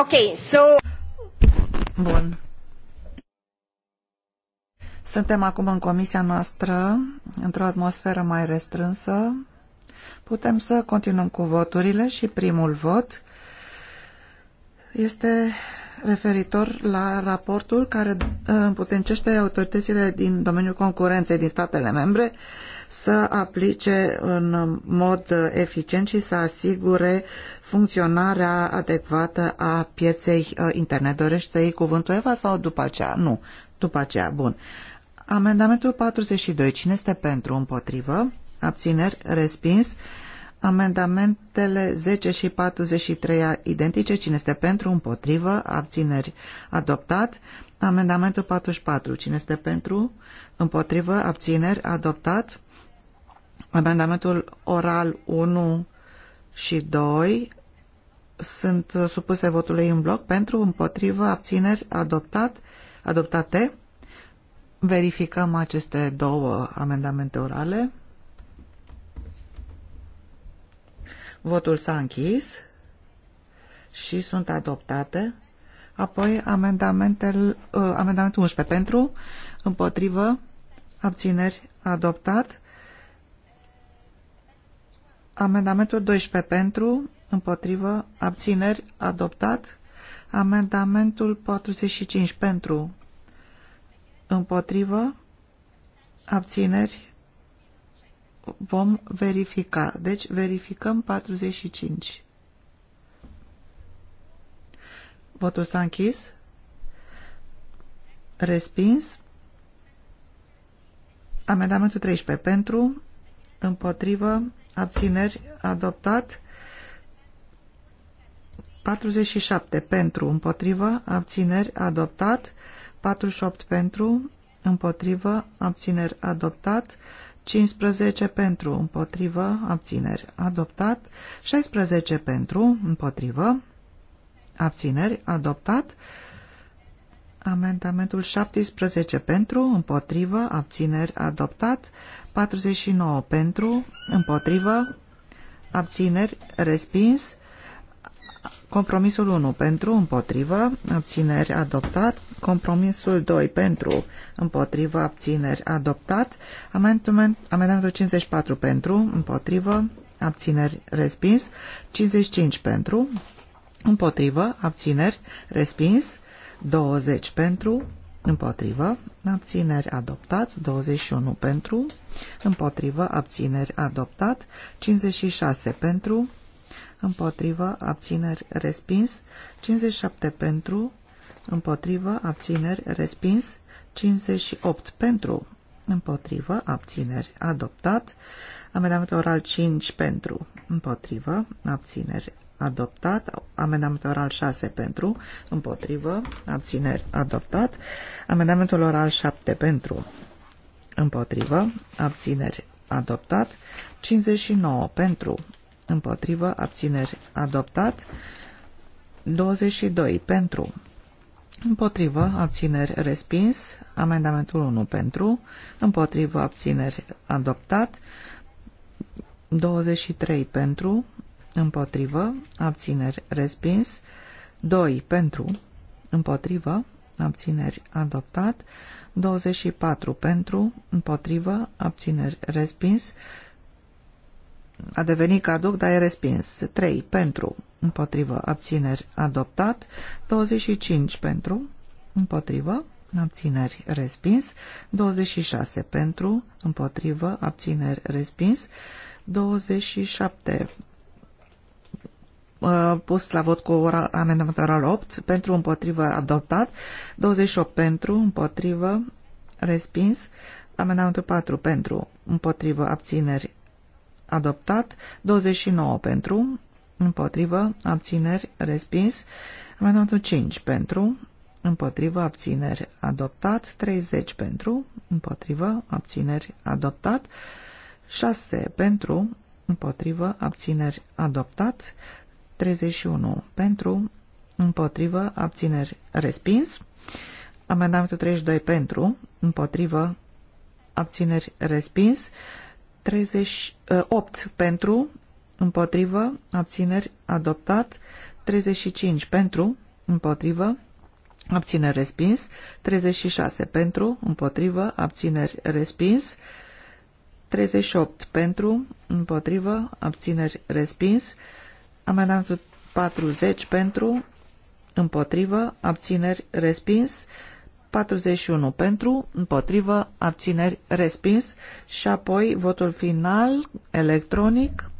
Ok, so... Bun. Suntem acum în comisia noastră, într-o atmosferă mai restrânsă. Putem să continuăm cu voturile și primul vot este referitor la raportul care uh, împutencește autoritățile din domeniul concurenței din statele membre să aplice în mod eficient și să asigure funcționarea adecvată a pieței uh, internet. Dorește iei cuvântul Eva sau după aceea? Nu. După aceea, bun. Amendamentul 42. Cine este pentru? Împotrivă? Abțineri? Respins? Amendamentele 10 și 43 identice. Cine este pentru? Împotrivă? Abțineri? Adoptat? Amendamentul 44. Cine este pentru? Împotrivă? Abțineri? Adoptat? Amendamentul oral 1 și 2 sunt supuse votului în bloc pentru, împotrivă, abțineri, adoptat, adoptate. Verificăm aceste două amendamente orale. Votul s-a închis și sunt adoptate. Apoi uh, amendamentul, amendamentul 11 pentru, împotrivă, abțineri, adoptat. Amendamentul 12 pentru, împotrivă, abțineri, adoptat. Amendamentul 45 pentru, împotrivă, abțineri, vom verifica. Deci verificăm 45. Votul s-a închis. Respins. Amendamentul 13 pentru, împotrivă, abțineri, adoptat. 47 pentru, împotrivă, abțineri, adoptat. 48 pentru, împotrivă, abțineri, adoptat. 15 pentru, împotrivă, abțineri, adoptat. 16 pentru, împotrivă, abțineri, adoptat. Amendamentul 17 pentru, împotrivă, abțineri, adoptat. 49 pentru, împotrivă, abțineri, respins. Compromisul 1 pentru, împotrivă, abțineri, adoptat. Compromisul 2 pentru, împotrivă, abțineri, adoptat. Amendamentul 54 pentru, împotrivă, abțineri, respins. 55 pentru, împotrivă, abțineri, respins. 20 pentru, Împotrivă, abțineri adoptat, 21 pentru, împotrivă, abțineri adoptat, 56 pentru, împotrivă, abțineri respins, 57 pentru, împotrivă, abțineri respins, 58 pentru, împotrivă, abțineri adoptat, amendamentul oral 5 pentru, împotrivă, abțineri adoptat, amendamentul oral 6 pentru, împotrivă, abțineri, adoptat, amendamentul oral 7 pentru, împotrivă, abțineri, adoptat, 59 pentru, împotrivă, abțineri, adoptat, 22 pentru, Împotrivă, abțineri, respins. Amendamentul 1 pentru. Împotrivă, abțineri, adoptat. 23 pentru împotrivă, abțineri, respins, 2 pentru, împotrivă, abțineri, adoptat, 24 pentru, împotrivă, abțineri, respins, a devenit caduc, dar e respins, 3 pentru, împotrivă, abțineri, adoptat, 25 pentru, împotrivă, abțineri, respins, 26 pentru, împotrivă, abțineri, respins, 27 Uh, pus la vot cu ora, amendamentul oral 8 pentru împotrivă adoptat, 28 pentru împotrivă respins, amendamentul 4 pentru împotrivă abțineri adoptat, 29 pentru împotrivă abțineri respins, amendamentul 5 pentru împotrivă abțineri adoptat, 30 pentru împotrivă abțineri adoptat, 6 pentru împotrivă abțineri adoptat, 31 pentru, împotrivă, abțineri, respins. Amendamentul 32 pentru, împotrivă, abțineri, respins. 38 ă, pentru, împotrivă, abțineri, adoptat. 35 pentru, împotrivă, abțineri, respins. 36 pentru, împotrivă, abțineri, respins. 38 pentru, împotrivă, abțineri, respins. Amendamentul 40 pentru, împotrivă, abțineri, respins. 41 pentru, împotrivă, abțineri, respins. Și apoi votul final, electronic.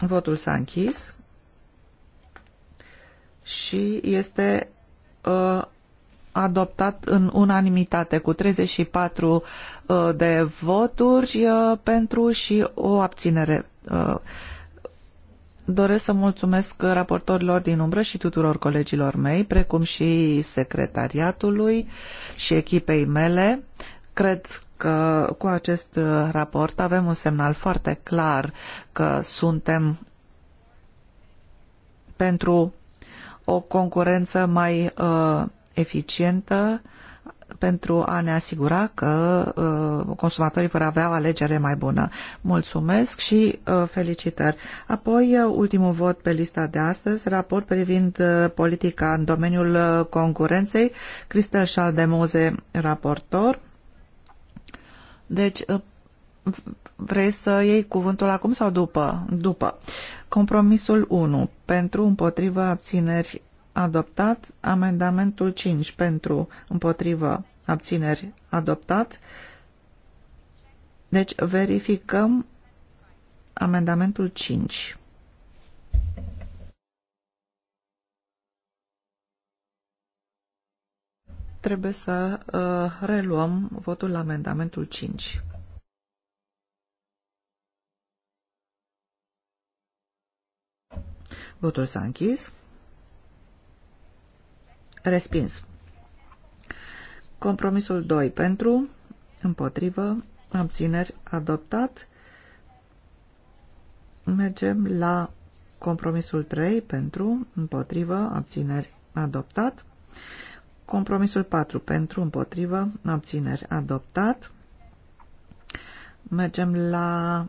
Votul s-a închis și este uh, adoptat în unanimitate cu 34 uh, de voturi uh, pentru și o abținere. Uh, doresc să mulțumesc raportorilor din umbră și tuturor colegilor mei, precum și secretariatului și echipei mele. Cred că cu acest raport avem un semnal foarte clar că suntem pentru o concurență mai uh, eficientă pentru a ne asigura că uh, consumatorii vor avea o alegere mai bună. Mulțumesc și uh, felicitări. Apoi, uh, ultimul vot pe lista de astăzi, raport privind uh, politica în domeniul uh, concurenței, Cristel Șaldemoze, raportor. Deci, uh, vrei să iei cuvântul acum sau după? După. Compromisul 1. Pentru, împotriva, abțineri, adoptat, amendamentul 5 pentru, împotrivă, abțineri, adoptat. Deci verificăm amendamentul 5. Trebuie să uh, reluăm votul la amendamentul 5. Votul s-a închis. Respins. Compromisul 2 pentru, împotrivă, abțineri, adoptat. Mergem la compromisul 3 pentru, împotrivă, abțineri, adoptat. Compromisul 4 pentru, împotrivă, abțineri, adoptat. Mergem la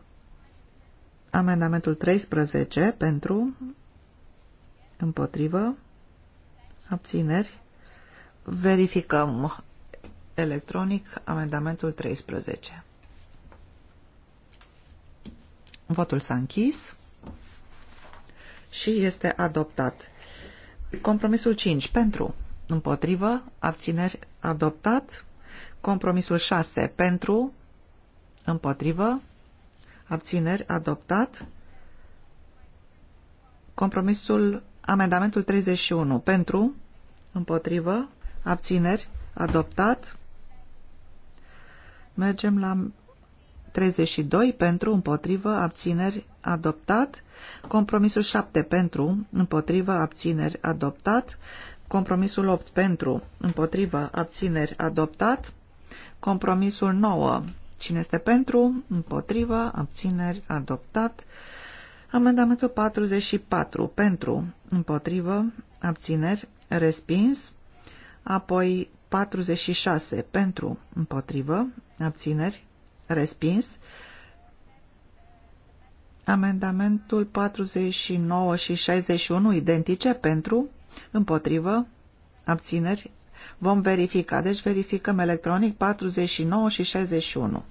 amendamentul 13 pentru, împotrivă, abțineri, verificăm electronic amendamentul 13. Votul s-a închis și este adoptat. Compromisul 5 pentru, împotrivă, abțineri, adoptat. Compromisul 6 pentru, împotrivă, abțineri, adoptat. Compromisul Amendamentul 31 pentru, împotrivă, abțineri, adoptat. Mergem la 32 pentru, împotrivă, abțineri, adoptat. Compromisul 7 pentru, împotrivă, abțineri, adoptat. Compromisul 8 pentru, împotrivă, abțineri, adoptat. Compromisul 9, cine este pentru, împotrivă, abțineri, adoptat. Amendamentul 44 pentru, împotrivă, abțineri, respins. Apoi 46 pentru, împotrivă, abțineri, respins. Amendamentul 49 și 61 identice pentru, împotrivă, abțineri, vom verifica. Deci verificăm electronic 49 și 61.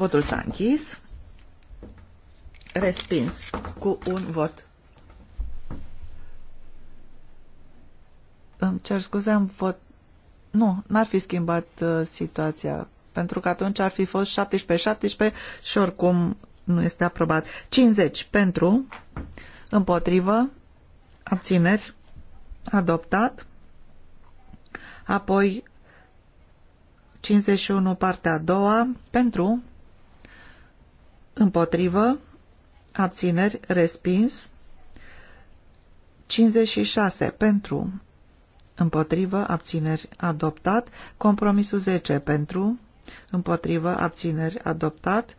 Votul s-a închis. Respins cu un vot. Îmi cer scuze, am vot... Nu, n-ar fi schimbat uh, situația, pentru că atunci ar fi fost 17-17 și oricum nu este aprobat. 50 pentru, împotrivă, abțineri, adoptat, apoi 51 partea a doua, pentru, Împotrivă. Abțineri. Respins. 56. Pentru. Împotrivă. Abțineri. Adoptat. Compromisul 10. Pentru. Împotrivă. Abțineri. Adoptat.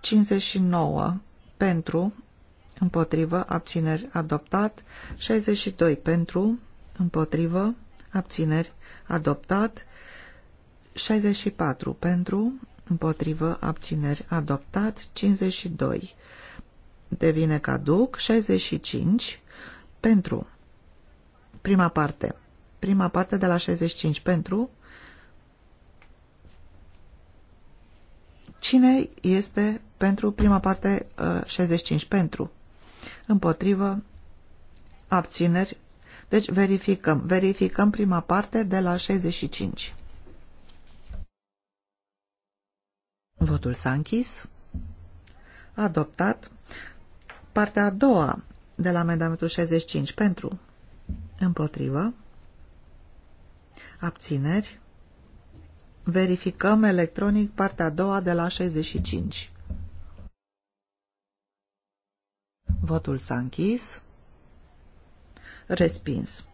59. Pentru. Împotrivă. Abțineri. Adoptat. 62. Pentru. Împotrivă. Abțineri. Adoptat. 64 pentru, împotrivă, abțineri, adoptat, 52. Devine caduc, 65, pentru, prima parte, prima parte de la 65, pentru, cine este pentru prima parte, 65, uh, pentru, împotrivă, abțineri, deci verificăm, verificăm prima parte de la 65. Votul s-a închis. Adoptat. Partea a doua de la amendamentul 65 pentru împotrivă abțineri verificăm electronic partea a doua de la 65 votul s-a închis respins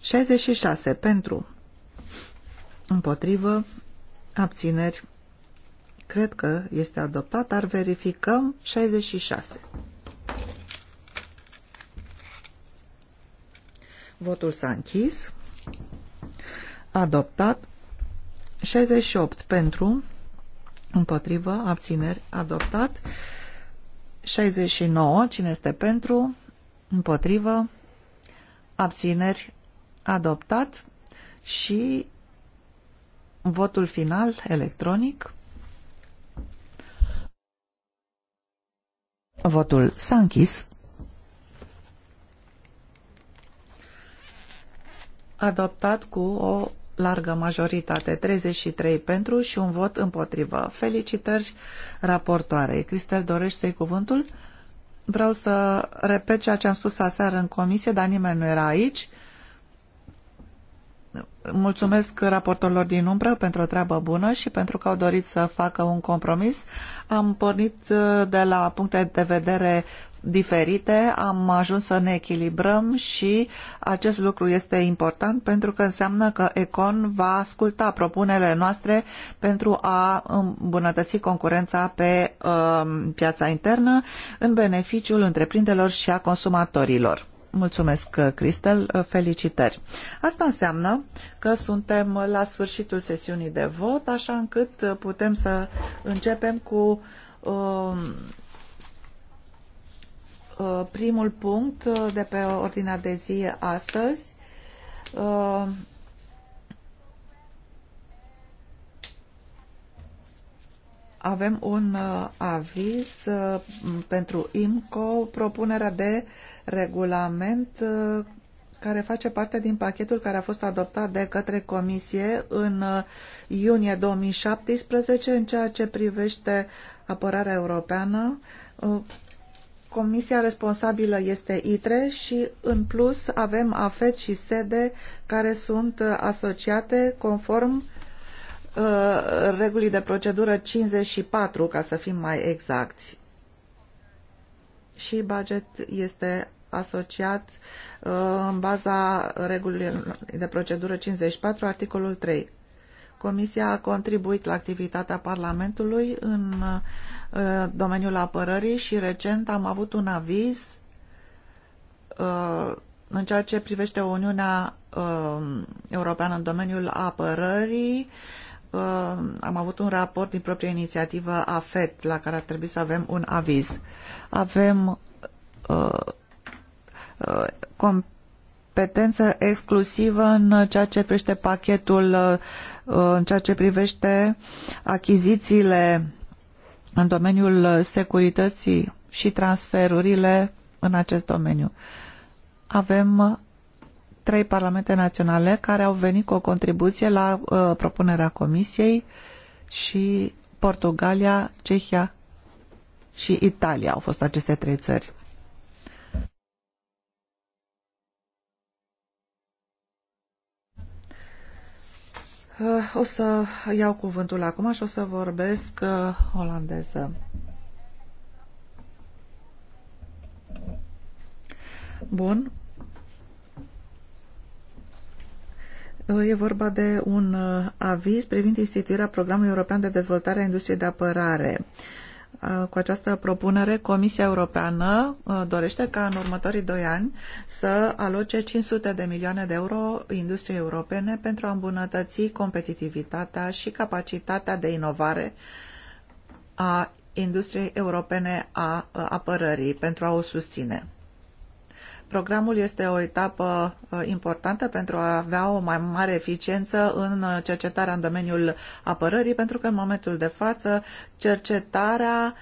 66 pentru împotrivă abțineri Cred că este adoptat, dar verificăm 66. Votul s-a închis. Adoptat. 68 pentru, împotrivă, abțineri, adoptat. 69, cine este pentru, împotrivă, abțineri, adoptat. Și votul final electronic. Votul s-a închis. Adoptat cu o largă majoritate, 33 pentru și un vot împotrivă. Felicitări raportoarei. Cristel, dorești să-i cuvântul? Vreau să repet ceea ce am spus aseară în comisie, dar nimeni nu era aici. Mulțumesc raportorilor din umbră pentru o treabă bună și pentru că au dorit să facă un compromis. Am pornit uh, de la puncte de vedere diferite, am ajuns să ne echilibrăm și acest lucru este important pentru că înseamnă că Econ va asculta propunerile noastre pentru a îmbunătăți concurența pe uh, piața internă în beneficiul întreprinderilor și a consumatorilor. Mulțumesc, Cristel. Felicitări. Asta înseamnă că suntem la sfârșitul sesiunii de vot, așa încât putem să începem cu um, uh, primul punct de pe ordinea de zi astăzi. Uh, avem un uh, aviz uh, pentru IMCO, propunerea de regulament uh, care face parte din pachetul care a fost adoptat de către Comisie în iunie 2017 în ceea ce privește apărarea europeană. Comisia responsabilă este ITRE și în plus avem AFET și SEDE care sunt asociate conform uh, Uh, regulii de procedură 54, ca să fim mai exacti. Și budget este asociat uh, în baza regulii de procedură 54, articolul 3. Comisia a contribuit la activitatea Parlamentului în uh, domeniul apărării și recent am avut un aviz în ceea ce privește Uniunea Europeană în domeniul apărării Uh, am avut un raport din proprie inițiativă AFET la care ar trebui să avem un aviz. Avem uh, uh, competență exclusivă în ceea ce privește pachetul, uh, în ceea ce privește achizițiile în domeniul securității și transferurile în acest domeniu. Avem trei parlamente naționale care au venit cu o contribuție la uh, propunerea Comisiei și Portugalia, Cehia și Italia au fost aceste trei țări. Uh, o să iau cuvântul acum și o să vorbesc uh, olandeză. Bun. E vorba de un uh, aviz privind instituirea Programului European de Dezvoltare a Industriei de Apărare. Uh, cu această propunere, Comisia Europeană uh, dorește ca în următorii doi ani să aloce 500 de milioane de euro industriei europene pentru a îmbunătăți competitivitatea și capacitatea de inovare a industriei europene a apărării pentru a o susține. Programul este o etapă uh, importantă pentru a avea o mai mare eficiență în uh, cercetarea în domeniul apărării, pentru că în momentul de față cercetarea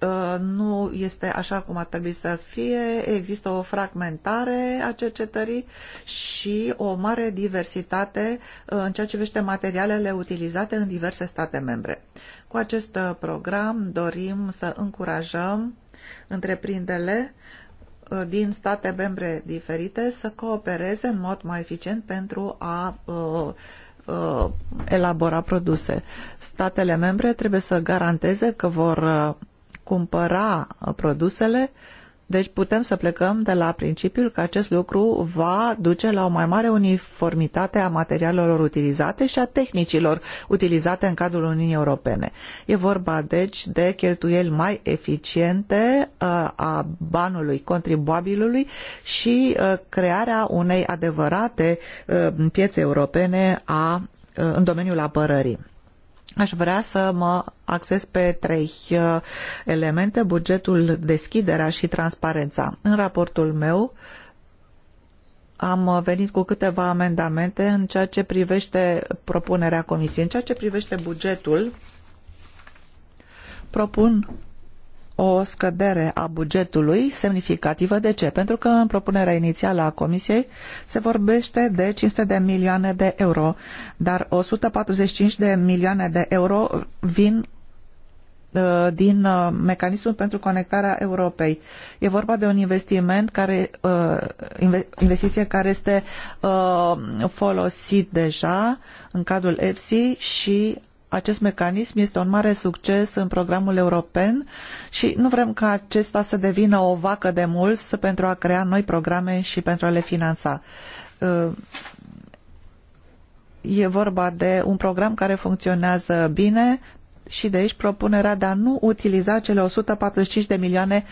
uh, nu este așa cum ar trebui să fie, există o fragmentare a cercetării și o mare diversitate în ceea ce privește materialele utilizate în diverse state membre. Cu acest program dorim să încurajăm întreprinderile Uh, din state membre diferite să coopereze în mod mai eficient pentru a uh, uh, elabora produse. Statele membre trebuie să garanteze că vor cumpăra produsele uh, deci putem să plecăm de la principiul că acest lucru va duce la o mai mare uniformitate a materialelor utilizate și a tehnicilor utilizate în cadrul Uniunii Europene. E vorba deci de cheltuieli mai eficiente uh, a banului contribuabilului și uh, crearea unei adevărate uh, piețe europene a în domeniul apărării. Aș vrea să mă acces pe trei uh, elemente, bugetul, deschiderea și transparența. În raportul meu am venit cu câteva amendamente în ceea ce privește propunerea Comisiei. În ceea ce privește bugetul, propun o scădere a bugetului semnificativă. De ce? Pentru că în propunerea inițială a Comisiei se vorbește de 500 de milioane de euro, dar 145 de milioane de euro vin uh, din uh, mecanismul pentru conectarea Europei. E vorba de un investiment care, uh, investiție care este folosit deja în cadrul EFSI și acest mecanism este un mare succes în programul european și nu vrem ca acesta să devină o vacă de mulți pentru a crea noi programe și pentru a le finanța. Uh, e vorba de un program care funcționează bine și de aici propunerea de a nu utiliza cele 145 de milioane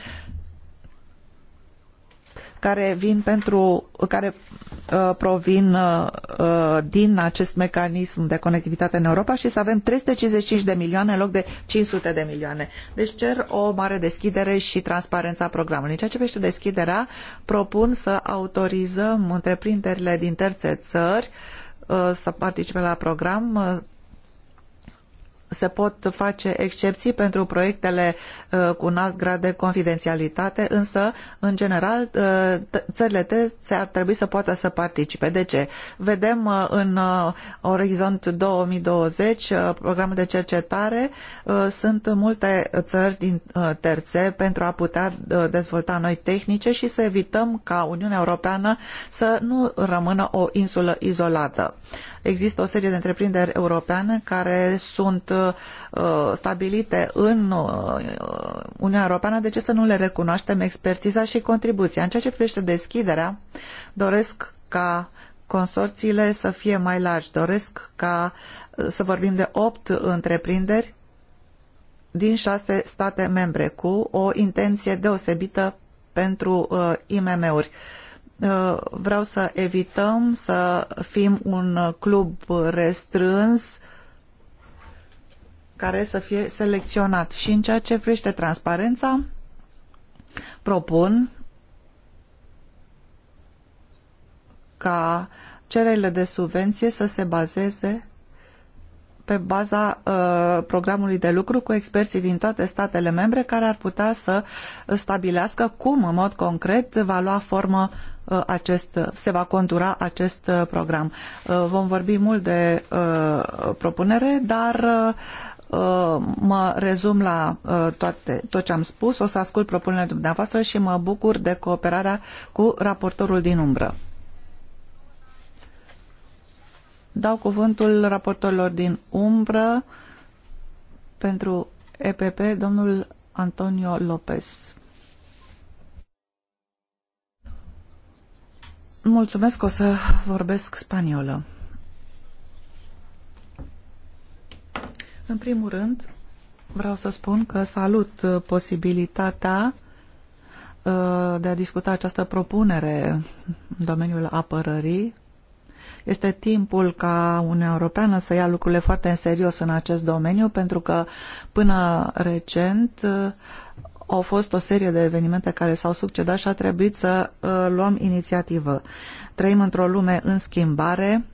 care vin pentru care uh, provin uh, uh, din acest mecanism de conectivitate în Europa și să avem 355 de milioane în loc de 500 de milioane. Deci cer o mare deschidere și transparența programului. În ceea ce privește deschiderea, propun să autorizăm întreprinderile din terțe țări uh, să participe la program uh, se pot face excepții pentru proiectele uh, cu un alt grad de confidențialitate, însă, în general, uh, țările terțe ar trebui să poată să participe. De ce? Vedem uh, în Orizont 2020 programul de cercetare. Sunt multe țări din terțe pentru a putea dezvolta noi tehnice și să evităm ca Uniunea Europeană să nu rămână o insulă izolată. Există o serie de întreprinderi europeane care sunt Uh, stabilite în uh, Uniunea Europeană, de ce să nu le recunoaștem expertiza și contribuția? În ceea ce privește deschiderea, doresc ca consorțiile să fie mai largi. Doresc ca uh, să vorbim de opt întreprinderi din șase state membre cu o intenție deosebită pentru uh, IMM-uri. Uh, vreau să evităm să fim un club restrâns care să fie selecționat. Și în ceea ce privește transparența, propun ca cererile de subvenție să se bazeze pe baza uh, programului de lucru cu experții din toate statele membre care ar putea să stabilească cum în mod concret va lua formă uh, acest, se va contura acest uh, program. Uh, vom vorbi mult de uh, propunere, dar uh, Uh, mă rezum la uh, toate, tot ce am spus, o să ascult propunerile dumneavoastră și mă bucur de cooperarea cu raportorul din umbră. Dau cuvântul raportorilor din umbră pentru EPP, domnul Antonio Lopez. Mulțumesc, o să vorbesc spaniolă. În primul rând, vreau să spun că salut uh, posibilitatea uh, de a discuta această propunere în domeniul apărării. Este timpul ca Uniunea Europeană să ia lucrurile foarte în serios în acest domeniu, pentru că până recent uh, au fost o serie de evenimente care s-au succedat și a trebuit să luăm inițiativă. Trăim într-o lume în schimbare,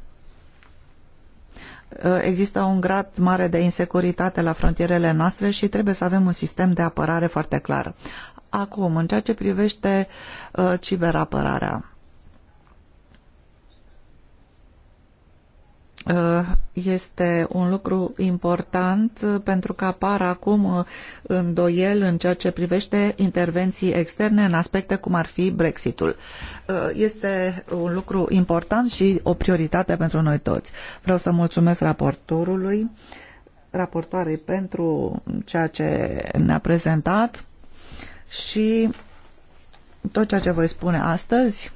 Uh, există un grad mare de insecuritate la frontierele noastre și trebuie să avem un sistem de apărare foarte clar. Acum, în ceea ce privește uh, ciberapărarea, Uh, este un lucru important pentru că apar acum uh, îndoiel în ceea ce privește intervenții externe în aspecte cum ar fi Brexitul. Uh, este un lucru important și o prioritate pentru noi toți. Vreau să mulțumesc raportorului, raportoarei pentru ceea ce ne-a prezentat și tot ceea ce voi spune astăzi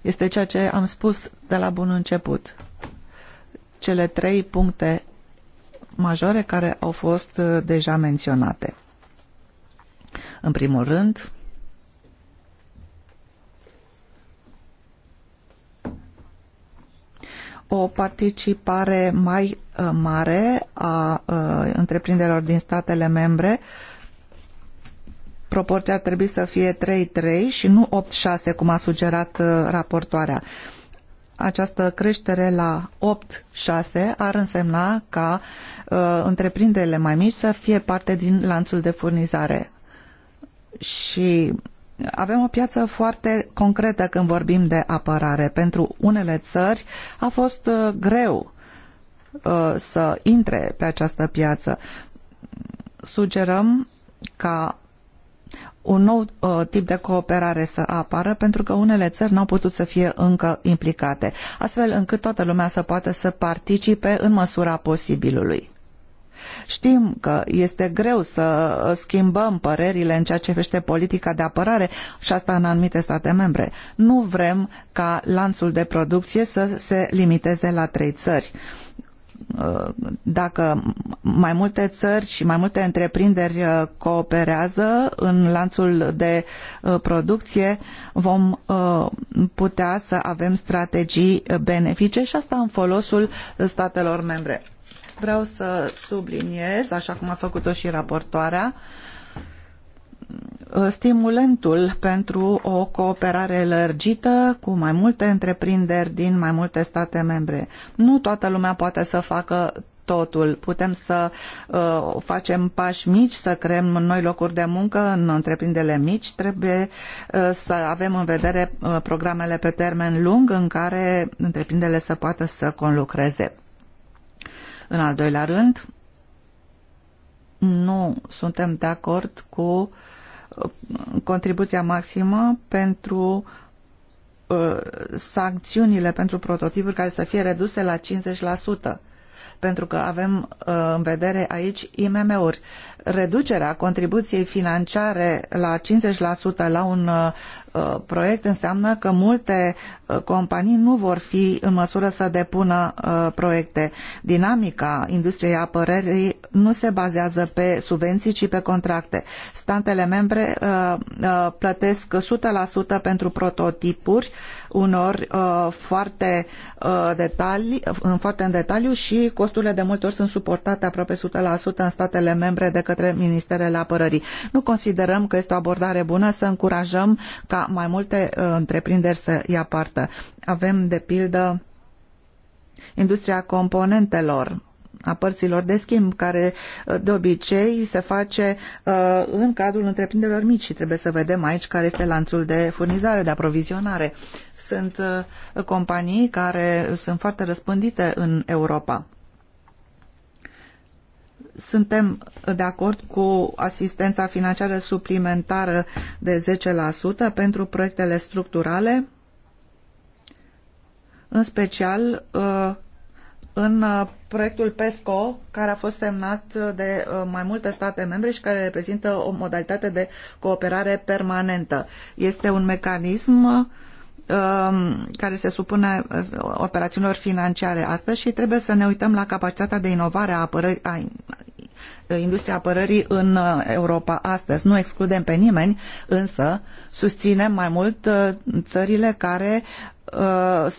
este ceea ce am spus de la bun început cele trei puncte majore care au fost uh, deja menționate. În primul rând, o participare mai uh, mare a uh, întreprinderilor din statele membre. Proporția ar trebui să fie 3-3 și nu 8-6, cum a sugerat raportoarea această creștere la 8-6 ar însemna ca uh, întreprinderile mai mici să fie parte din lanțul de furnizare. Și avem o piață foarte concretă când vorbim de apărare. Pentru unele țări a fost uh, greu uh, să intre pe această piață. Sugerăm ca un nou uh, tip de cooperare să apară, pentru că unele țări n-au putut să fie încă implicate, astfel încât toată lumea să poată să participe în măsura posibilului. Știm că este greu să schimbăm părerile în ceea ce privește politica de apărare și asta în anumite state membre. Nu vrem ca lanțul de producție să se limiteze la trei țări. Uh, Uh, dacă mai multe țări și mai multe întreprinderi uh, cooperează în lanțul de uh, producție, vom putea să avem strategii benefice și asta în folosul statelor membre. Vreau să subliniez, așa cum a făcut-o și raportoarea, uh, stimulentul pentru o cooperare lărgită cu mai multe întreprinderi din mai multe state membre. Nu toată lumea poate să facă totul. Putem să uh, facem pași mici, să creăm noi locuri de muncă în întreprinderile mici. Trebuie uh, să avem în vedere uh, programele pe termen lung în care întreprinderile să poată să conlucreze. În al doilea rând, nu suntem de acord cu uh, contribuția maximă pentru uh, sancțiunile pentru prototipuri care să fie reduse la 50%, pentru că avem uh, în vedere aici IMM-uri. Reducerea contribuției financiare la 50% la un uh, Uh, proiect înseamnă că multe uh, companii nu vor fi în măsură să depună uh, proiecte. Dinamica industriei apărării nu se bazează pe subvenții, ci pe contracte. Statele membre plătesc 100% pentru prototipuri, unor foarte, detalii, foarte în detaliu și costurile de multe ori sunt suportate aproape 100% în statele membre de către Ministerele Apărării. Nu considerăm că este o abordare bună să încurajăm ca mai multe uh, întreprinderi să ia parte. Avem, de pildă, industria componentelor a părților de schimb, care uh, de obicei se face uh, în cadrul întreprinderilor mici și trebuie să vedem aici care este lanțul de furnizare, de aprovizionare. Sunt uh, companii care sunt foarte răspândite în Europa suntem de acord cu asistența financiară suplimentară de 10% pentru proiectele structurale, în special uh, în uh, proiectul PESCO, care a fost semnat de uh, mai multe state membre și care reprezintă o modalitate de cooperare permanentă. Este un mecanism Um, care se supune uh, operațiunilor financiare astăzi și trebuie să ne uităm la capacitatea de inovare a, apărării, a apărării în uh, Europa astăzi. Nu excludem pe nimeni, însă susținem mai mult uh, țările care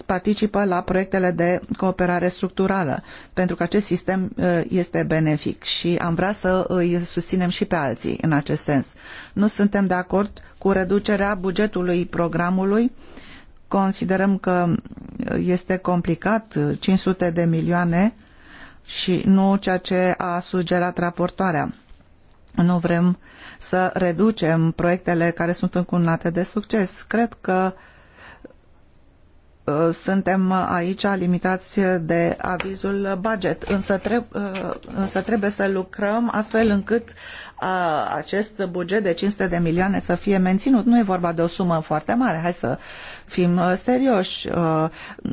participă la proiectele de cooperare structurală, pentru că acest sistem este benefic și am vrea să îi susținem și pe alții în acest sens. Nu suntem de acord cu reducerea bugetului programului uh, considerăm că este complicat, 500 de milioane și nu ceea ce a sugerat raportoarea. Nu vrem să reducem proiectele care sunt încununate de succes. Cred că uh, Uh, suntem aici limitați de avizul budget. însă, treb uh, însă trebuie să lucrăm astfel încât uh, acest buget de 500 de milioane să fie menținut. Nu e vorba de o sumă foarte mare, hai să fim serioși.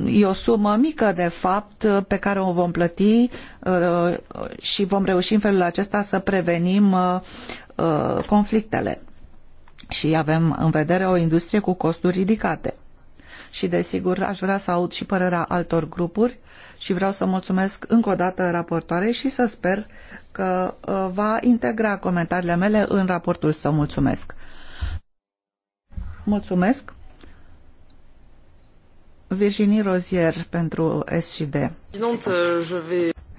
E o sumă mică, de fapt, pe care o vom plăti și vom reuși în felul acesta să prevenim conflictele. Și avem în vedere o industrie cu costuri ridicate și desigur aș vrea să aud și părerea altor grupuri și vreau să mulțumesc încă o dată raportoarei și să sper că uh, va integra comentariile mele în raportul său. Mulțumesc! Mulțumesc! Virginie Rozier pentru SCD.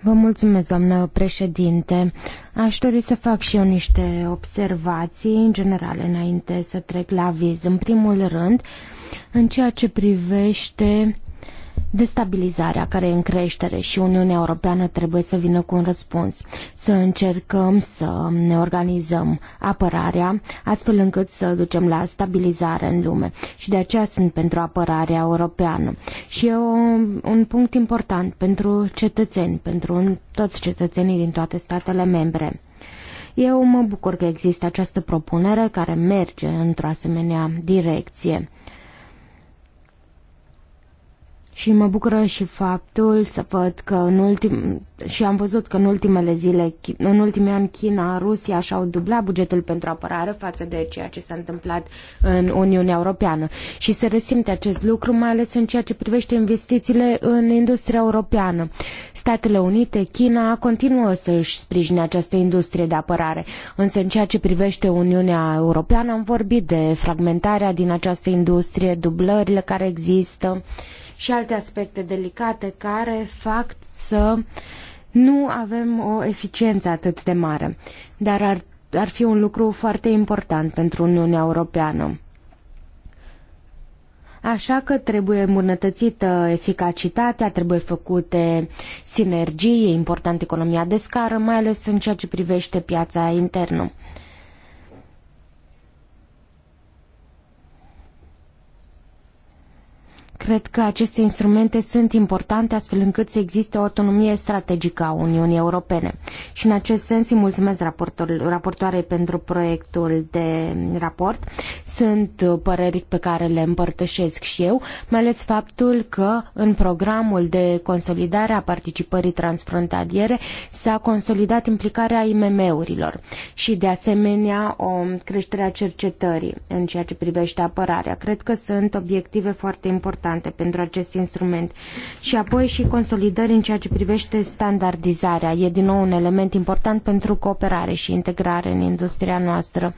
Vă mulțumesc, doamnă președinte. Aș dori să fac și eu niște observații, în general, înainte să trec la viz. În primul rând, uh, în ceea ce privește destabilizarea care e în creștere și Uniunea Europeană trebuie să vină cu un răspuns, să încercăm să ne organizăm apărarea astfel încât să ducem la stabilizare în lume și de aceea sunt pentru apărarea europeană și e o, un punct important pentru cetățeni, pentru toți cetățenii din toate statele membre. Eu mă bucur că există această propunere care merge într-o asemenea direcție și mă bucură și faptul să văd că în ultim, și am văzut că în ultimele zile, în ultimii ani China, Rusia și-au dublat bugetul pentru apărare față de ceea ce s-a întâmplat în Uniunea Europeană. Și se resimte acest lucru, mai ales în ceea ce privește investițiile în industria europeană. Statele Unite, China continuă să își sprijine această industrie de apărare, însă în ceea ce privește Uniunea Europeană am vorbit de fragmentarea din această industrie, dublările care există și alte aspecte delicate care fac să nu avem o eficiență atât de mare. Dar ar, ar fi un lucru foarte important pentru Uniunea Europeană. Așa că trebuie îmbunătățită eficacitatea, trebuie făcute sinergii, e important economia de scară, mai ales în ceea ce privește piața internă. Cred că aceste instrumente sunt importante astfel încât să existe o autonomie strategică a Uniunii Europene. Și în acest sens îi mulțumesc raportoarei pentru proiectul de raport. Sunt uh, păreri pe care le împărtășesc și eu, mai ales faptul că în programul de consolidare a participării transfrontaliere s-a consolidat implicarea IMM-urilor și de asemenea o creștere a cercetării în ceea ce privește apărarea. Cred că sunt obiective foarte importante importante pentru acest instrument. Și apoi și consolidări în ceea ce privește standardizarea. E din nou un element important pentru cooperare și integrare în industria noastră.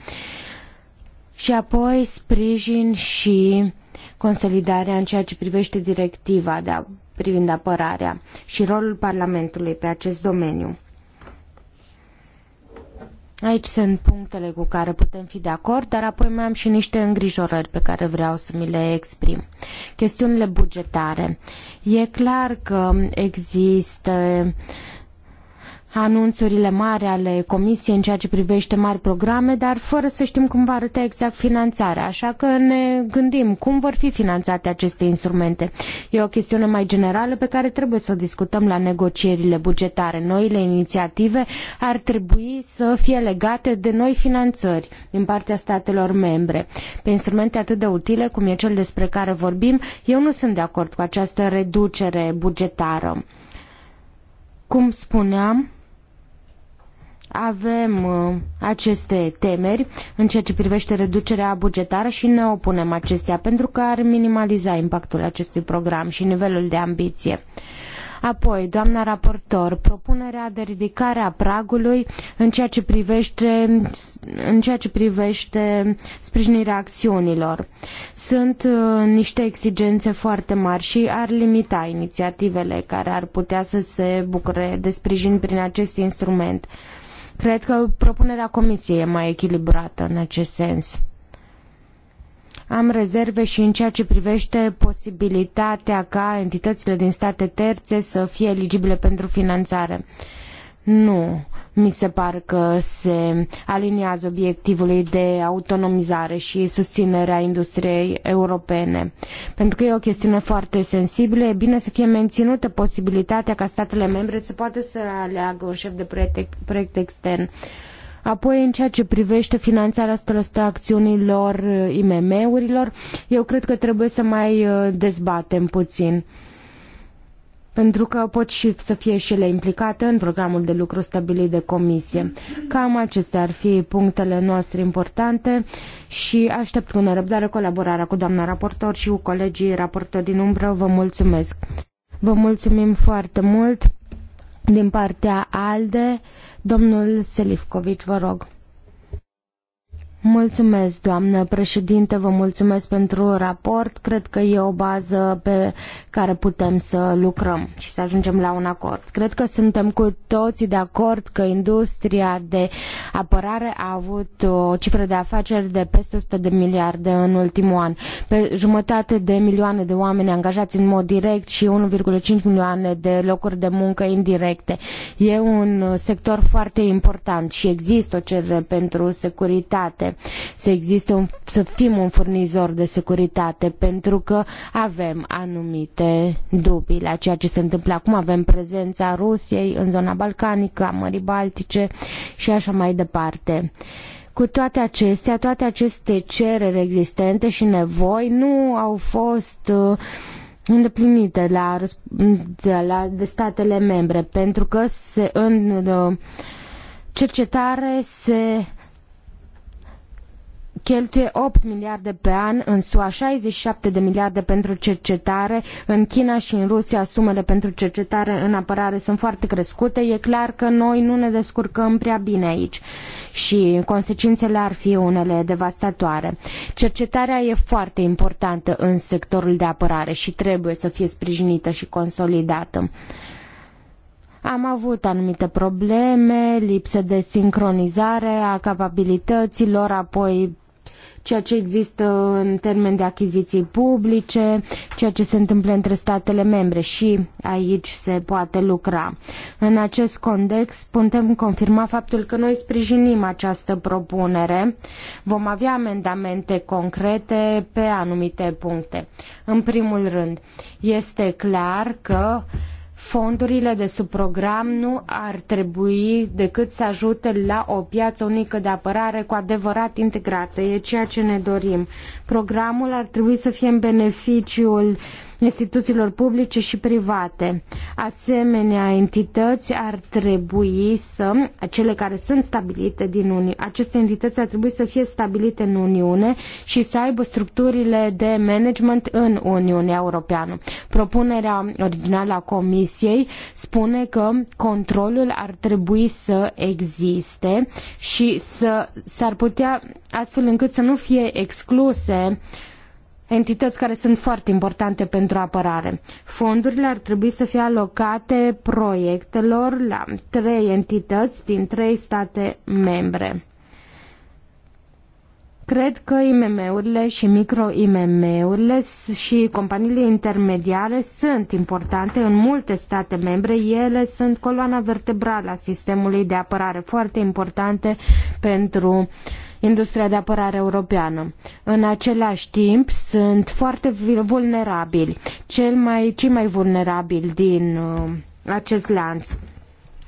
Și apoi sprijin și consolidarea în ceea ce privește directiva de a, privind apărarea și rolul Parlamentului pe acest domeniu. Aici sunt punctele cu care putem fi de acord, dar apoi mai am și niște îngrijorări pe care vreau să mi le exprim. Chestiunile bugetare. E clar că există uh, anunțurile mari ale Comisiei în ceea ce privește mari programe, dar fără să știm cum va arăta exact finanțarea. Așa că ne gândim cum vor fi finanțate aceste instrumente. E o chestiune mai generală pe care trebuie să o discutăm la negocierile bugetare. Noile inițiative ar trebui să fie legate de noi finanțări din partea statelor membre. Pe instrumente atât de utile cum e cel despre care vorbim, eu nu sunt de acord cu această reducere bugetară. Cum spuneam, avem uh, aceste temeri în ceea ce privește reducerea bugetară și ne opunem acestea pentru că ar minimaliza impactul acestui program și nivelul de ambiție. Apoi, doamna raportor, propunerea de ridicare a pragului în ceea ce privește, în ceea ce privește sprijinirea acțiunilor. Sunt uh, niște exigențe foarte mari și ar limita inițiativele care ar putea să se bucure de sprijin prin acest instrument. Uh, Cred că propunerea comisiei e mai echilibrată în acest sens. Am rezerve și în ceea ce privește posibilitatea ca entitățile din state terțe să fie eligibile pentru finanțare. Nu mi se pare că se aliniază obiectivului de autonomizare și susținerea industriei europene. Pentru că e o chestiune foarte sensibilă, e bine să fie menținută posibilitatea ca statele membre să poată să aleagă un șef de proiect, proiect extern. Apoi, în ceea ce privește finanțarea 100% acțiunilor uh, IMM-urilor, eu cred că trebuie să mai uh, dezbatem puțin. Uh, pentru că pot și să fie și ele implicate în programul de lucru stabilit de comisie. Cam acestea ar fi punctele noastre importante și aștept cu nerăbdare colaborarea cu doamna raportor și cu colegii raportori din umbră. Vă mulțumesc! Vă mulțumim foarte mult din partea ALDE. Domnul Selifcovici, vă rog. Mulțumesc, doamnă președinte, vă mulțumesc pentru raport. Cred că e o bază pe care putem să lucrăm și să ajungem la un acord. Cred că suntem cu toții de acord că industria de apărare a avut o cifră de afaceri de peste 100 de miliarde în ultimul an. Pe jumătate de milioane de oameni angajați în mod direct și 1,5 milioane de locuri de muncă indirecte. E un sector foarte important și există o cerere pentru securitate să existe un, să fim un furnizor de securitate pentru că avem anumite dubii la ceea ce se întâmplă acum. Avem prezența Rusiei în zona balcanică, a Mării Baltice și așa mai departe. Cu toate acestea, toate aceste cereri existente și nevoi nu au fost uh, îndeplinite la, de, la, de statele membre, pentru că se, în uh, cercetare se cheltuie 8 miliarde pe an în SUA, 67 de miliarde pentru cercetare, în China și în Rusia sumele pentru cercetare în apărare sunt foarte crescute, e clar că noi nu ne descurcăm prea bine aici și consecințele ar fi unele devastatoare. Cercetarea e foarte importantă în sectorul de apărare și trebuie să fie sprijinită și consolidată. Am avut anumite probleme, lipsă de sincronizare a capabilităților, apoi ceea ce există în termen de achiziții publice, ceea ce se întâmplă între statele membre și aici se poate lucra. În acest context putem confirma faptul că noi sprijinim această propunere. Vom avea amendamente concrete pe anumite puncte. În primul rând, este clar că uh, fondurile de sub program nu ar trebui decât să ajute la o piață unică de apărare cu adevărat integrată. E ceea ce ne dorim. Programul ar trebui să fie în beneficiul uh, instituțiilor publice și private. Asemenea, entități ar trebui să, cele care sunt stabilite din Uniune, aceste entități ar trebui să fie stabilite în Uniune și să aibă structurile de management în Uniunea Europeană. Propunerea originală a Comisiei spune că controlul ar trebui să existe și să s-ar putea astfel încât să nu fie excluse uh, entități care sunt foarte importante pentru apărare. Fondurile ar trebui să fie alocate proiectelor la trei entități din trei state membre. Cred că IMM-urile și micro-IMM-urile și companiile intermediare sunt importante în multe state membre. Ele sunt coloana vertebrală a sistemului de apărare, foarte importante pentru uh, industria de apărare europeană. În același timp, sunt foarte vulnerabili, cel mai, cei mai vulnerabili din uh, acest lanț.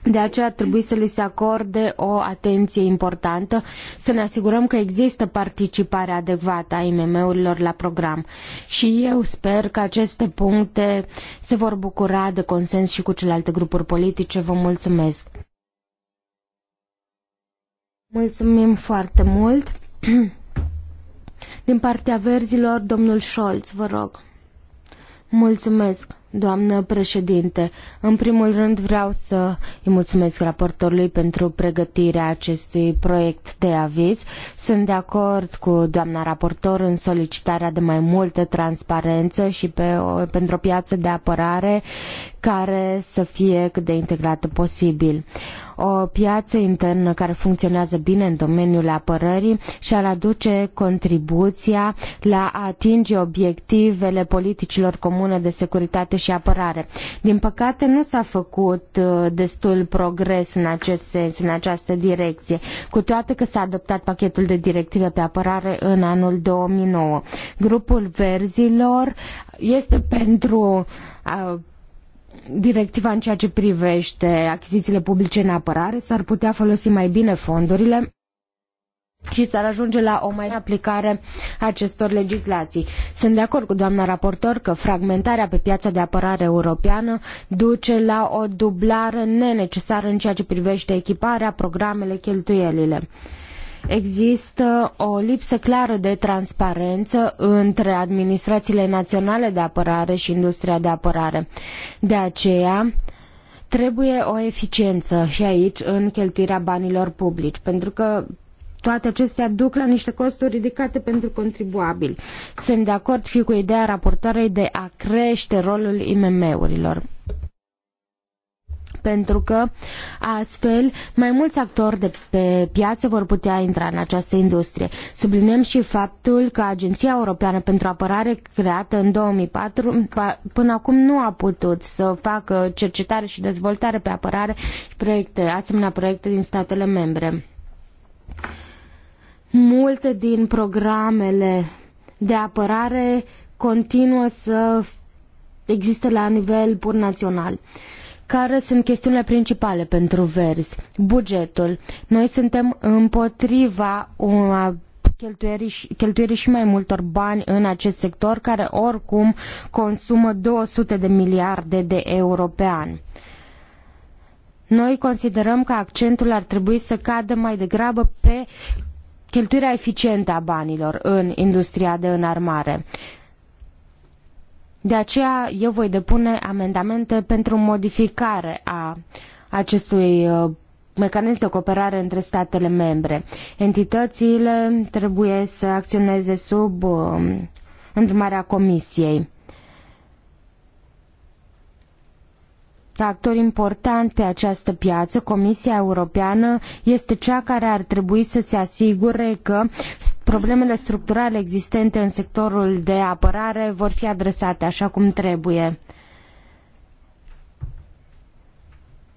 De aceea ar trebui să li se acorde o atenție importantă, să ne asigurăm că există participare adecvată a IMM-urilor la program. Și eu sper că aceste puncte se vor bucura de consens și cu celelalte grupuri politice. Vă mulțumesc! Mulțumim foarte mult. Din partea verzilor, domnul Scholz, vă rog. Mulțumesc, doamnă președinte. În primul rând vreau să îi mulțumesc raportorului pentru pregătirea acestui proiect de aviz. Sunt de acord cu doamna raportor în solicitarea de mai multă transparență și pe o, pentru o piață de apărare care să fie cât de integrată posibil. Uh, o piață internă care funcționează bine în domeniul apărării și ar aduce contribuția la a atinge obiectivele politicilor comune de securitate și apărare. Din păcate, nu s-a făcut uh, destul progres în acest sens, în această direcție, cu toate că s-a adoptat pachetul de directive pe apărare în anul 2009. Grupul Verzilor este pentru a, uh, directiva în ceea ce privește achizițiile publice în apărare, s-ar putea folosi mai bine fondurile și s-ar ajunge la o mai bună aplicare a acestor legislații. Sunt de acord cu doamna raportor că fragmentarea pe piața de apărare europeană duce la o dublare nenecesară în ceea ce privește echiparea, programele, cheltuielile. Există o lipsă clară de transparență între administrațiile naționale de apărare și industria de apărare. De aceea, trebuie o eficiență și aici în cheltuirea banilor publici, pentru că toate acestea duc la niște costuri ridicate pentru contribuabili. Sunt de acord și cu ideea raportoarei de a crește rolul IMM-urilor pentru că astfel mai mulți actori de pe piață vor putea intra în această industrie. Subliniem și faptul că Agenția Europeană pentru Apărare, creată în 2004, până acum nu a putut să facă cercetare și dezvoltare pe apărare și proiecte, asemenea proiecte din statele membre. Multe din programele de apărare continuă să existe la nivel pur național. Care sunt chestiunile principale pentru verzi? Bugetul. Noi suntem împotriva una cheltuierii, cheltuierii și mai multor bani în acest sector, care oricum consumă 200 de miliarde de euro pe an. Noi considerăm că accentul ar trebui să cadă mai degrabă pe cheltuirea eficientă a banilor în industria de înarmare. De aceea eu voi depune amendamente pentru modificare a acestui uh, mecanism de cooperare între statele membre. Entitățile trebuie să acționeze sub uh, îndrumarea Comisiei. Ca actor important pe această piață, Comisia Europeană este cea care ar trebui să se asigure că problemele structurale existente în sectorul de apărare vor fi adresate așa cum trebuie.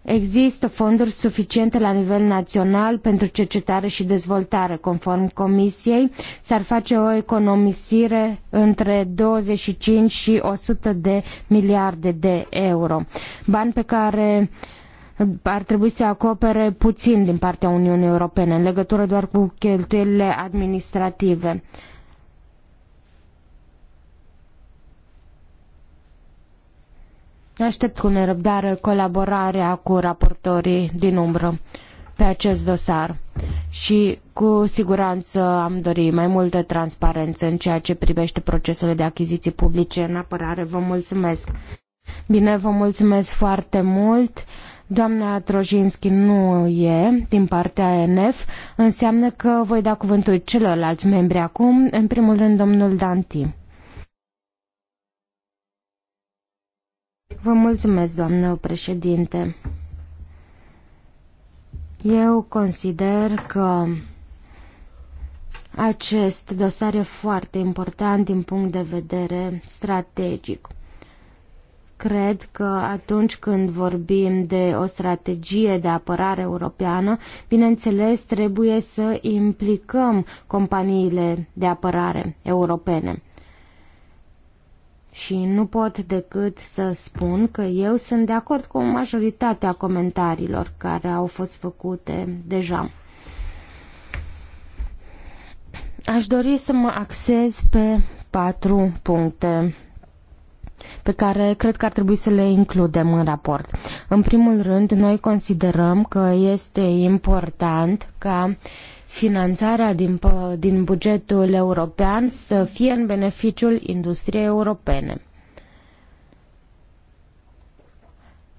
Există fonduri suficiente la nivel național pentru cercetare și dezvoltare, conform Comisiei. S-ar face o economisire între 25 și 100 de miliarde de euro. Bani pe care uh, ar trebui să acopere puțin din partea Uniunii Europene, în legătură doar cu cheltuielile administrative. Aștept cu nerăbdare colaborarea cu raportorii din umbră pe acest dosar și cu siguranță am dori mai multă transparență în ceea ce privește procesele de achiziții publice în apărare. Vă mulțumesc! Bine, vă mulțumesc foarte mult! Doamna Trojinski nu e din partea ANF, înseamnă că voi da cuvântul celorlalți membri acum, în primul rând domnul Danti. Vă mulțumesc, doamnă președinte. Eu consider că acest dosar e foarte important din punct de vedere strategic. Cred că atunci când vorbim de o strategie de apărare europeană, bineînțeles, trebuie să implicăm companiile de apărare europene. Și nu pot decât să spun că eu sunt de acord cu majoritatea comentariilor care au fost făcute deja aș dori să mă axez pe patru puncte pe care cred că ar trebui să le includem în raport. În primul rând, noi considerăm că este important ca finanțarea din, din bugetul european să fie în beneficiul industriei europene.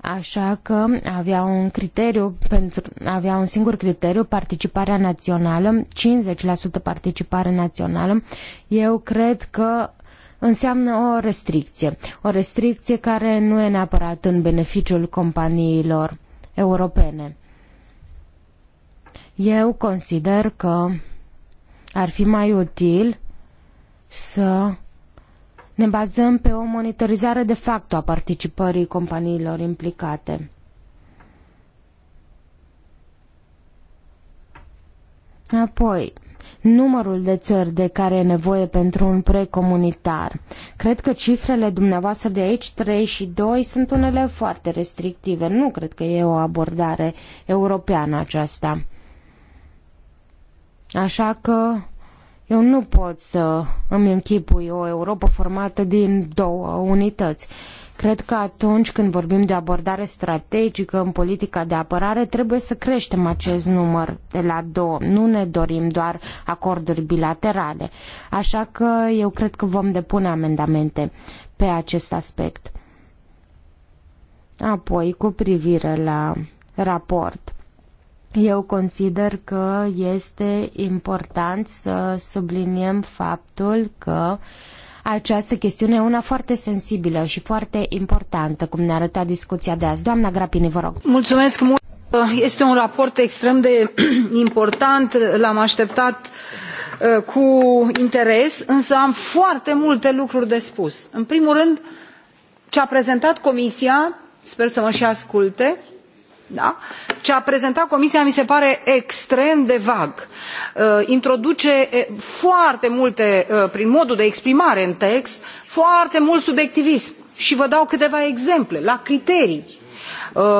așa că avea un criteriu pentru avea un singur criteriu participarea națională, 50% participare națională. Eu cred că înseamnă o restricție, o restricție care nu e neapărat în beneficiul companiilor europene. Eu consider că ar fi mai util să ne bazăm pe o monitorizare de facto a participării companiilor implicate. Apoi, numărul de țări de care e nevoie pentru un precomunitar. Cred că cifrele dumneavoastră de aici, 3 și 2, sunt unele foarte restrictive. Nu cred că e o abordare europeană aceasta. Așa că eu nu pot să îmi închipui o Europa formată din două unități. Cred că atunci când vorbim de abordare strategică în politica de apărare, trebuie să creștem acest număr de la două. Nu ne dorim doar acorduri bilaterale. Așa că eu cred că vom depune amendamente pe acest aspect. Apoi, cu privire la raport. Eu consider că este important să subliniem faptul că uh, această chestiune una foarte sensibilă și foarte importantă, cum ne arăta discuția de azi. Doamna Grapini, vă rog. Mulțumesc mult. Este un raport extrem de important. L-am așteptat uh, cu interes, însă am foarte multe lucruri de spus. În primul rând, ce a prezentat Comisia, sper să mă și asculte, da? ce a prezentat comisia mi se pare extrem de vag uh, introduce uh, foarte multe uh, prin modul de exprimare în text foarte mult subiectivism și vă dau câteva exemple la criterii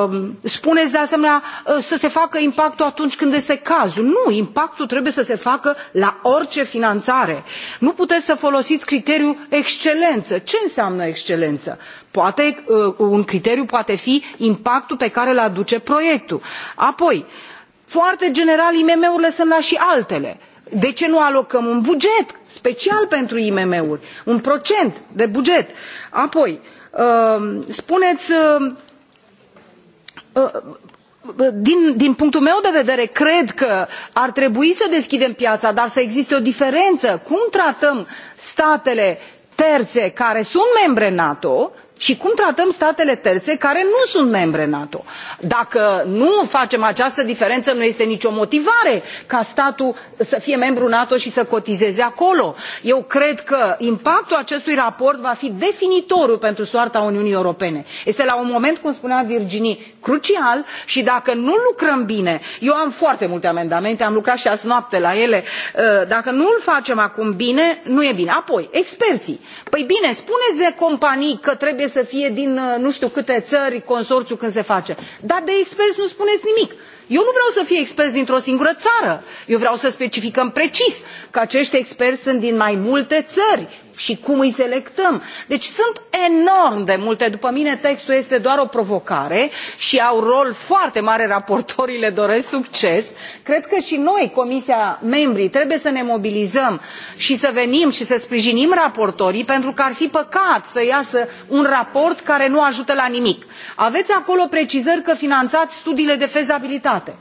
Um, spuneți de asemenea uh, să se facă impactul atunci când este cazul nu impactul trebuie să se facă la orice finanțare nu puteți să folosiți criteriul excelență ce înseamnă excelență? Poate, uh, un criteriu poate fi impactul pe care îl aduce proiectul apoi foarte general imm urile sunt la și altele de ce nu alocăm un buget special pentru imm uri un procent de buget? apoi um, spuneți uh, Uh, uh, din, din punctul meu de vedere cred că ar trebui să deschidem piața dar să existe o diferență cum tratăm statele terțe care sunt membre nato și și cum tratăm statele terțe care nu sunt membre nato. dacă nu facem această diferență nu este nicio motivare ca statul să fie membru nato și să cotizeze acolo. eu cred că impactul acestui raport va fi definitoriu pentru soarta uniunii europene. este la un moment cum spunea virginie crucial și dacă nu lucrăm bine eu am foarte multe amendamente am lucrat și azi noapte la ele ă, dacă nu l facem acum bine nu e bine. apoi experții păi bine spuneți de companii că trebuie trebuie să fie din uh, nu știu câte țări consorțiul când se face dar de experți nu spuneți nimic. eu nu vreau să fie experți dintr o singură țară eu vreau să specificăm precis că acești experți sunt din mai multe țări și cum îi selectăm. Deci sunt enorm de multe. După mine textul este doar o provocare și au rol foarte mare raportorii, le doresc succes. Cred că și noi, Comisia, membrii, trebuie să ne mobilizăm și să venim și să sprijinim raportorii pentru că ar fi păcat să iasă un raport care nu ajută la nimic. Aveți acolo precizări că finanțați studiile de fezabilitate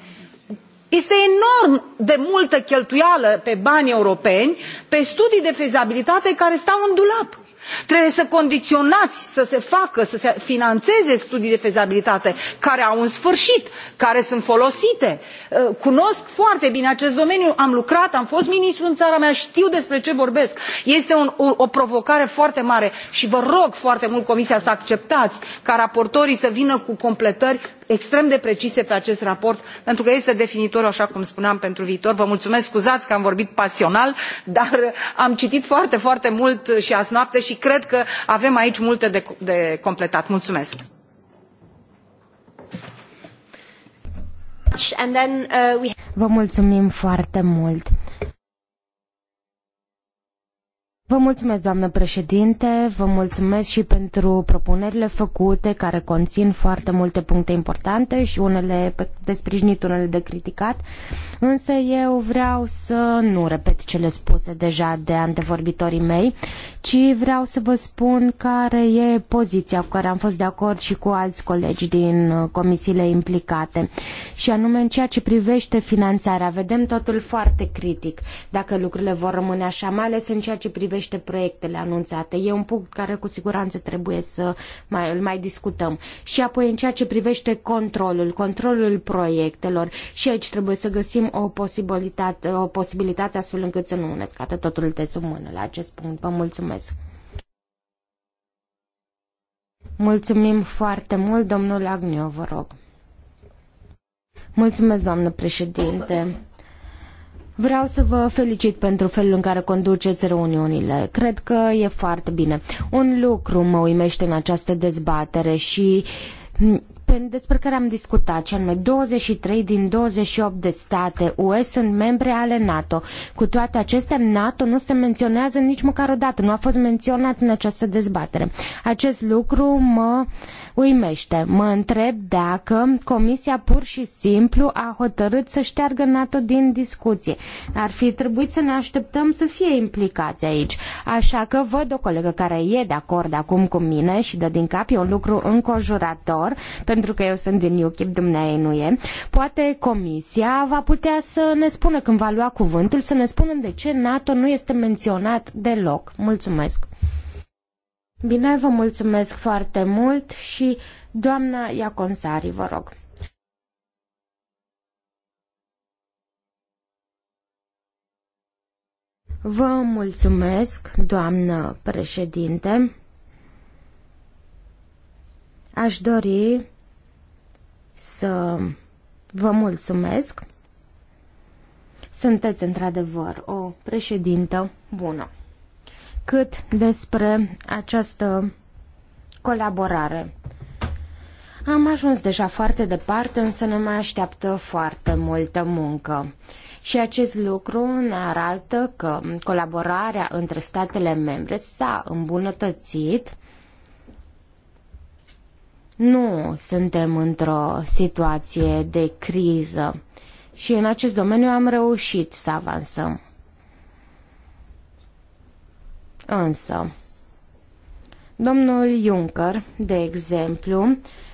este enorm de multă cheltuială pe bani europeni pe studii de fezabilitate care stau în dulap trebuie să condiționați să se facă să se finanțeze studii de fezabilitate care au un sfârșit care sunt folosite uh, cunosc foarte bine acest domeniu am lucrat am fost ministru în țara mea știu despre ce vorbesc este un, o, o provocare foarte mare și vă rog foarte mult comisia să acceptați ca raportorii să vină cu completări extrem de precise pe acest raport pentru că este definitoriu așa cum spuneam pentru viitor. vă mulțumesc scuzați că am vorbit pasional dar am citit foarte foarte mult și azi noapte și cred că avem aici multe de, de completat. mulțumesc. Uh, vă mulțumim foarte mult. Vă mulțumesc, doamnă președinte, vă mulțumesc și pentru propunerile făcute, care conțin foarte multe puncte importante și unele de sprijinit, unele de criticat, însă eu vreau să nu repet cele spuse deja de antevorbitorii mei ci vreau să vă spun care e poziția cu care am fost de acord și cu alți colegi din uh, comisiile implicate. Și anume în ceea ce privește finanțarea, vedem totul foarte critic dacă lucrurile vor rămâne așa, mai ales în ceea ce privește proiectele anunțate. E un punct care cu siguranță trebuie să mai, îl mai discutăm. Și apoi în ceea ce privește controlul, controlul proiectelor și aici trebuie să găsim o posibilitate, o posibilitate astfel încât să nu ne atât totul de sub mână la acest punct. Vă mulțumesc! Mulțumesc! Mulțumim foarte mult, domnul Agniu, vă rog. Mulțumesc, doamnă președinte. Vreau să vă felicit pentru felul în care conduceți reuniunile. Cred că e foarte bine. Un lucru mă uimește în această dezbatere și despre care am discutat, ce anume 23 din 28 de state UE sunt membre ale NATO. Cu toate acestea, NATO nu se menționează nici măcar o dată, nu a fost menționat în această dezbatere. Acest lucru mă uh, uimește. Mă întreb dacă Comisia pur și simplu a hotărât să șteargă NATO din discuție. Ar fi trebuit să ne așteptăm să fie implicați aici. Așa că văd o colegă care e de acord acum cu mine și dă din cap, e un lucru înconjurator, pentru că eu sunt din UKIP, dumneavoastră nu e. Poate Comisia va putea să ne spună când va lua cuvântul, să ne spună de ce NATO nu este menționat deloc. Mulțumesc! Bine, vă mulțumesc foarte mult și doamna Iaconsari, vă rog. Vă mulțumesc, doamnă președinte. Aș dori să vă mulțumesc. Sunteți într-adevăr o președintă bună cât despre această colaborare. Am ajuns deja foarte departe, însă ne mai așteaptă foarte multă muncă. Și acest lucru ne arată că colaborarea între statele membre s-a îmbunătățit. Nu suntem într-o situație de criză și în acest domeniu am reușit să avansăm. Însă, domnul Juncker, de exemplu,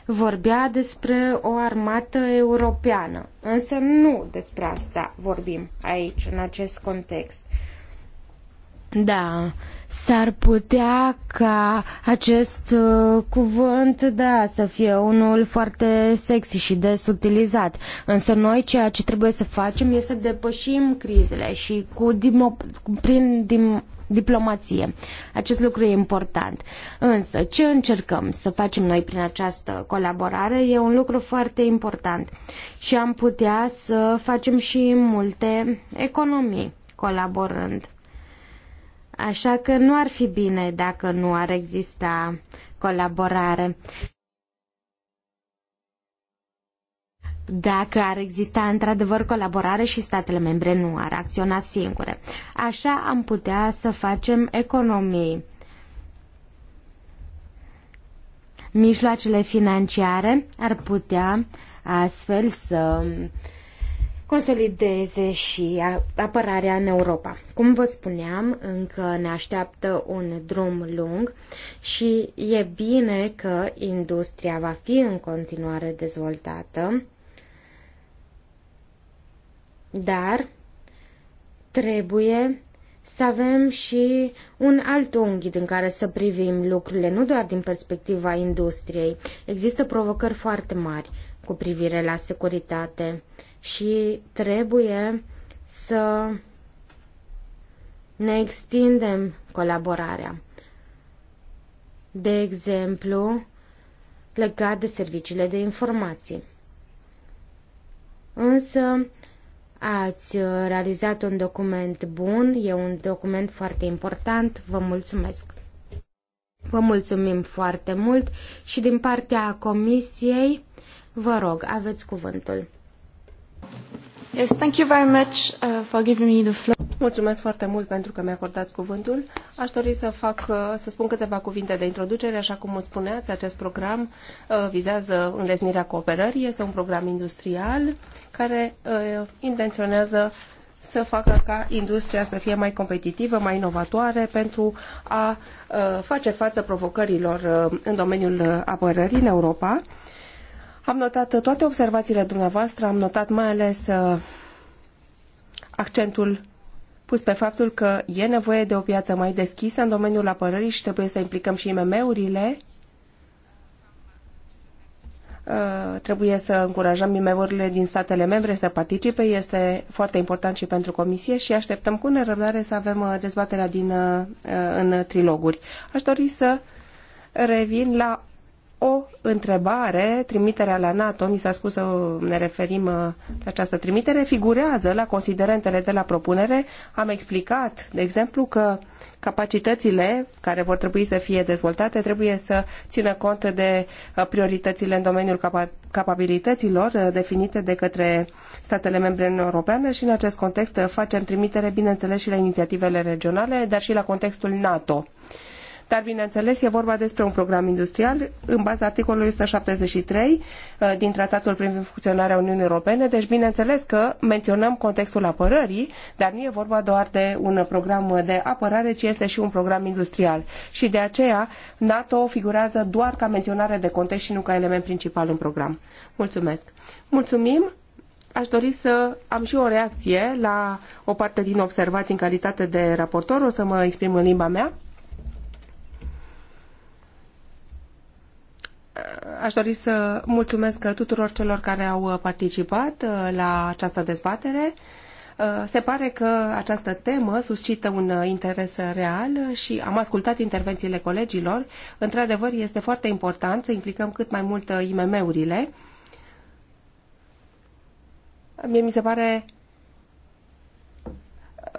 vorbea despre o armată europeană, însă nu despre asta vorbim aici, în acest context. Da, s-ar putea ca acest uh, cuvânt, da, să fie unul foarte sexy și des utilizat. Însă noi ceea ce trebuie să facem este să depășim crizele și cu dim- prin dim- diplomație. Acest lucru e important. Însă, ce încercăm să facem noi prin această colaborare e un lucru foarte important și am putea să facem și multe economii colaborând. Așa că nu ar fi bine dacă nu ar exista colaborare. dacă ar exista într-adevăr colaborare și statele membre nu ar acționa singure. Așa am putea să facem economii. Mijloacele financiare ar putea astfel să consolideze și apărarea în Europa. Cum vă spuneam, încă ne așteaptă un drum lung și e bine că industria va fi în continuare dezvoltată dar trebuie să avem și un alt unghi din care să privim lucrurile, nu doar din perspectiva industriei. Există provocări foarte mari cu privire la securitate și trebuie să ne extindem colaborarea. De exemplu, legat de serviciile de informații. Însă, Ați uh, realizat un document bun, e un document foarte important. Vă mulțumesc! Vă mulțumim foarte mult și din partea Comisiei, vă rog, aveți cuvântul. Mulțumesc foarte mult pentru că mi-a acordat cuvântul. Aș dori să fac, uh, să spun câteva cuvinte de introducere. Așa cum îți spuneați, acest program uh, vizează înlesnirea cooperării. Este un program industrial care uh, intenționează să facă ca industria să fie mai competitivă, mai inovatoare pentru a face față provocărilor în domeniul apărării în Europa am notat toate observațiile dumneavoastră, am notat mai ales uh, accentul pus pe faptul că e nevoie de o piață mai deschisă în domeniul apărării și trebuie să implicăm și IMM-urile. Uh, trebuie să încurajăm IMM-urile din statele membre să participe. Este foarte important și pentru Comisie și așteptăm cu nerăbdare să avem uh, dezbaterea din, în triloguri. Aș dori să revin la o întrebare, trimiterea la NATO, ni s-a spus să ne referim uh, la această trimitere, figurează la considerentele de la propunere. Am explicat, de exemplu, că capacitățile care vor trebui să fie dezvoltate trebuie să țină cont de uh, prioritățile în domeniul capabilităților uh, definite de către statele membre în Europeană și în acest context facem trimitere, bineînțeles, și la inițiativele regionale, dar și la contextul NATO dar bineînțeles e vorba despre un program industrial în baza articolului 173 uh, din Tratatul privind funcționarea Uniunii Europene, deci bineînțeles că menționăm contextul apărării, dar nu e vorba doar de un program de apărare, ci este și un program industrial. Și de aceea NATO figurează doar ca menționare de context și nu ca element principal în program. Mulțumesc! Mulțumim! aș dori să am și o reacție la o parte din observații în calitate de raportor. O să mă exprim în limba mea. Aș dori să mulțumesc tuturor celor care au participat uh, la această dezbatere. Uh, se pare că această temă suscită un interes real și am ascultat intervențiile colegilor. Într-adevăr, este foarte important să implicăm cât mai mult IMM-urile. Mie mi se pare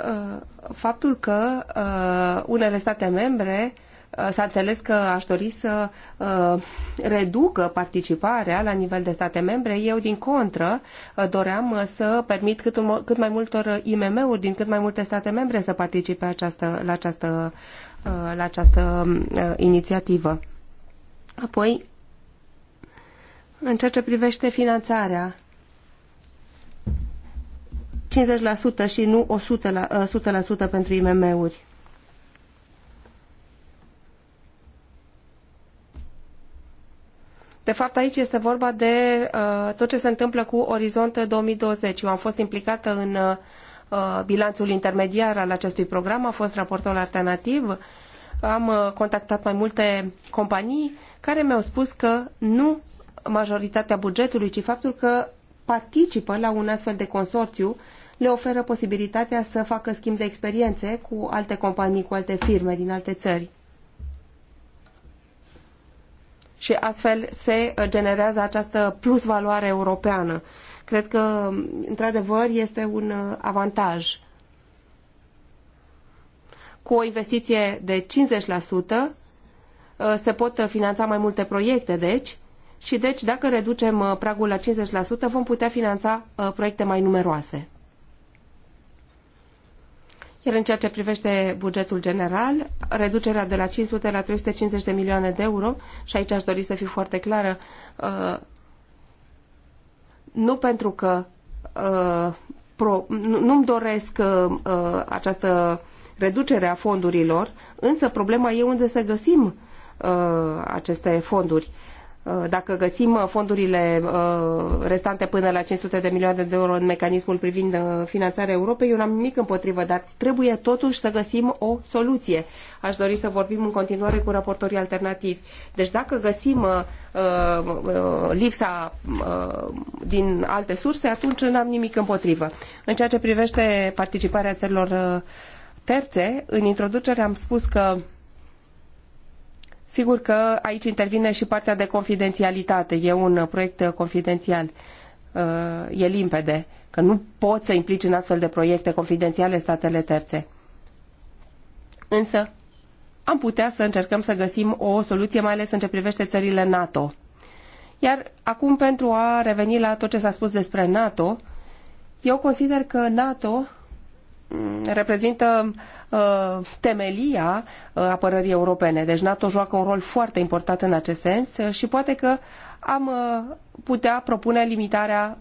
uh, faptul că unele state membre Uh, s-a înțeles că aș dori să uh, reducă participarea la nivel de state membre. Eu, din contră, uh, doream să permit cât, mai multor IMM-uri din cât mai multe state membre să participe această, la această, la această um, inițiativă. Apoi, în ceea ce privește finanțarea, 50% și nu 100%, la, 100 pentru IMM-uri. De fapt, aici este vorba de uh, tot ce se întâmplă cu Orizont 2020. Eu am fost implicată în uh, bilanțul intermediar al acestui program, am fost raportor alternativ, am uh, contactat mai multe companii care mi-au spus că nu majoritatea bugetului, ci faptul că participă la un astfel de consorțiu le oferă posibilitatea să facă schimb de experiențe cu alte companii, cu alte firme din alte țări și astfel se uh, generează această plusvaloare europeană. Cred că, um, într-adevăr, este un uh, avantaj. Cu o investiție de 50% uh, se pot finanța mai multe proiecte, deci, și deci dacă reducem pragul la 50%, vom putea finanța proiecte mai numeroase. Iar în ceea ce privește bugetul general, reducerea de la 500 la 350 de milioane de euro, și aici aș dori să fiu foarte clară, uh, nu pentru că uh, nu-mi doresc uh, această reducere a fondurilor, însă problema e unde să găsim aceste fonduri. Uh, dacă găsim uh, fondurile uh, restante până la 500 de milioane de euro în mecanismul privind finanțarea Europei, eu n-am nimic împotrivă, dar trebuie totuși să găsim o soluție. Aș dori să vorbim în continuare cu raportorii alternativi. Deci dacă găsim lipsa din alte surse, atunci n-am nimic împotrivă. În ceea ce privește participarea țărilor terțe, în introducere am spus că Sigur că aici intervine și partea de confidențialitate. E un proiect confidențial. Uh, e limpede că nu poți să implici în astfel de proiecte confidențiale statele terțe. Însă, am putea să încercăm să găsim o soluție, mai ales în ce privește țările NATO. Iar acum, pentru a reveni la tot ce s-a spus despre NATO, eu consider că NATO mm, reprezintă Uh, temelia uh, apărării europene. Deci NATO joacă un rol foarte important în acest sens uh, și poate că am putea propune limitarea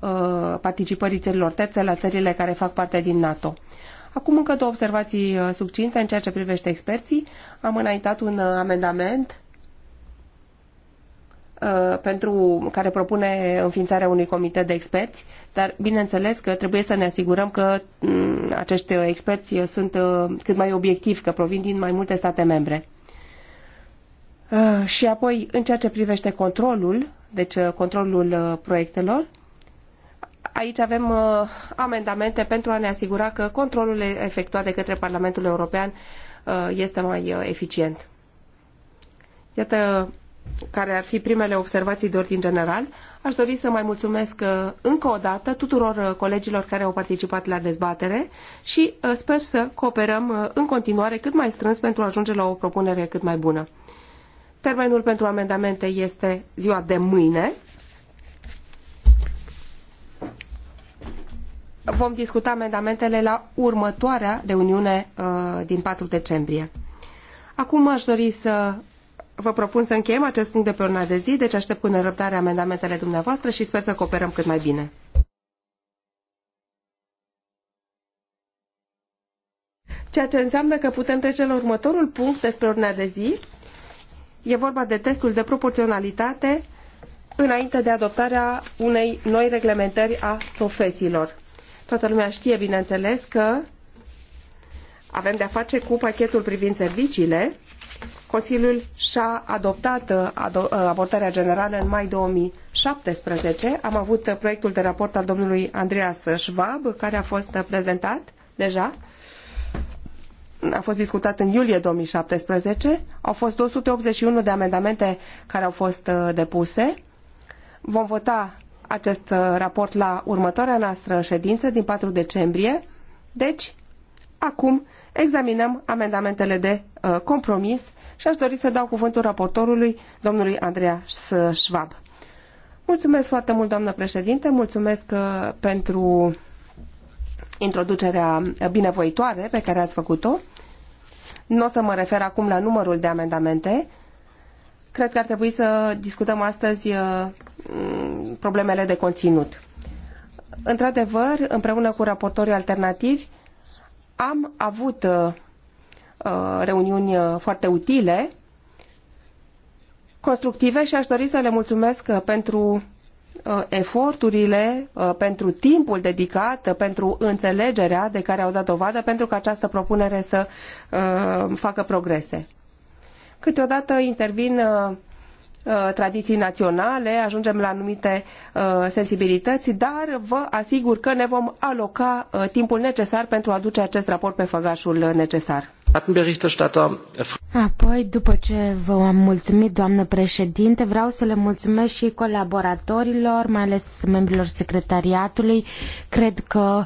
participării țărilor terțe la țările care fac parte din NATO. Acum încă două observații succinte în ceea ce privește experții. Am înaintat un amendament Uh, pentru care propune înființarea unui comitet de experți, dar bineînțeles că trebuie să ne asigurăm că mm, acești experți sunt uh, cât mai obiectivi, că provin din mai multe state membre. Uh, și apoi, în ceea ce privește controlul, deci controlul proiectelor, aici avem amendamente pentru a ne asigura că controlul efectuat de către Parlamentul European este mai eficient. Iată care ar fi primele observații de ordin general, aș dori să mai mulțumesc uh, încă o dată tuturor uh, colegilor care au participat la dezbatere și uh, sper să cooperăm în continuare cât mai strâns pentru a ajunge la o propunere cât mai bună. Termenul pentru amendamente este ziua de mâine. Vom discuta amendamentele la următoarea reuniune din 4 decembrie. Acum aș dori să vă propun să încheiem acest punct de pe urna de zi, deci aștept cu nerăbdare amendamentele dumneavoastră și sper să cooperăm cât mai bine. Ceea ce înseamnă că putem trece la următorul punct despre urna de zi. E vorba de testul de proporționalitate înainte de adoptarea unei noi reglementări a profesiilor. Toată lumea știe, bineînțeles, că avem de-a face cu pachetul privind serviciile, Consiliul și-a adoptat uh, uh, abordarea generală în mai 2017. Am avut uh, proiectul de raport al domnului Andreas Schwab, care a fost prezentat deja. A fost discutat în iulie 2017. Au fost 281 de amendamente care au fost depuse. Vom vota acest raport la următoarea noastră ședință din 4 decembrie. Deci, acum examinăm amendamentele de uh, compromis și aș dori să dau cuvântul raportorului, domnului Andreea Schwab. Mulțumesc foarte mult, doamnă președinte, mulțumesc uh, pentru introducerea binevoitoare pe care ați făcut-o. Nu o să mă refer acum la numărul de amendamente. Cred că ar trebui să discutăm astăzi uh, problemele de conținut. Într-adevăr, împreună cu raportorii alternativi, am avut uh, uh, reuniuni uh, foarte utile, constructive și aș dori să le mulțumesc pentru eforturile, pentru timpul dedicat, pentru înțelegerea de care au dat dovadă pentru că această propunere să facă progrese. Câteodată intervin Uh, tradiții naționale, ajungem la anumite uh, sensibilități, dar vă asigur că ne vom aloca uh, timpul necesar pentru a duce acest raport pe făgașul necesar. Apoi, după ce vă am mulțumit, doamnă președinte, vreau să le mulțumesc și colaboratorilor, mai ales membrilor secretariatului. Cred că uh,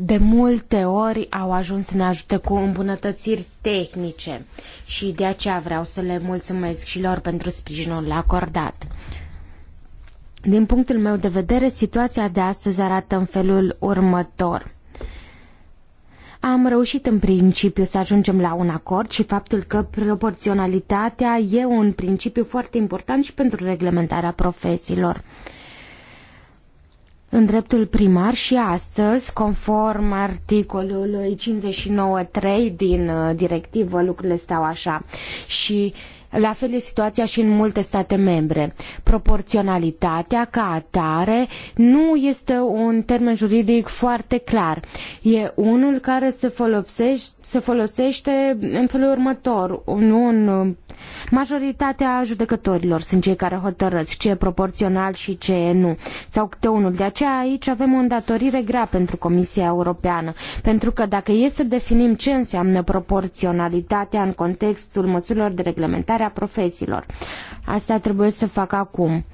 de multe ori au ajuns să ne ajute cu îmbunătățiri tehnice și de aceea vreau să le mulțumesc și lor pentru sprijinul acordat. Din punctul meu de vedere, situația de astăzi arată în felul următor. Am reușit în principiu să ajungem la un acord și faptul că proporționalitatea e un principiu foarte important și pentru reglementarea profesiilor. Uh, în dreptul primar și astăzi, conform articolului 59.3 din uh, directivă, lucrurile stau așa. Și la fel e situația și în multe state membre. Proporționalitatea ca atare nu este un termen juridic foarte clar. E unul care se folosește, se folosește în felul următor, nu în Majoritatea judecătorilor sunt cei care hotărăsc ce e proporțional și ce e nu, sau câte unul. De aceea aici avem o îndatorire grea pentru Comisia Europeană, pentru că dacă e să definim ce înseamnă proporționalitatea în contextul măsurilor de reglementare a profesiilor, Asta trebuie să fac acum.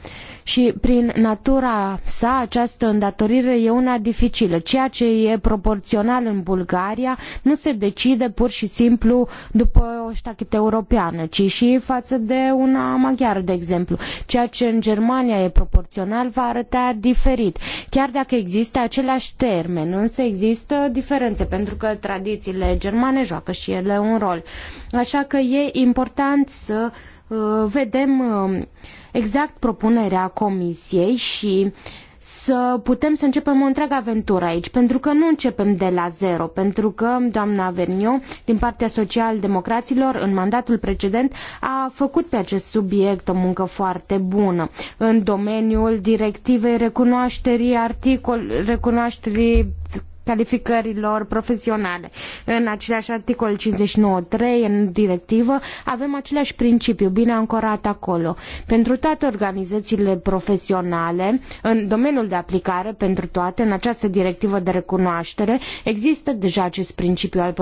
Și prin natura sa, această îndatorire e una dificilă. Ceea ce e proporțional în Bulgaria nu se decide pur și simplu după o ștachetă europeană, ci și față de una maghiară, de exemplu. Ceea ce în Germania e proporțional va arăta diferit. Chiar dacă există același termen, însă există diferențe, pentru că tradițiile germane joacă și ele un rol. Așa că e important să Uh, vedem uh, exact propunerea comisiei și să putem să începem o întreagă aventură aici, pentru că nu începem de la zero, pentru că doamna Vernio, din partea social-democraților, în mandatul precedent, a făcut pe acest subiect o muncă foarte bună în domeniul directivei recunoașterii articol, recunoașterii calificărilor profesionale. În același articol 59.3, în directivă, avem același principiu, bine ancorat acolo. Pentru toate organizațiile profesionale, în domeniul de aplicare, pentru toate, în această directivă de recunoaștere, există deja acest principiu al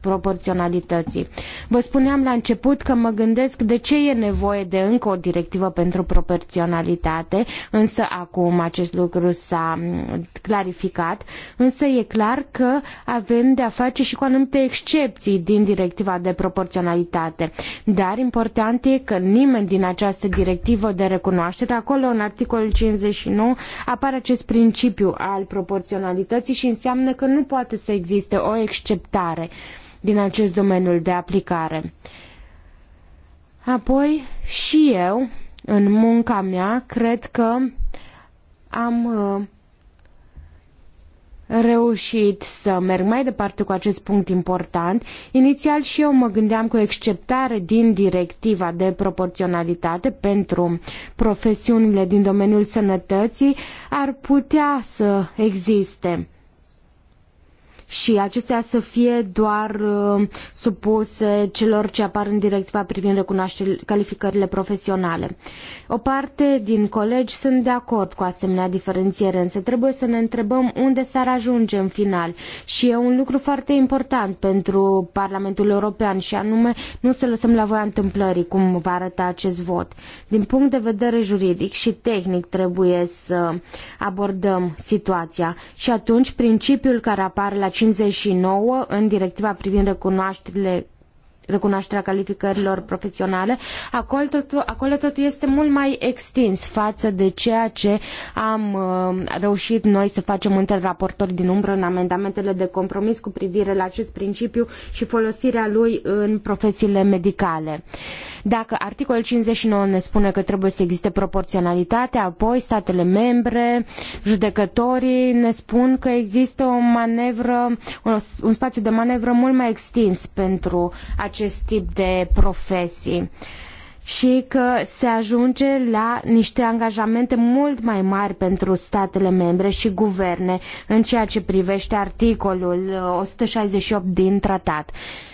proporționalității. Vă spuneam la început că mă gândesc de ce e nevoie de încă o directivă pentru proporționalitate, însă acum acest lucru s-a mm, clarificat Însă e clar că avem de a face și cu anumite excepții din directiva de proporționalitate. Dar important e că nimeni din această directivă de recunoaștere, acolo în articolul 59 apare acest principiu al proporționalității și înseamnă că nu poate să existe o exceptare din acest domeniul de aplicare. Apoi și eu, în munca mea, cred că am uh, reușit să merg mai departe cu acest punct important. Inițial și eu mă gândeam cu exceptare din directiva de proporționalitate pentru profesiunile din domeniul sănătății ar putea să existe și acestea să fie doar uh, supuse celor ce apar în directiva privind calificările profesionale. O parte din colegi sunt de acord cu asemenea diferențiere, însă trebuie să ne întrebăm unde s-ar ajunge în final și e un lucru foarte important pentru Parlamentul European și anume nu să lăsăm la voia întâmplării cum va arăta acest vot. Din punct de vedere juridic și tehnic trebuie să abordăm situația și atunci principiul care apare la 59 în directiva privind recunoașterile recunoașterea calificărilor profesionale, acolo totul, acolo totul este mult mai extins față de ceea ce am uh, reușit noi să facem între raportori din umbră în amendamentele de compromis cu privire la acest principiu și folosirea lui în profesiile medicale. Uh, dacă articolul 59 ne spune că trebuie să existe proporționalitate, apoi statele membre, judecătorii ne spun că există o manevră, un spațiu de manevră mult mai extins pentru acest tip de profesii. Uh, și că se ajunge la niște angajamente mult mai mari pentru statele membre și guverne în ceea ce privește articolul 168 din tratat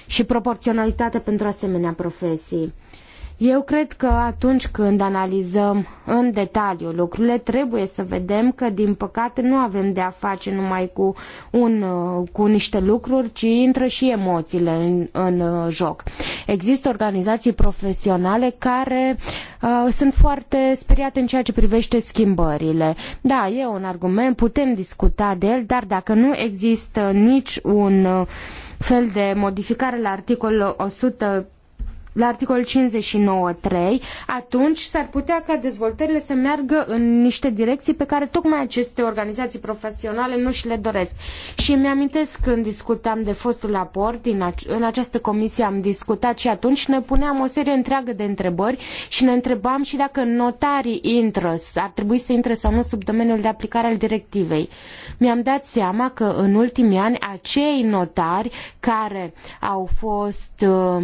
și proporționalitate pentru asemenea profesii. Eu cred că atunci când analizăm în detaliu lucrurile, trebuie să vedem că, din păcate, nu avem de a face numai cu, un, cu niște lucruri, ci intră și emoțiile în, în uh, joc. Există organizații profesionale care uh, sunt foarte speriate în ceea ce privește schimbările. Da, e un argument, putem discuta de el, dar dacă nu există nici un uh, fel de modificare la articolul 100 la articolul 59.3, atunci s-ar putea ca dezvoltările să meargă în niște direcții pe care tocmai aceste organizații profesionale nu și le doresc. Și îmi amintesc când discutam de fostul raport, în, ac- în această comisie am discutat și atunci, ne puneam o serie întreagă de întrebări și ne întrebam și dacă notarii intră, ar trebui să intre sau nu sub domeniul de aplicare al directivei. Mi-am dat seama că în ultimii ani acei notari care au fost uh,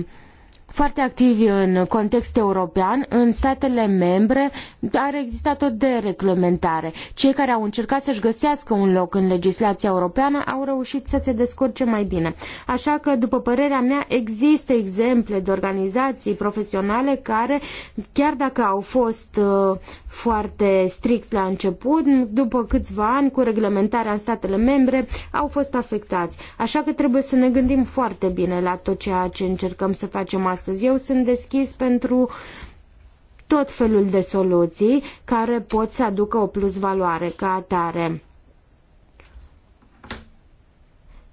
foarte activi în context european, în statele membre ar exista tot de reglementare. Cei care au încercat să-și găsească un loc în legislația europeană au reușit să se descurce mai bine. Așa că, după părerea mea, există exemple de organizații profesionale care, chiar dacă au fost uh, foarte strict la început, după câțiva ani cu reglementarea în statele membre, au fost afectați. Așa că trebuie să ne gândim foarte bine la tot ceea ce încercăm să facem astăzi astăzi. Eu sunt deschis pentru tot felul de soluții care pot să aducă o plusvaloare ca atare.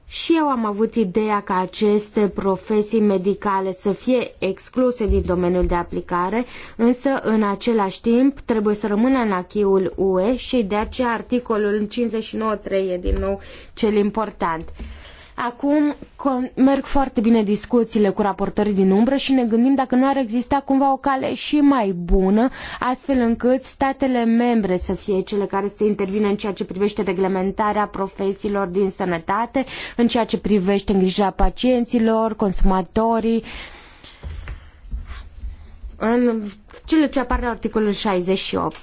Și eu am avut ideea ca aceste profesii medicale să fie excluse din domeniul de aplicare, însă în același timp trebuie să rămână în achiul UE și de aceea articolul 59.3 e din nou cel important. Acum merg foarte bine discuțiile cu raportorii din umbră și ne gândim dacă nu ar exista cumva o cale și mai bună, astfel încât statele membre să fie cele care să intervină în ceea ce privește reglementarea profesiilor din sănătate, în ceea ce privește îngrijirea pacienților, consumatorii, în cele ce apar la articolul 68.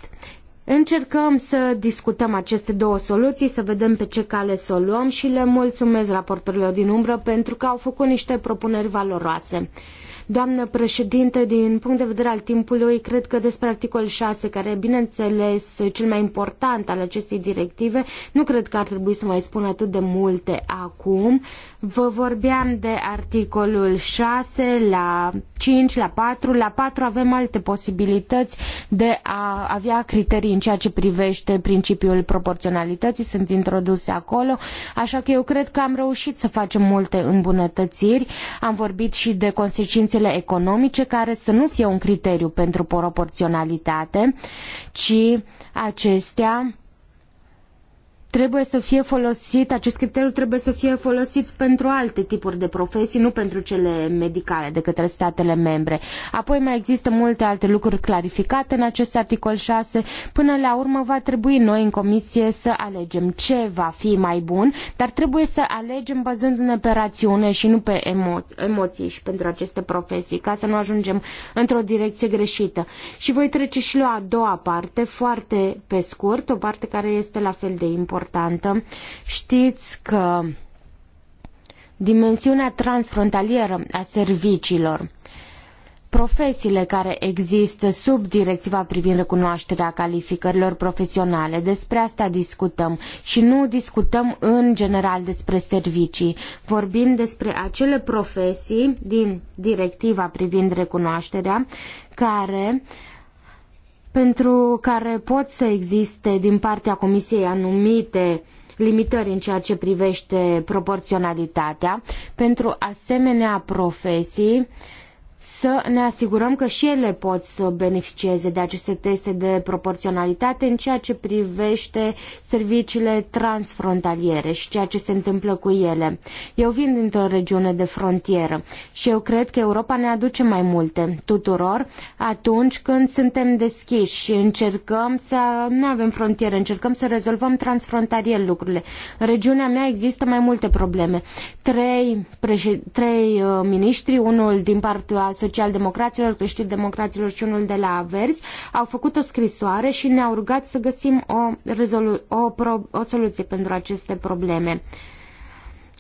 Încercăm să discutăm aceste două soluții, să vedem pe ce cale să o luăm și le mulțumesc raportorilor din umbră pentru că au făcut niște propuneri valoroase. Doamnă președinte, din punct de vedere al timpului, cred că despre articolul 6, care e bineînțeles cel mai important al acestei directive, nu cred că ar trebui să mai spun atât de multe acum. Vă vorbeam de articolul 6 la 5, la 4. La 4 avem alte posibilități de a avea criterii în ceea ce privește principiul proporționalității, sunt introduse acolo, așa că eu cred că am reușit să facem multe îmbunătățiri. Am vorbit și de consecințele economice, care să nu fie un criteriu pentru proporționalitate, ci acestea trebuie să fie folosit, acest criteriu trebuie să fie folosit pentru alte tipuri de profesii, nu pentru cele medicale de către statele membre. Apoi mai există multe alte lucruri clarificate în acest articol 6. Până la urmă va trebui noi în comisie să alegem ce va fi mai bun, dar trebuie să alegem bazându-ne pe rațiune și nu pe emo- emoții și pentru aceste profesii, ca să nu ajungem într-o direcție greșită. Și voi trece și la a doua parte, foarte pe scurt, o parte care este la fel de importantă importantă. Știți că dimensiunea transfrontalieră a serviciilor profesiile care există sub directiva privind recunoașterea calificărilor profesionale. Despre asta discutăm și nu discutăm în general despre servicii. Vorbim despre acele profesii din directiva privind recunoașterea care uh, pentru care pot să existe din partea Comisiei anumite limitări în ceea ce privește proporționalitatea. Pentru asemenea profesii, uh, să ne asigurăm că și ele pot să beneficieze de aceste teste de proporționalitate în ceea ce privește serviciile transfrontaliere și ceea ce se întâmplă cu ele. Eu vin dintr-o regiune de frontieră și eu cred că Europa ne aduce mai multe tuturor atunci când suntem deschiși și încercăm să nu avem frontiere, încercăm să rezolvăm transfrontalier lucrurile. În regiunea mea există mai multe probleme. Trei, trei uh, miniștri, unul din partea la socialdemocraților, creștin-democraților și unul de la Avers, au făcut o scrisoare și ne-au rugat să găsim o, o, o soluție pentru aceste probleme.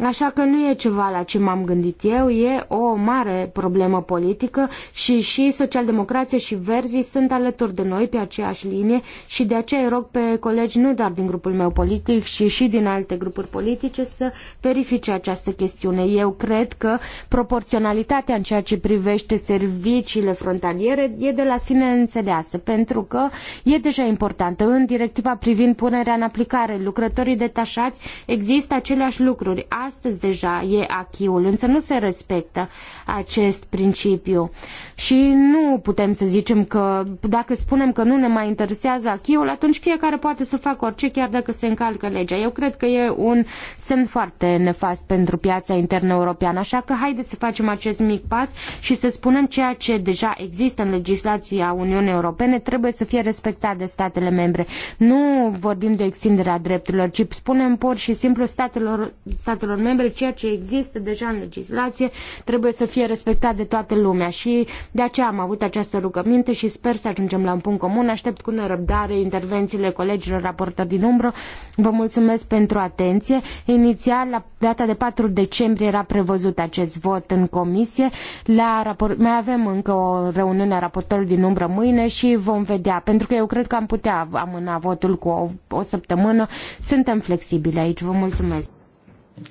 Așa că nu e ceva la ce m-am gândit eu, e o mare problemă politică și și socialdemocrația și verzii sunt alături de noi pe aceeași linie și de aceea îi rog pe colegi nu doar din grupul meu politic și și din alte grupuri politice să verifice această chestiune. Eu cred că proporționalitatea în ceea ce privește serviciile frontaliere e de la sine înțeleasă, pentru că e deja importantă. În directiva privind punerea în aplicare lucrătorii detașați există aceleași lucruri astăzi deja e achiul, însă nu se respectă acest principiu și nu putem să zicem că dacă spunem că nu ne mai interesează achiul, atunci fiecare poate să facă orice chiar dacă se încalcă legea. Eu cred că e un semn foarte nefast pentru piața internă europeană, așa că haideți să facem acest mic pas și să spunem ceea ce deja există în legislația Uniunii Europene trebuie să fie respectat de statele membre. Nu vorbim de extinderea drepturilor, ci spunem pur și simplu statelor, statelor membre ceea ce există deja în legislație trebuie să fie respectat de toată lumea și de aceea am avut această rugăminte și sper să ajungem la un punct comun. Aștept cu nerăbdare intervențiile colegilor raportori din umbră. Vă mulțumesc pentru atenție. Inițial, la data de 4 decembrie era prevăzut acest vot în comisie. La raport... Mai avem încă o reuniune a raportorilor din umbră mâine și vom vedea, pentru că eu cred că am putea amâna votul cu o, o săptămână. Suntem flexibili aici. Vă mulțumesc.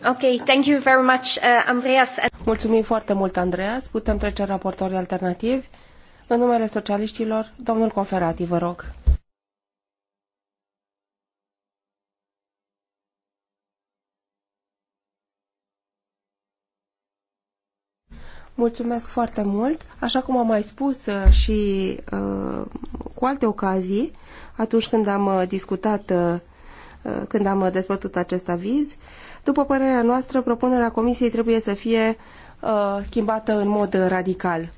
Ok, thank you very much, uh, Andreas. Mulțumim foarte mult, Andreas. Putem trece raportorii alternativi. În numele socialiștilor, domnul Conferati, vă rog. Mulțumesc foarte mult. Așa cum am mai spus uh, și uh, cu alte ocazii, atunci când am uh, discutat, uh, uh, când am dezbătut acest aviz, uh, după părerea noastră, propunerea Comisiei trebuie să fie uh, schimbată în mod radical.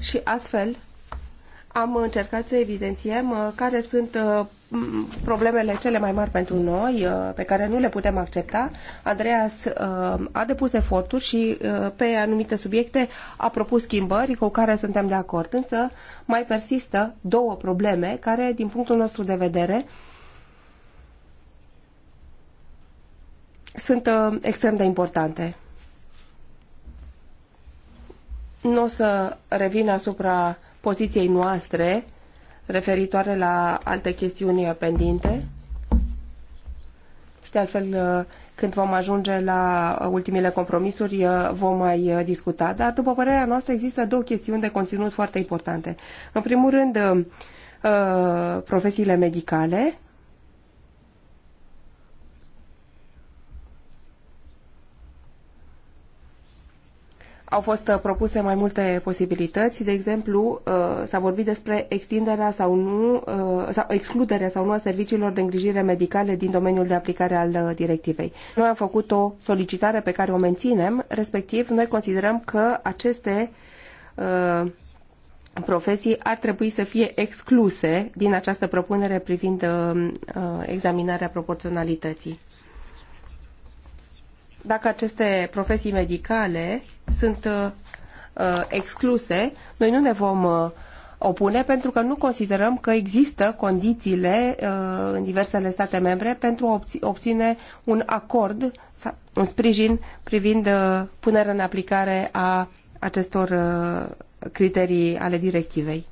Și astfel am încercat să evidențiem uh, care sunt uh, problemele cele mai mari pentru noi, uh, pe care nu le putem accepta. Andreas a depus eforturi și pe anumite subiecte a propus schimbări cu care suntem de acord, însă mai persistă două probleme care, din punctul nostru de vedere, uh, sunt uh, extrem de importante. Nu o să revin asupra poziției noastre referitoare la alte chestiuni pendinte. Și de altfel, uh, când vom ajunge la ultimile compromisuri, uh, vom mai discuta. Dar, după părerea noastră, există două chestiuni de conținut foarte importante. În primul rând, profesiile medicale au fost uh, propuse mai multe posibilități. De exemplu, uh, s-a vorbit despre extinderea sau nu, uh, sau excluderea sau nu a serviciilor de îngrijire medicale din domeniul de aplicare al directivei. Noi am făcut o solicitare pe care o menținem, respectiv noi considerăm că aceste profesii ar trebui să fie excluse din această propunere privind examinarea proporționalității dacă aceste profesii medicale sunt uh, uh, excluse, noi nu ne vom uh, opune pentru că nu considerăm că există condițiile în diversele state membre pentru a obține un acord, un sprijin privind punerea în aplicare a acestor criterii ale directivei.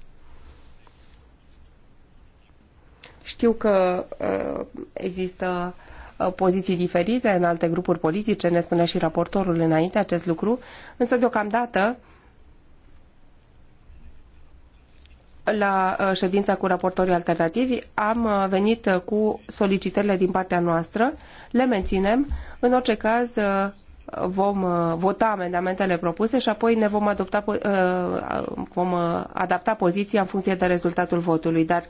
Știu că există uh, Uh, poziții diferite în alte grupuri politice, ne spunea și raportorul înainte acest lucru, însă deocamdată la uh, ședința cu raportorii alternativi am uh, venit cu solicitările din partea noastră, le menținem. În orice caz, vom vota amendamentele propuse și apoi ne vom, adopta, vom adapta poziția în funcție de rezultatul votului. Dar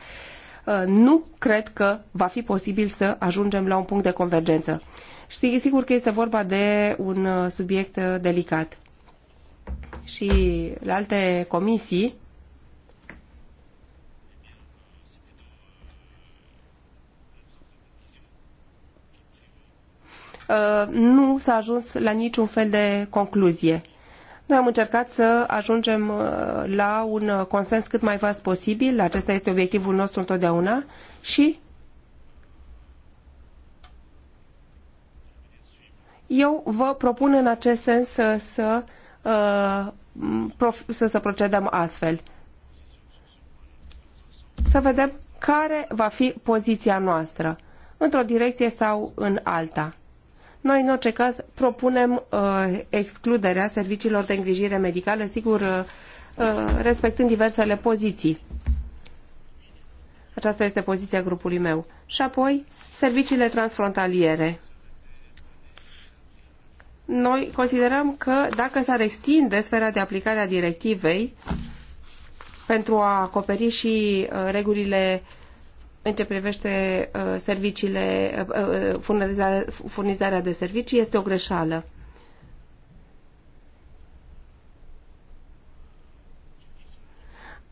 Uh, nu cred că va fi posibil să ajungem la un punct de convergență. Știi, sigur că este vorba de un uh, subiect uh, delicat. Și la alte comisii nu s-a ajuns la niciun fel de concluzie. Noi am încercat să ajungem uh, la un uh, consens cât mai vast posibil, acesta este obiectivul nostru întotdeauna și eu vă propun în acest sens să, să, uh, să, să procedăm astfel. Să vedem care va fi poziția noastră, într-o direcție sau în alta. Noi, în orice caz, propunem uh, excluderea serviciilor de îngrijire medicală, sigur, uh, uh, respectând diversele poziții. Aceasta este poziția grupului meu. Și apoi, serviciile transfrontaliere. Noi considerăm că dacă s-ar extinde sfera de aplicare a directivei pentru a acoperi și uh, regulile uh, în ce privește uh, serviciile, uh, uh, furnizarea, furnizarea de servicii, este o greșeală.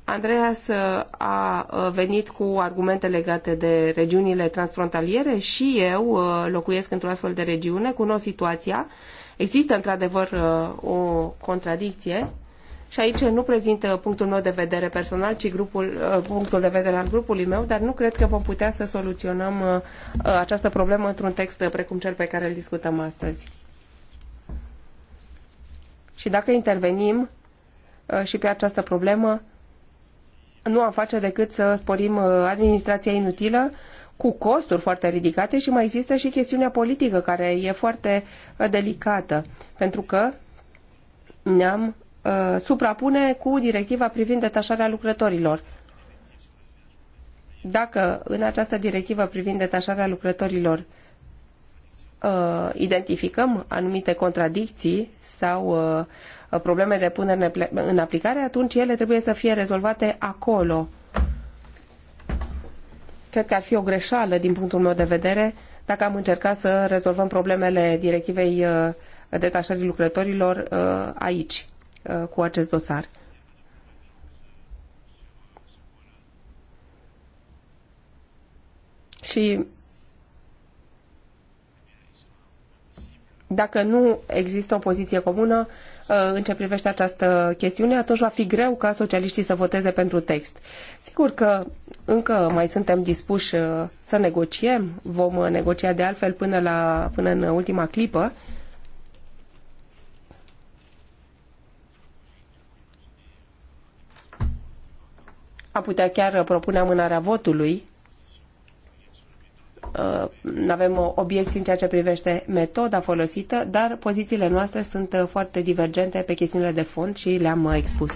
Andreas a venit cu argumente legate de regiunile transfrontaliere și eu locuiesc într-o astfel de regiune, cunosc situația. Există într-adevăr o contradicție și aici nu prezint punctul meu de vedere personal, ci grupul, uh, punctul de vedere al grupului meu, dar nu cred că vom putea să soluționăm uh, uh, această problemă într-un text precum cel pe care îl discutăm astăzi. Și dacă intervenim și pe această problemă, nu am face decât să sporim administrația inutilă cu costuri foarte ridicate și mai există și chestiunea politică care e foarte delicată, pentru că ne-am Uh, suprapune cu directiva privind detașarea lucrătorilor. Dacă în această directivă privind detașarea lucrătorilor uh, identificăm anumite contradicții sau uh, probleme de punere în aplicare, atunci ele trebuie să fie rezolvate acolo. Cred că ar fi o greșeală din punctul meu de vedere dacă am încercat să rezolvăm problemele directivei detașării lucrătorilor aici. Uh, cu acest dosar. Și dacă nu există o poziție comună uh, în ce privește această chestiune, atunci va fi greu ca socialiștii să voteze pentru text. Sigur că încă mai suntem dispuși uh, să negociem, vom negocia de altfel până, la, până în ultima clipă, a putea chiar propune amânarea votului. Nu uh, avem obiecții în ceea ce privește metoda folosită, dar pozițiile noastre sunt uh, foarte divergente pe chestiunile de fond și le-am uh, expus.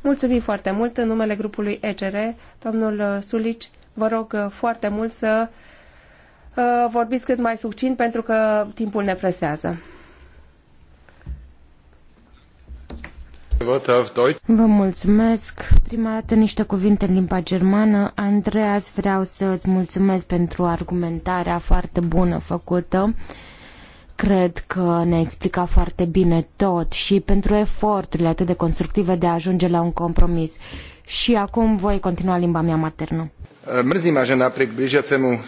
Mulțumim foarte mult în numele grupului ECR, domnul Sulici, vă rog foarte mult să vorbiți cât mai succint pentru că timpul ne presează. Vă mulțumesc. Prima dată niște cuvinte în limba germană. Andreas, vreau să îți mulțumesc pentru argumentarea foarte bună făcută. Cred că ne-a explicat foarte bine tot și pentru eforturile atât de constructive de a ajunge la un compromis. Și acum voi continua limba mea maternă. Mrzima, žena, približați-mu.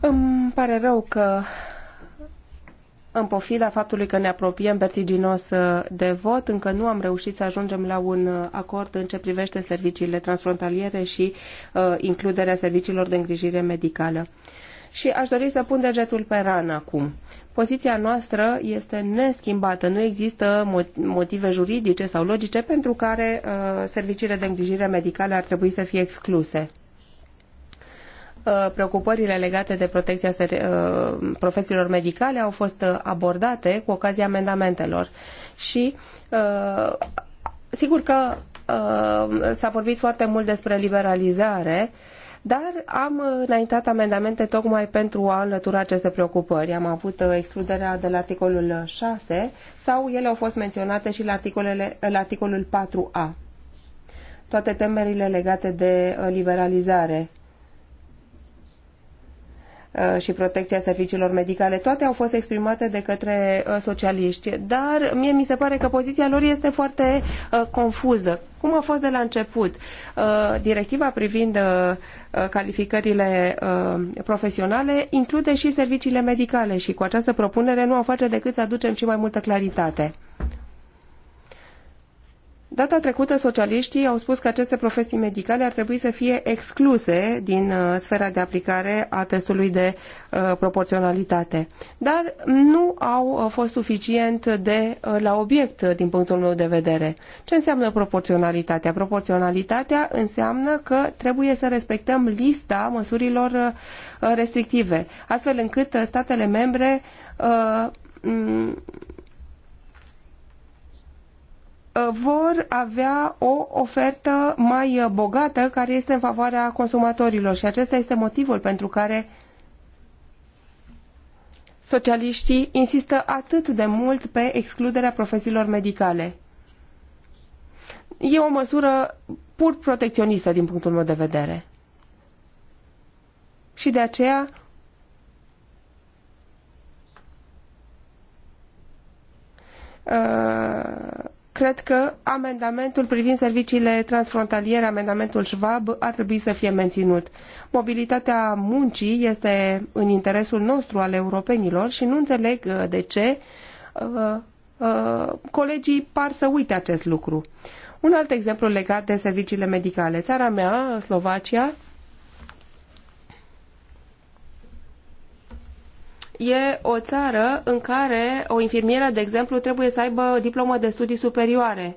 Îmi pare rău că în pofida faptului că ne apropiem vertiginos uh, de vot, încă nu am reușit să ajungem la un uh, acord în ce privește serviciile transfrontaliere și uh, includerea serviciilor de îngrijire medicală. Și aș dori să pun degetul pe rană acum. Poziția noastră este neschimbată. Nu există motive juridice sau logice pentru care uh, serviciile de îngrijire medicală ar trebui să fie excluse Uh, preocupările legate de protecția uh, profesiilor medicale au fost uh, abordate cu ocazia amendamentelor. Și sigur că s-a vorbit foarte mult despre liberalizare, dar am înaintat amendamente tocmai pentru a înlătura aceste preocupări. Am avut excluderea de la articolul 6 sau ele au fost menționate și la, articolele, la articolul 4a. Toate temerile legate de liberalizare Uh, și protecția serviciilor medicale, toate au fost exprimate de către uh, socialiști, dar mie mi se pare că poziția lor este foarte uh, confuză. Cum a fost de la început? Directiva privind calificările profesionale include și serviciile medicale și cu această propunere nu am face decât să aducem și mai multă claritate. Data trecută, socialiștii au spus că aceste profesii medicale ar trebui să fie excluse din uh, sfera de aplicare a testului de uh, proporționalitate, dar nu au uh, fost suficient de uh, la obiect uh, din punctul meu de vedere. Ce înseamnă proporționalitatea? Proporționalitatea înseamnă că trebuie să respectăm lista măsurilor uh, restrictive, astfel încât uh, statele membre uh, Uh, vor avea o ofertă mai uh, bogată care este în favoarea consumatorilor și acesta este motivul pentru care socialiștii insistă atât de mult pe excluderea profesiilor medicale. E o măsură pur protecționistă din punctul meu de vedere. Și de aceea uh, cred că amendamentul privind serviciile transfrontaliere, amendamentul Schwab, ar trebui să fie menținut. Mobilitatea muncii este în interesul nostru al europenilor și nu înțeleg uh, de ce uh, uh, colegii par să uite acest lucru. Un alt exemplu legat de serviciile medicale. Țara mea, Slovacia, e o țară în care o infirmieră, de exemplu, trebuie să aibă diplomă de studii superioare,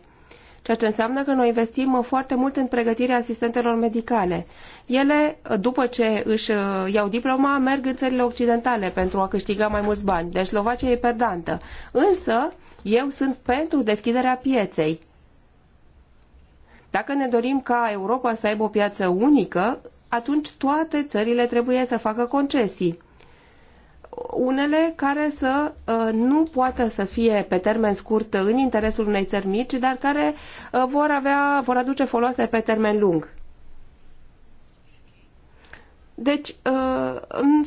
ceea ce înseamnă că noi investim foarte mult în pregătirea asistentelor medicale. Ele, după ce își uh, iau diploma, merg în țările occidentale pentru a câștiga mai mulți bani. Deci Slovacia e perdantă. Însă, eu sunt pentru deschiderea pieței. Dacă ne dorim ca Europa să aibă o piață unică, atunci toate țările trebuie să facă concesii unele care să uh, nu poată să fie pe termen scurt în interesul unei țări mici, dar care uh, vor, avea, vor aduce folose pe termen lung. Deci, uh,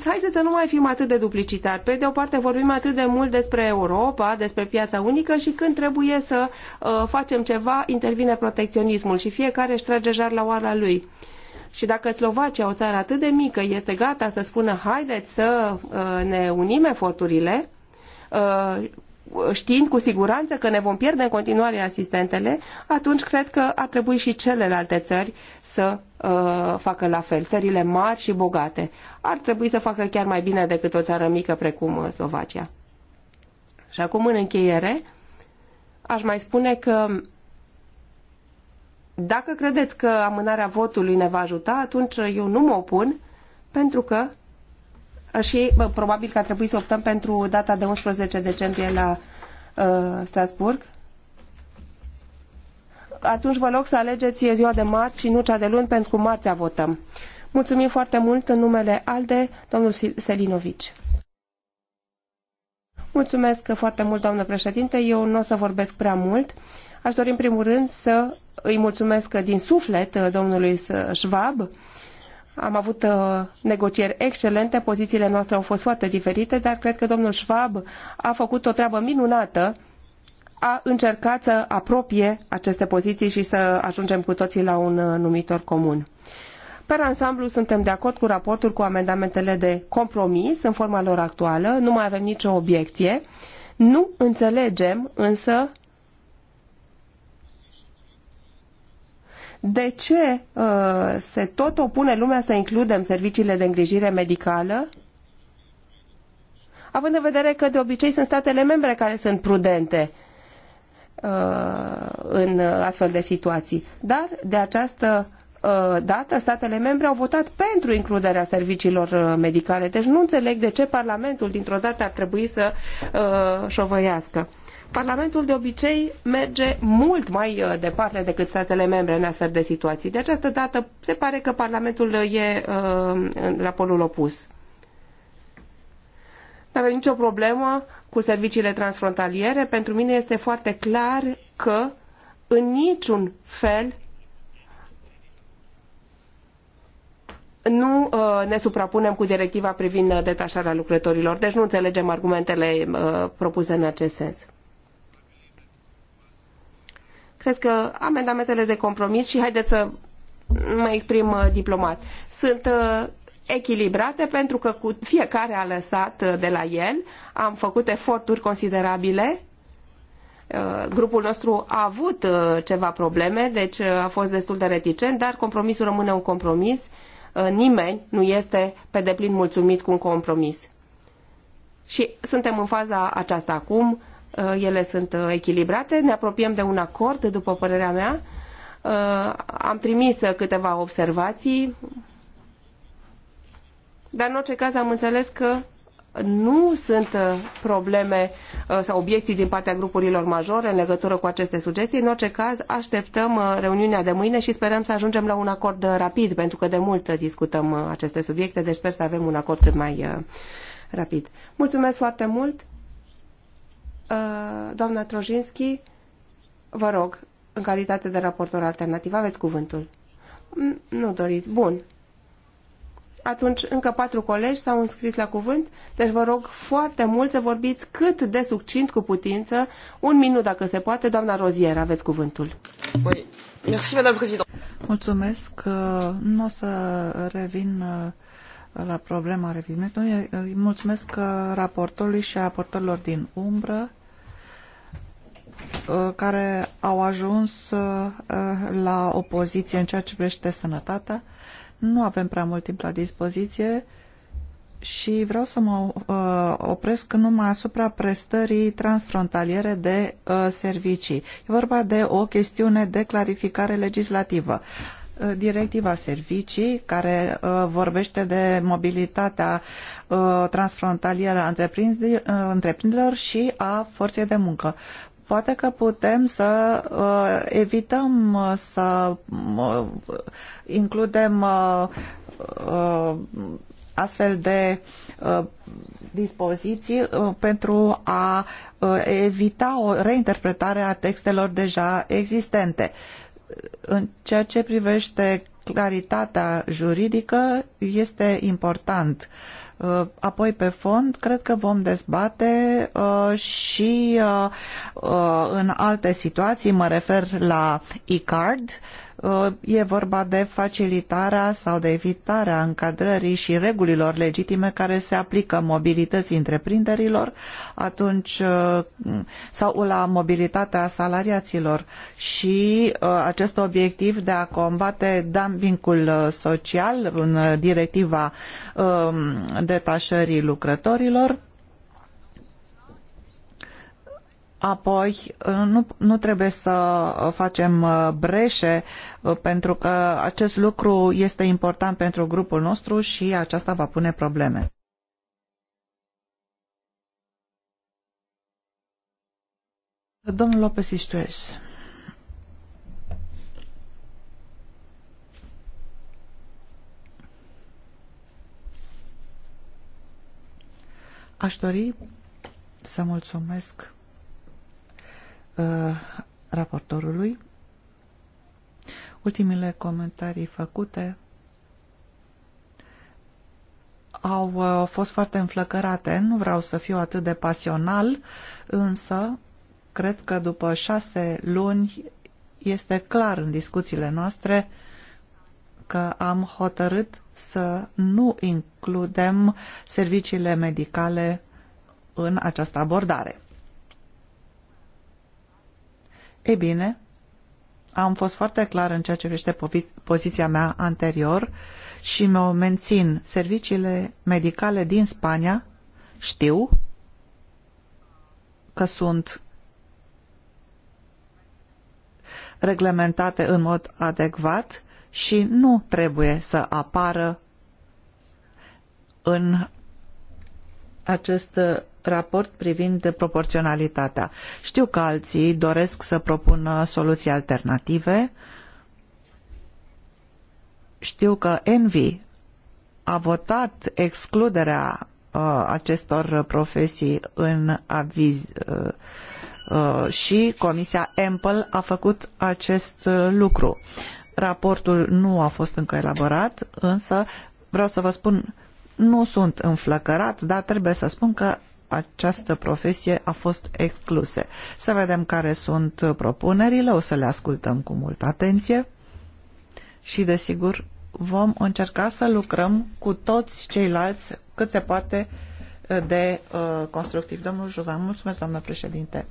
haideți să nu mai fim atât de duplicitari. Pe de o parte vorbim atât de mult despre Europa, despre piața unică și când trebuie să uh, facem ceva, intervine protecționismul și fiecare își trage jar la oala lui. Uh, și dacă Slovacia, o țară atât de mică, este gata să spună haideți să uh, ne unim eforturile, uh, știind cu siguranță că ne vom pierde în continuare asistentele, atunci cred că ar trebui și celelalte țări să uh, facă la fel, țările mari și bogate. Ar trebui să facă chiar mai bine decât o țară mică precum Slovacia. Și acum, în încheiere, aș mai spune că dacă credeți că amânarea votului ne va ajuta, atunci eu nu mă opun, pentru că și bă, probabil că ar trebui să optăm pentru data de 11 decembrie la uh, Strasburg. Atunci vă rog să alegeți ziua de marți și nu cea de luni, pentru că marțea votăm. Mulțumim foarte mult în numele ALDE, domnul Selinovici. Mulțumesc foarte mult, doamnă președinte. Eu nu o să vorbesc prea mult. Aș dori în primul rând să îi mulțumesc din suflet uh, domnului Schwab. Am avut uh, negocieri excelente, pozițiile noastre au fost foarte diferite, dar cred că domnul Schwab a făcut o treabă minunată a încercat să apropie aceste poziții și să ajungem cu toții la un uh, numitor comun. Per ansamblu, suntem de acord cu raportul, cu amendamentele de compromis în forma lor actuală, nu mai avem nicio obiecție. Nu înțelegem însă de ce uh, se tot opune lumea să includem serviciile de îngrijire medicală? Având în vedere că de obicei sunt statele membre care sunt prudente uh, în astfel de situații. Dar de această uh, dată statele membre au votat pentru includerea serviciilor uh, medicale. Deci nu înțeleg de ce Parlamentul dintr-o dată ar trebui să uh, șovăiască. Parlamentul de obicei merge mult mai uh, departe decât statele membre în astfel de situații. De această dată se pare că Parlamentul uh, e uh, la polul opus. Nu avem nicio problemă cu serviciile transfrontaliere. Pentru mine este foarte clar că în niciun fel nu ne suprapunem cu directiva privind detașarea lucrătorilor. Deci nu înțelegem argumentele propuse în acest sens. Cred că amendamentele de compromis și haideți să mă exprim uh, diplomat. Sunt uh, echilibrate pentru că cu fiecare a lăsat uh, de la el. Am făcut eforturi considerabile. Grupul nostru a avut ceva probleme, deci a fost destul de reticent, dar compromisul rămâne un compromis. Nimeni nu este pe deplin mulțumit cu un compromis. Și suntem în faza aceasta acum Uh, ele sunt uh, echilibrate, ne apropiem de un acord, după părerea mea. Uh, am trimis câteva observații, dar în orice caz am înțeles că nu sunt probleme sau obiecții din partea grupurilor majore în legătură cu aceste sugestii. În orice caz, așteptăm reuniunea de mâine și sperăm să ajungem la un acord rapid, pentru că de mult discutăm aceste subiecte, deci sper să avem un acord cât mai rapid. Mulțumesc foarte mult! Uh, doamna Trojinski, vă rog, în calitate de raportor alternativ, aveți cuvântul. Mm, nu doriți. Bun. Atunci încă patru colegi s-au înscris la cuvânt, deci vă rog foarte mult să vorbiți cât de succint cu putință. Un minut, dacă se poate. Doamna Rozier, aveți cuvântul. Mulțumesc. Uh, nu o să revin uh, la problema revizuitului. Îi mulțumesc uh, raportorului și raportorilor din umbră uh, care au ajuns uh, la o poziție în ceea ce privește sănătatea. Nu avem prea mult timp la dispoziție și vreau să mă opresc numai asupra prestării transfrontaliere de servicii. E vorba de o chestiune de clarificare legislativă. Uh, directiva servicii care uh, vorbește de mobilitatea uh, transfrontalieră a întreprinderilor și a forței de muncă. Poate că putem să evităm să includem astfel de dispoziții pentru a evita o reinterpretare a textelor deja existente. Uh, în ceea ce privește claritatea juridică, este important. Uh, apoi, pe fond, cred că vom dezbate uh, și uh, în alte situații, mă refer la e-card, Uh, e vorba de facilitarea sau de evitarea încadrării și regulilor legitime care se aplică mobilității întreprinderilor atunci uh, sau la mobilitatea salariaților și uh, acest obiectiv de a combate dumpingul social în directiva um, detașării lucrătorilor Apoi, uh, nu, nu trebuie să uh, facem uh, breșe, pentru că acest lucru este important pentru grupul nostru și aceasta va pune probleme. Domnul Lopez Istuez. Aș dori să mulțumesc Uh, raportorului. Ultimile comentarii făcute au uh, fost foarte înflăcărate. Nu vreau să fiu atât de pasional, însă cred că după șase luni este clar în discuțiile noastre că am hotărât să nu includem serviciile medicale în această abordare. Ei bine, am fost foarte clar în ceea ce privește poziția mea anterior și mă mențin serviciile medicale din Spania. Știu că sunt reglementate în mod adecvat și nu trebuie să apară în acest raport privind proporționalitatea. Știu că alții doresc să propună soluții alternative. Știu că Envi a votat excluderea uh, acestor profesii în aviz uh, uh, și Comisia Ample a făcut acest uh, lucru. Raportul nu a fost încă elaborat, însă vreau să vă spun, nu sunt înflăcărat, dar trebuie să spun că această profesie a fost excluse. Să vedem care sunt propunerile, o să le ascultăm cu multă atenție și, desigur, vom încerca să lucrăm cu toți ceilalți cât se poate de uh, constructiv. Domnul Juvan, mulțumesc, doamnă președinte.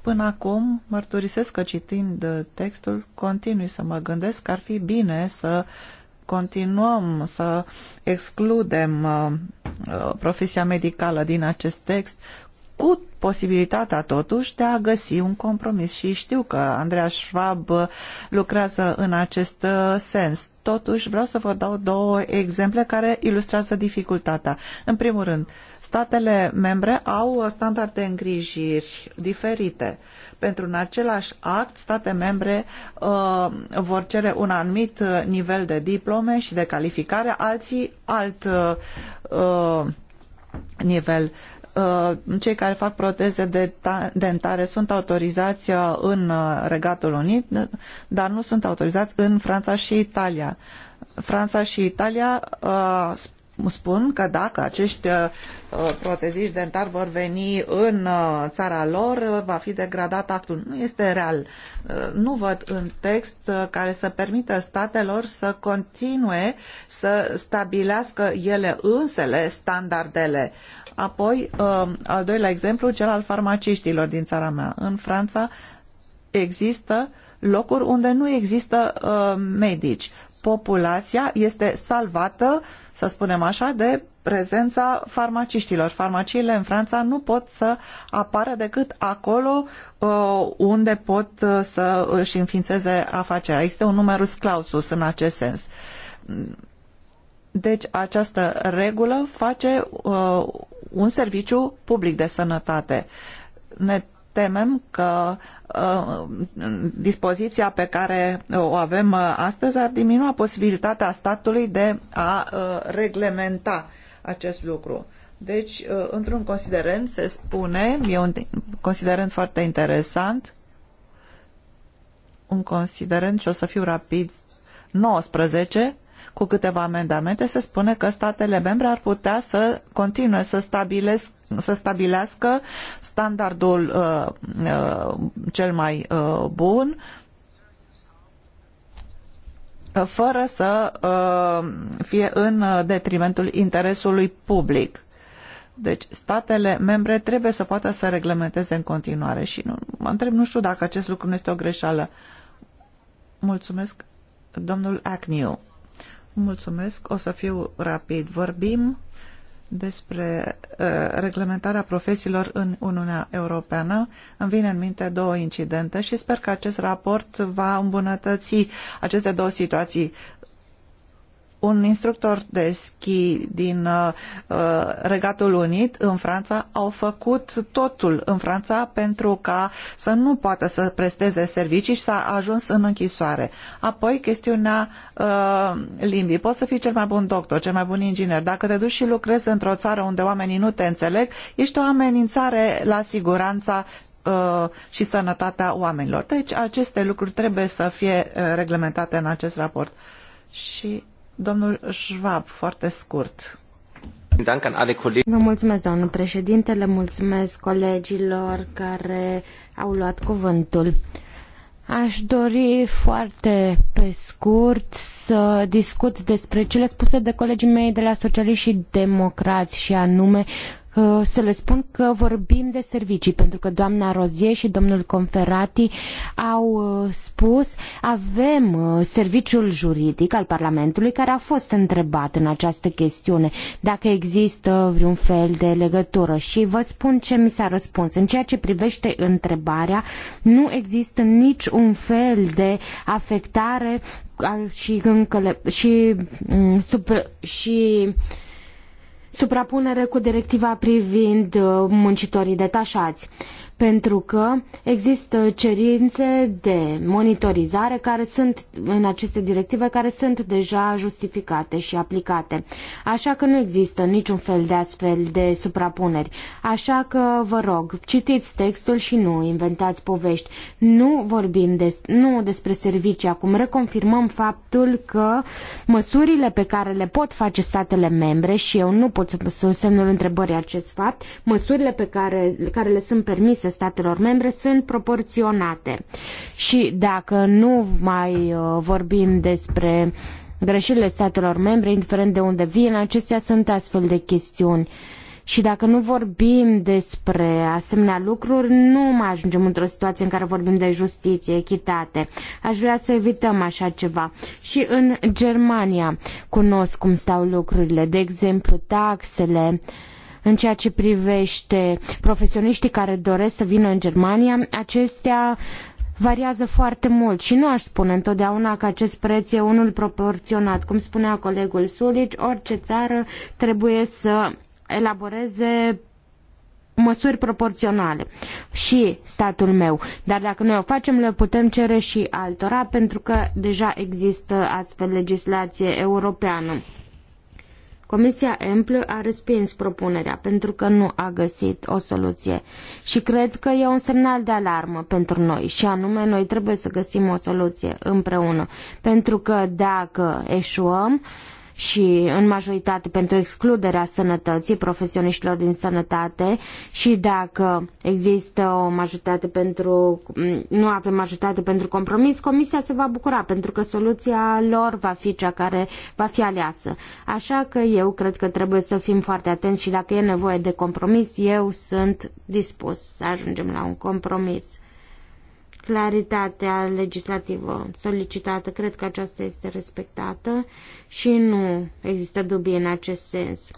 Până acum, mărturisesc că citind textul, continui să mă gândesc că ar fi bine să continuăm să excludem uh, Uh, profesia medicală din acest text cu posibilitatea totuși de a găsi un compromis și știu că Andreea Schwab uh, lucrează în acest uh, sens. Totuși vreau să vă dau două exemple care ilustrează dificultatea. În primul rând, statele membre au uh, standarde de îngrijiri diferite. Pentru un același act, state membre uh, vor cere un anumit nivel de diplome și de calificare, alții alt uh, nivel Uh, cei care fac proteze dentare sunt autorizați uh, în uh, Regatul Unit, dar nu sunt autorizați în Franța și Italia. Franța și Italia spun că dacă acești uh, uh, proteziști dentari vor veni în uh, țara lor, va fi degradat actul. Nu este real. Nu văd un text care să permită statelor să continue să stabilească ele însele standardele. Apoi, al doilea exemplu, cel al farmaciștilor din țara mea. În Franța există locuri unde nu există medici populația este salvată să spunem așa, de prezența farmaciștilor. Farmaciile în Franța nu pot să apară decât acolo uh, unde pot uh, să își înființeze afacerea. Este un numerus clausus în acest sens. Deci această regulă face uh, un serviciu public de sănătate. Ne temem că uh, dispoziția pe care o avem uh, astăzi ar diminua posibilitatea statului de a uh, reglementa acest lucru. Deci, într-un considerent se spune, e un considerent foarte interesant, un considerent și o să fiu rapid, 19, cu câteva amendamente, se spune că statele membre ar putea să continue să, stabilesc, să stabilească standardul uh, uh, cel mai uh, bun fără să uh, fie în detrimentul interesului public. Deci statele membre trebuie să poată să reglementeze în continuare și nu, mă întreb, nu știu dacă acest lucru nu este o greșeală. Mulțumesc, domnul Acniu. Mulțumesc, o să fiu rapid. Vorbim despre uh, reglementarea profesiilor în Uniunea Europeană. Îmi vine în minte două incidente și sper că acest raport va îmbunătăți aceste două situații un instructor de schi din uh, uh, Regatul Unit în Franța au făcut totul în Franța pentru ca să nu poată să presteze servicii și s-a ajuns în închisoare. Apoi, chestiunea uh, limbii. Poți să fii cel mai bun doctor, cel mai bun inginer. Dacă te duci și lucrezi într-o țară unde oamenii nu te înțeleg, ești o amenințare la siguranța uh, și sănătatea oamenilor. Deci aceste lucruri trebuie să fie uh, reglementate în acest raport. Și Domnul Schwab, foarte scurt. Vă mulțumesc, domnule președinte, le mulțumesc colegilor care au luat cuvântul. Aș dori foarte pe scurt să discut despre cele spuse de colegii mei de la Socialiști și Democrați și anume Uh, să le spun că vorbim de servicii, pentru că doamna Rozie și domnul Conferati au uh, spus avem uh, serviciul juridic al Parlamentului care a fost întrebat în această chestiune dacă există vreun fel de legătură și vă spun ce mi s-a răspuns. În ceea ce privește întrebarea, nu există nici un fel de afectare și, încăle- și, mm, sub, și, și suprapunere cu directiva privind uh, muncitorii detașați pentru că există cerințe de monitorizare care sunt în aceste directive care sunt deja justificate și aplicate. Așa că nu există niciun fel de astfel de suprapuneri. Așa că vă rog, citiți textul și nu inventați povești. Nu vorbim des, nu despre servicii acum, reconfirmăm faptul că măsurile pe care le pot face statele membre și eu nu pot să semnul întrebării acest fapt, măsurile pe care, care le sunt permise statelor membre sunt proporționate. Și dacă nu mai uh, vorbim despre greșelile statelor membre, indiferent de unde vin, acestea sunt astfel de chestiuni. Și dacă nu vorbim despre asemenea lucruri, nu mai ajungem într-o situație în care vorbim de justiție, echitate. Aș vrea să evităm așa ceva. Și în Germania cunosc cum stau lucrurile, de exemplu, taxele, uh, în ceea ce privește profesioniștii care doresc să vină în Germania, acestea variază foarte mult și nu aș spune întotdeauna că acest preț e unul proporționat. Cum spunea colegul Sulici, orice țară trebuie să elaboreze măsuri proporționale și statul meu. Dar dacă noi o facem, le putem cere și altora, pentru că deja există astfel legislație europeană. Comisia Emplă a respins propunerea pentru că nu a găsit o soluție și cred că e un semnal de alarmă pentru noi și anume noi trebuie să găsim o soluție împreună pentru că dacă eșuăm, uh, și în majoritate pentru excluderea sănătății, profesioniștilor din sănătate și dacă există o majoritate pentru, nu avem majoritate pentru compromis, comisia se va bucura pentru că soluția lor va fi cea care va fi aleasă. Așa că eu cred că trebuie să fim foarte atenți și dacă e nevoie de compromis, eu sunt dispus să ajungem la un compromis claritatea legislativă solicitată. Cred că aceasta este respectată și nu există dubii în acest sens.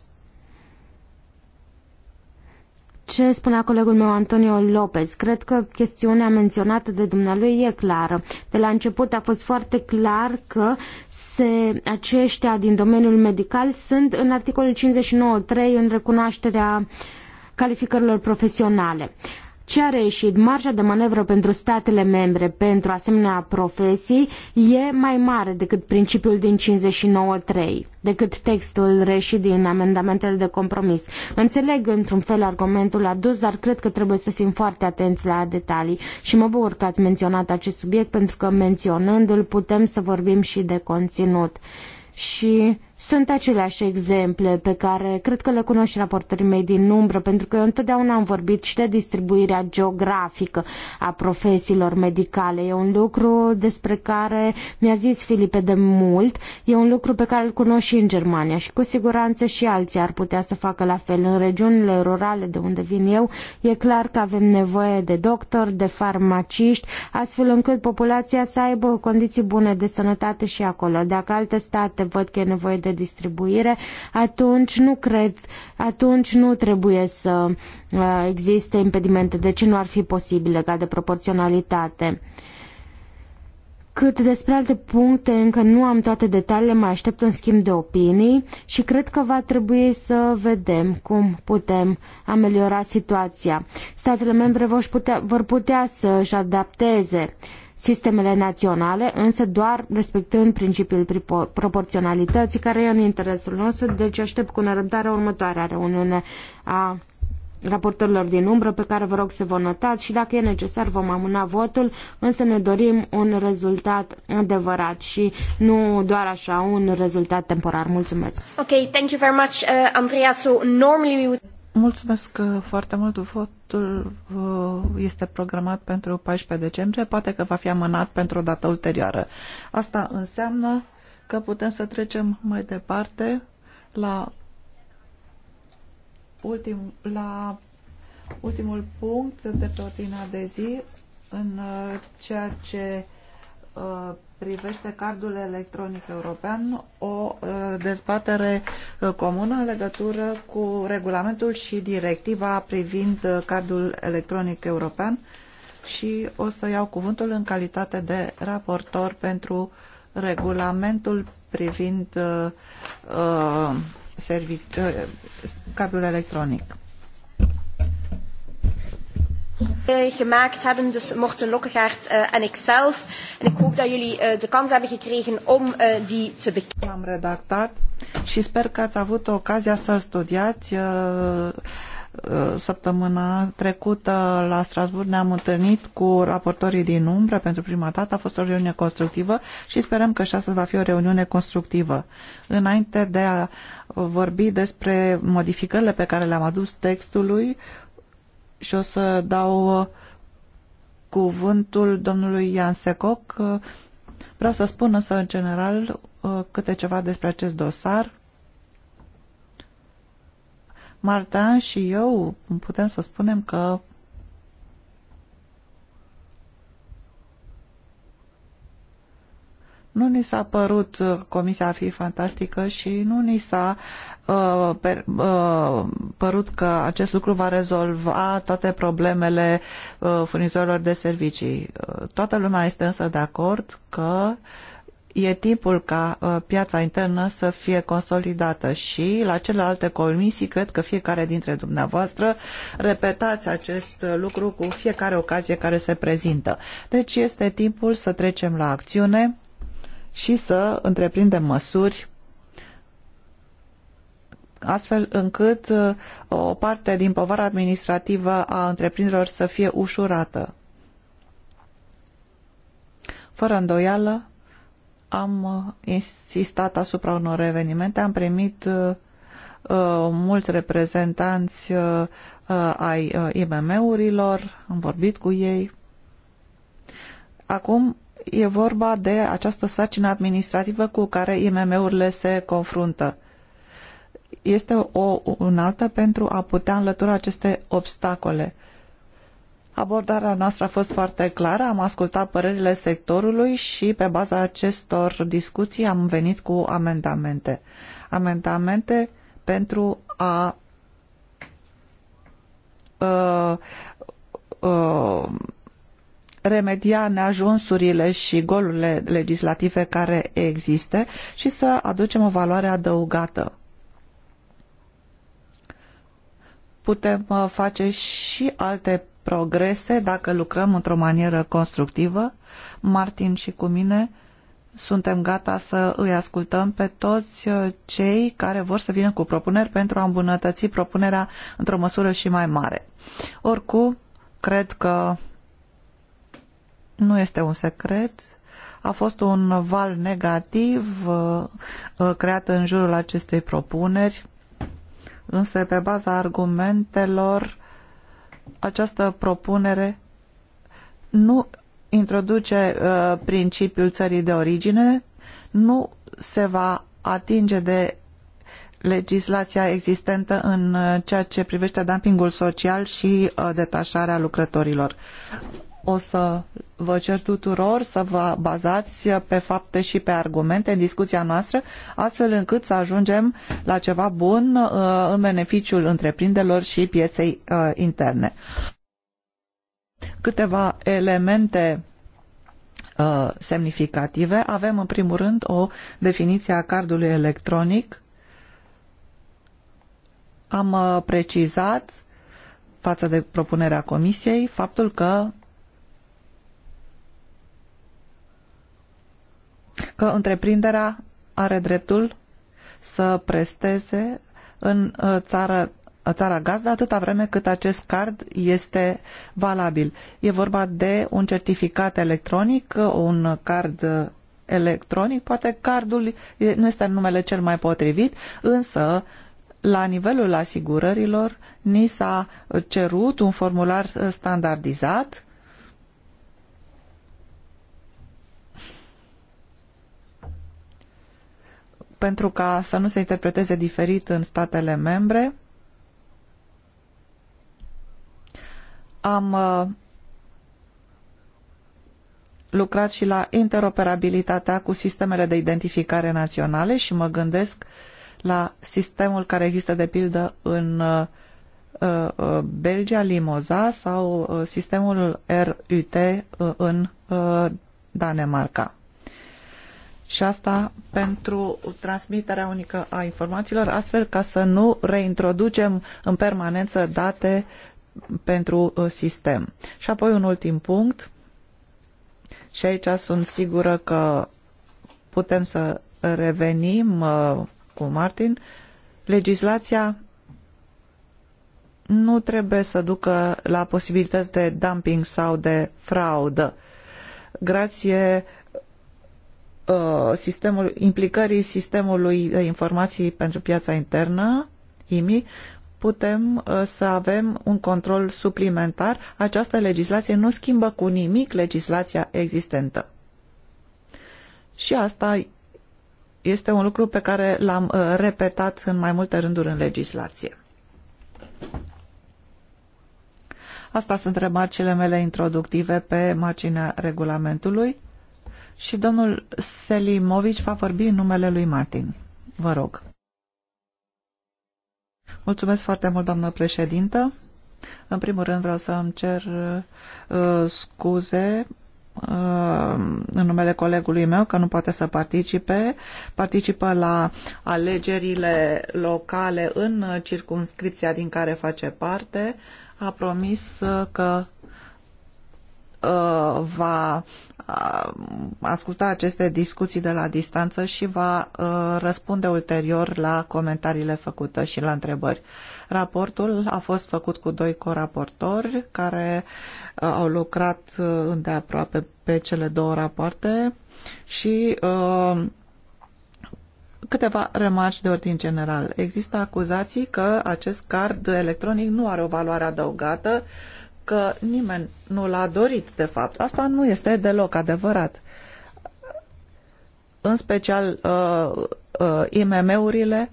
Ce spunea colegul meu Antonio Lopez? Cred că chestiunea menționată de dumnealui e clară. De la început a fost foarte clar că se, aceștia din domeniul medical sunt în articolul 59.3 în recunoașterea calificărilor profesionale ce a reieșit, marja de manevră pentru statele membre pentru asemenea profesii e mai mare decât principiul din 59.3, decât textul reieșit din amendamentele de compromis. Înțeleg într-un fel argumentul adus, dar cred că trebuie să fim foarte atenți la detalii și mă bucur că ați menționat acest subiect pentru că menționându-l putem să vorbim și de conținut. Și sunt aceleași exemple pe care cred că le cunoști raportorii mei din umbră, pentru că eu întotdeauna am vorbit și de distribuirea geografică a profesiilor medicale. E un lucru despre care mi-a zis Filipe de mult, e un lucru pe care îl cunosc și în Germania și cu siguranță și alții ar putea să facă la fel. În regiunile rurale de unde vin eu, e clar că avem nevoie de doctor, de farmaciști, astfel încât populația să aibă condiții bune de sănătate și acolo. Dacă alte state văd că e nevoie de de distribuire, atunci nu cred, atunci nu trebuie să uh, existe impedimente. De deci ce nu ar fi posibil legat de proporționalitate? Cât despre alte puncte, încă nu am toate detaliile, mai aștept un schimb de opinii și cred că va trebui să vedem cum putem ameliora situația. Statele membre vor putea, vor putea să își adapteze uh, sistemele naționale, însă doar respectând principiul proporționalității, care e în interesul nostru, deci aștept cu nerăbdare următoarea reuniune a raportorilor din umbră pe care vă rog să vă notați și dacă e necesar vom amâna votul, însă ne dorim un rezultat adevărat și nu doar așa un rezultat temporar. Mulțumesc. Ok, thank you very much, uh, So normally we would... Mulțumesc uh, foarte mult. Votul uh, este programat pentru 14 decembrie. Poate că va fi amânat pentru o dată ulterioară. Asta înseamnă că putem să trecem mai departe la, ultim, la ultimul punct de pe ordinea de zi în uh, ceea ce privește cardul electronic european, o dezbatere comună în legătură cu regulamentul și directiva privind cardul electronic european și o să iau cuvântul în calitate de raportor pentru regulamentul privind uh, uh, cardul electronic. Eh, gemaakt hebben, dus Morten Lokkegaard uh, eh, en ikzelf. En ik hoop dat jullie uh, de kans hebben gekregen om uh, die te bekijken. Am redactat și sper că ați avut ocazia să-l studiați. Uh, săptămâna trecută la Strasburg ne-am întâlnit cu raportorii din umbră pentru prima dată. A fost o reuniune constructivă și sperăm că și asta va fi o reuniune constructivă. Înainte de a vorbi despre modificările pe care le-am adus textului, și o să dau uh, cuvântul domnului Ian Secoc. Uh, vreau să spun însă în general uh, câte ceva despre acest dosar. Martin și eu putem să spunem că Nu ni s-a părut uh, comisia a fi fantastică și nu ni s-a uh, uh, părut că acest lucru va rezolva toate problemele uh, furnizorilor de servicii. Uh, toată lumea este însă de acord că e timpul ca uh, piața internă să fie consolidată și la celelalte comisii cred că fiecare dintre dumneavoastră repetați acest lucru cu fiecare ocazie care se prezintă. Deci este timpul să trecem la acțiune și să întreprindem măsuri astfel încât uh, o parte din povara administrativă a întreprinderilor să fie ușurată. Fără îndoială, am uh, insistat asupra unor evenimente, am primit uh, uh mulți reprezentanți uh, ai uh, IMM-urilor, am vorbit cu ei. Acum e vorba de această sarcină administrativă cu care IMM-urile se confruntă. Este o unaltă pentru a putea înlătura aceste obstacole. Abordarea noastră a fost foarte clară, am ascultat părerile sectorului și pe baza acestor discuții am venit cu amendamente. Amendamente pentru a uh, uh, remedia neajunsurile și golurile legislative care există și să aducem o valoare adăugată. Putem uh, face și alte progrese dacă lucrăm într-o manieră constructivă. Martin și cu mine suntem gata să îi ascultăm pe toți uh, cei care vor să vină cu propuneri pentru a îmbunătăți propunerea într-o măsură și mai mare. Oricum, cred că nu este un secret, a fost un val negativ uh, uh, creat în jurul acestei propuneri, însă pe baza argumentelor această propunere nu introduce uh, principiul țării de origine, nu se va atinge de legislația existentă în ceea ce privește dumpingul social și detașarea lucrătorilor o să vă cer tuturor să vă bazați pe fapte și pe argumente în discuția noastră, astfel încât să ajungem la ceva bun uh, în beneficiul întreprinderilor și pieței uh, interne. Câteva elemente uh, semnificative. Avem în primul rând o definiție a cardului electronic. Am precizat față de propunerea Comisiei faptul că că întreprinderea are dreptul să presteze în uh, țară uh, țara gazdă atâta vreme cât acest card este valabil. E vorba de un certificat electronic, uh, un card electronic, poate cardul nu este numele cel mai potrivit, însă la nivelul asigurărilor ni s-a cerut un formular standardizat pentru ca să nu se interpreteze diferit în statele membre. Am uh, lucrat și la interoperabilitatea cu sistemele de identificare naționale și mă gândesc la sistemul care există de pildă în uh, uh, Belgia, Limoza sau sistemul RUT în Danemarca și asta pentru transmiterea unică a informațiilor, astfel ca să nu reintroducem în permanență date pentru uh, sistem. Și apoi un ultim punct, și aici sunt sigură că putem să revenim uh, cu Martin, legislația nu trebuie să ducă la posibilități de dumping sau de fraudă. Grație uh, Uh, sistemul, implicării sistemului de informații pentru piața internă, IMI, putem uh, să avem un control suplimentar. Această legislație nu schimbă cu nimic legislația existentă. Și asta este un lucru pe care l-am uh, repetat în mai multe rânduri în legislație. Asta sunt remarcile mele introductive pe marginea regulamentului și domnul Selimovici va vorbi în numele lui Martin. Vă rog. Mulțumesc foarte mult, doamnă președintă. În primul rând vreau să îmi cer uh, scuze uh, în numele colegului meu că nu poate să participe. Participă la alegerile locale în circumscripția din care face parte. A promis uh, că Uh, va uh, asculta aceste discuții de la distanță și va uh, răspunde ulterior la comentariile făcute și la întrebări. Raportul a fost făcut cu doi coraportori care au lucrat îndeaproape pe cele două rapoarte și câteva remarci de ordin general. Există acuzații că acest card electronic nu are o valoare adăugată uh, că nimeni nu l-a dorit, de fapt. Asta nu este deloc adevărat. În special, uh, uh, IMM-urile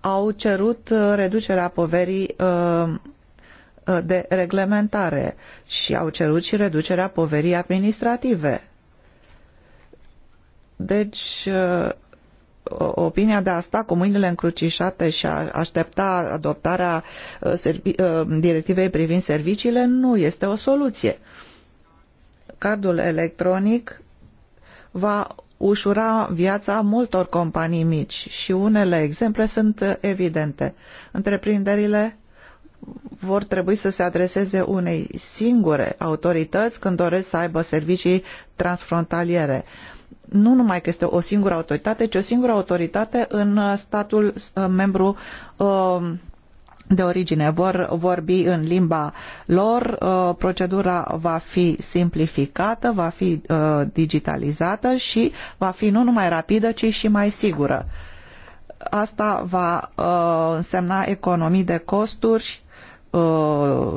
au cerut uh, reducerea poverii uh, uh, de reglementare și au cerut și reducerea poverii administrative. Deci, uh, opinia de a sta cu mâinile încrucișate și a aștepta adoptarea uh, uh, directivei privind serviciile nu este o soluție. Cardul electronic va ușura viața multor companii mici și unele exemple sunt uh, evidente. Întreprinderile vor trebui să se adreseze unei singure autorități când doresc să aibă servicii transfrontaliere. Uh, nu numai că este o singură autoritate, ci o singură autoritate în statul uh, membru uh, de origine. Vor vorbi în limba lor, uh, procedura va fi simplificată, va fi digitalizată și va fi nu numai rapidă, ci și mai sigură. Asta va însemna economii de costuri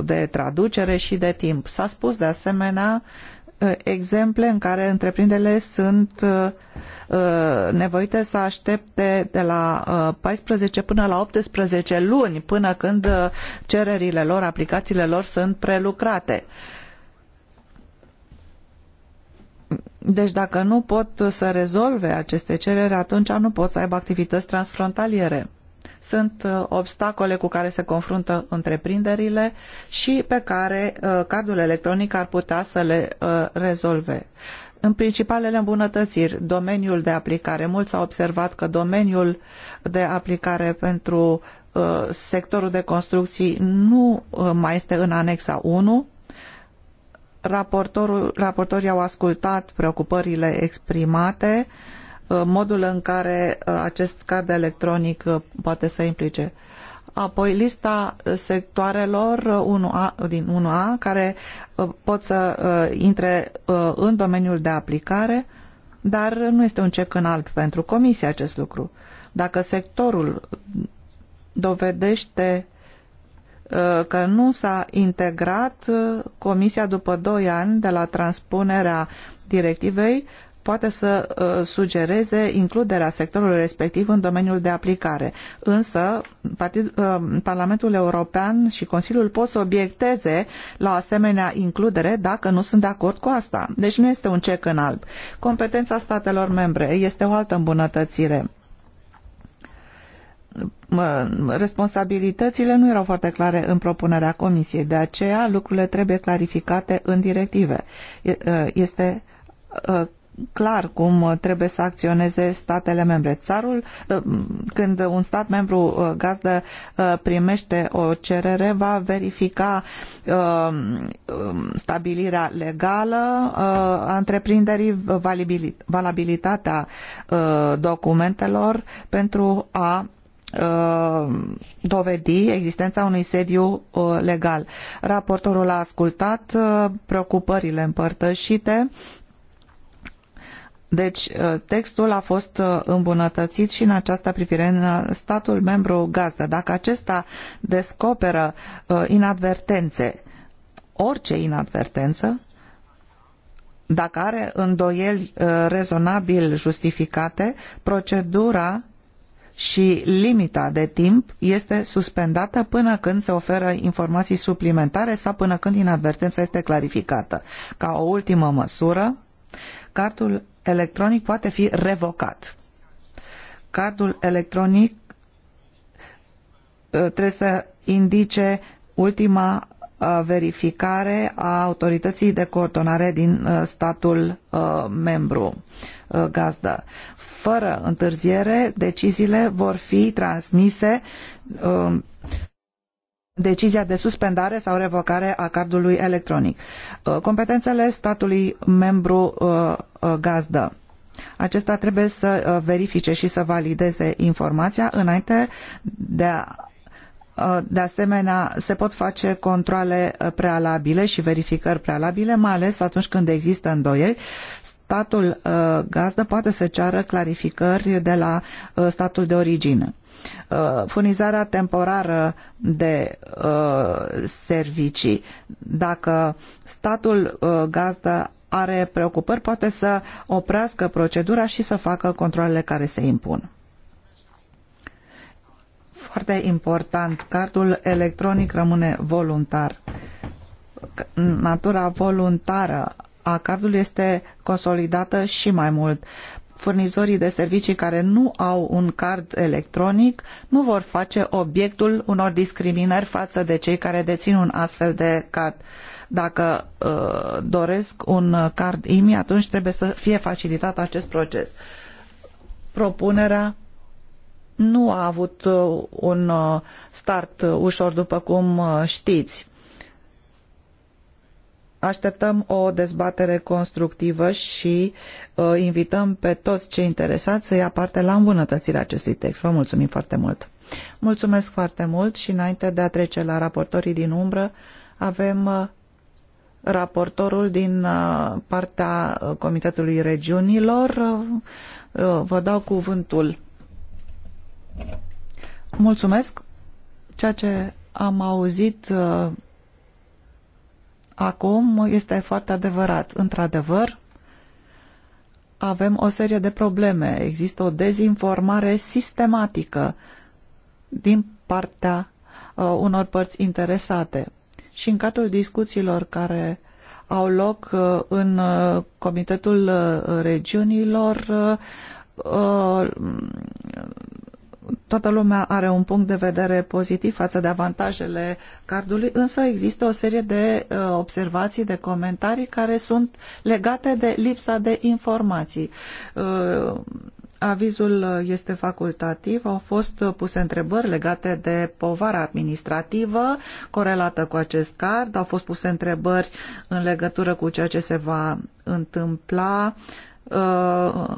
de traducere și de timp. S-a spus de asemenea Uh, exemple în care întreprinderile sunt uh, uh, nevoite să aștepte de la 14 până la 18 luni până când cererile lor, aplicațiile lor sunt prelucrate. Deci dacă nu pot să rezolve aceste cereri, atunci nu pot să aibă activități transfrontaliere sunt uh, obstacole cu care se confruntă întreprinderile și pe care uh, cardul electronic ar putea să le uh, rezolve. În principalele îmbunătățiri, domeniul de aplicare, mulți au observat că domeniul de aplicare pentru sectorul de construcții nu mai este în anexa 1, raportorii au ascultat preocupările exprimate uh, Uh, modul în care uh, acest card electronic uh, poate să implice. Apoi lista sectoarelor 1A, din 1A care pot să intre în domeniul de aplicare, dar nu este un cec în alt pentru comisie acest lucru. Dacă sectorul dovedește că nu s-a integrat comisia după 2 ani de la transpunerea directivei poate să uh, sugereze includerea sectorului respectiv în domeniul de aplicare. Însă, Partid, uh, Parlamentul European și Consiliul pot să obiecteze la asemenea includere dacă nu sunt de acord cu asta. Deci nu este un cec în alb. Competența statelor membre este o altă îmbunătățire responsabilitățile nu erau foarte clare în propunerea comisiei, de aceea lucrurile trebuie clarificate în directive. Uh, este clar cum uh, trebuie să acționeze statele membre. Țarul, uh, când un stat membru uh, gazdă primește o cerere, va verifica um, stabilirea legală a întreprinderii, valabilitatea documentelor pentru a dovedi existența unui sediu legal. Raportorul a ascultat preocupările împărtășite deci uh, textul a fost uh, îmbunătățit și în această privire în uh, statul membru gazdă. Dacă acesta descoperă inadvertențe, orice inadvertență, dacă are îndoieli rezonabil justificate, procedura și limita de timp este suspendată până când se oferă informații suplimentare sau până când inadvertența este clarificată. Ca o ultimă măsură, Cartul electronic poate fi revocat. Cardul electronic uh, trebuie să indice ultima uh, verificare a autorității de coordonare din uh, statul membru gazdă. Fără întârziere, deciziile vor fi transmise decizia de suspendare sau revocare a cardului electronic. Uh, competențele statului membru uh, uh, gazdă. Acesta trebuie să verifice și să valideze informația înainte de a de asemenea, se pot face controle prealabile și verificări prealabile, mai ales atunci când există îndoieli. Statul gazdă poate să ceară clarificări de la statul de origine. Uh, furnizarea temporară de uh, servicii. Dacă statul uh, gazdă are preocupări, poate să oprească procedura și să facă controlele care se impun. Foarte important, cardul electronic rămâne voluntar. Natura voluntară a cardului este consolidată și mai mult furnizorii de servicii care nu au un card electronic nu vor face obiectul unor discriminări față de cei care dețin un astfel de card. Dacă uh, doresc un card IMI, atunci trebuie să fie facilitat acest proces. Propunerea nu a avut uh, un uh, start ușor, după cum uh, știți Așteptăm o dezbatere constructivă și uh, invităm pe toți cei interesați să ia parte la îmbunătățirea acestui text. Vă mulțumim foarte mult! Mulțumesc foarte mult și înainte de a trece la raportorii din umbră, avem uh, raportorul din uh, partea uh, Comitetului Regiunilor. Vă dau cuvântul. Mulțumesc! Ceea ce am auzit acum este foarte adevărat. Într-adevăr, avem o serie de probleme. Există o dezinformare sistematică din partea uh, unor părți interesate. Și în cadrul discuțiilor care au loc uh, în uh, Comitetul uh, Regiunilor, uh, uh toată lumea are un punct de vedere pozitiv față de avantajele cardului, însă există o serie de uh, observații, de comentarii care sunt legate de lipsa de informații. Uh, avizul este facultativ, au fost puse întrebări legate de povara administrativă corelată cu acest card, au fost puse întrebări în legătură cu ceea ce se va întâmpla uh, Uh,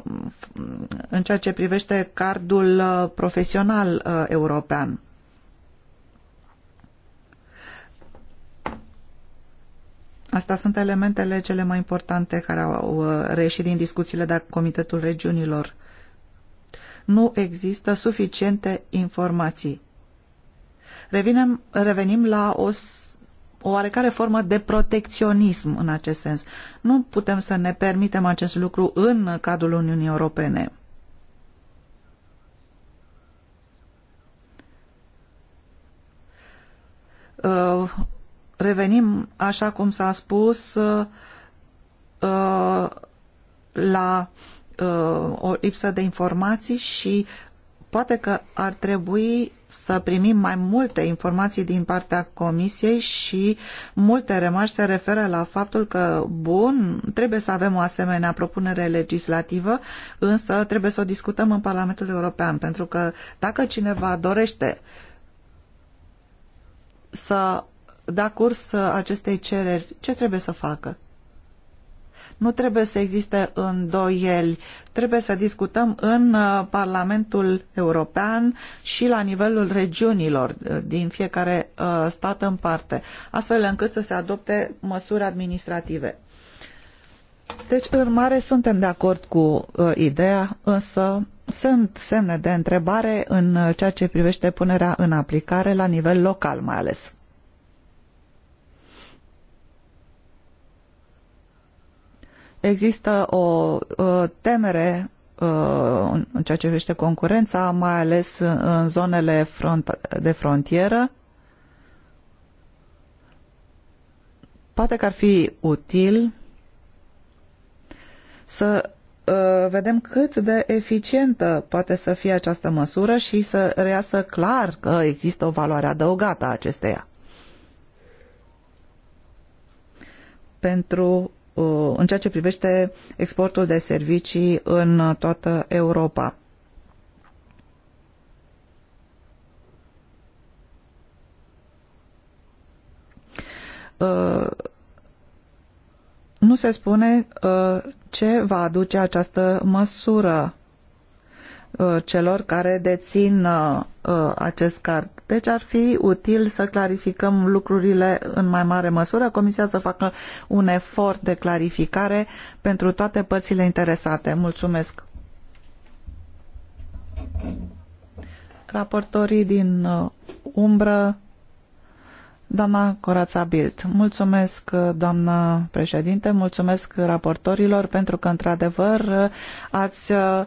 în ceea ce privește cardul uh, profesional uh, european. Asta sunt elementele cele mai importante care au reieșit din discuțiile de Comitetul Regiunilor. Nu există suficiente informații. revenim la o, o oarecare formă de protecționism în acest sens. Nu putem să ne permitem acest lucru în cadrul Uniunii Europene. Uh, revenim, așa cum s-a spus, uh, la uh, o lipsă de informații și poate că ar trebui să primim mai multe informații din partea Comisiei și multe remarci se referă la faptul că, bun, trebuie să avem o asemenea propunere legislativă, însă trebuie să o discutăm în Parlamentul European, pentru că dacă cineva dorește să da curs acestei cereri, ce trebuie să facă? Nu trebuie să existe îndoieli. Trebuie să discutăm în uh, Parlamentul European și la nivelul regiunilor uh, din fiecare uh, stat în parte, astfel încât să se adopte măsuri administrative. Deci, în mare, suntem de acord cu uh, ideea, însă sunt semne de întrebare în ceea ce privește punerea în aplicare la nivel local, mai ales. Există o temere în ceea ce privește concurența, mai ales în zonele de frontieră. Poate că ar fi util să ă, vedem cât de eficientă poate să fie această măsură și să reiasă clar că există o valoare adăugată a acesteia. Pentru Uh, în ceea ce privește exportul de servicii în toată Europa. Uh, nu se spune uh, ce va aduce această măsură celor care dețin acest card deci ar fi util să clarificăm lucrurile în mai mare măsură, Comisia să facă un efort de clarificare pentru toate părțile interesate. Mulțumesc! Raportorii din uh, umbră Doamna Corața Bild, mulțumesc, doamna președinte, mulțumesc raportorilor pentru că, într-adevăr, ați uh,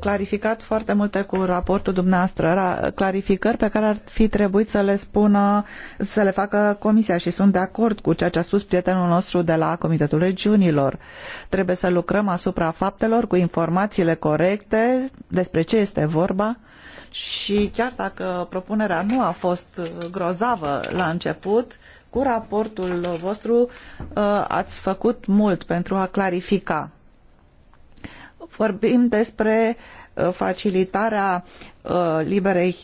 clarificat foarte multe cu raportul dumneavoastră, clarificări pe care ar fi trebuit să le spună, să le facă Comisia și sunt de acord cu ceea ce a spus prietenul nostru de la Comitetul Regiunilor. Trebuie să lucrăm asupra faptelor cu informațiile corecte despre ce este vorba și chiar dacă propunerea nu a fost uh, grozavă la început, cu raportul vostru uh, ați făcut mult pentru a clarifica. Vorbim despre uh, facilitarea liberei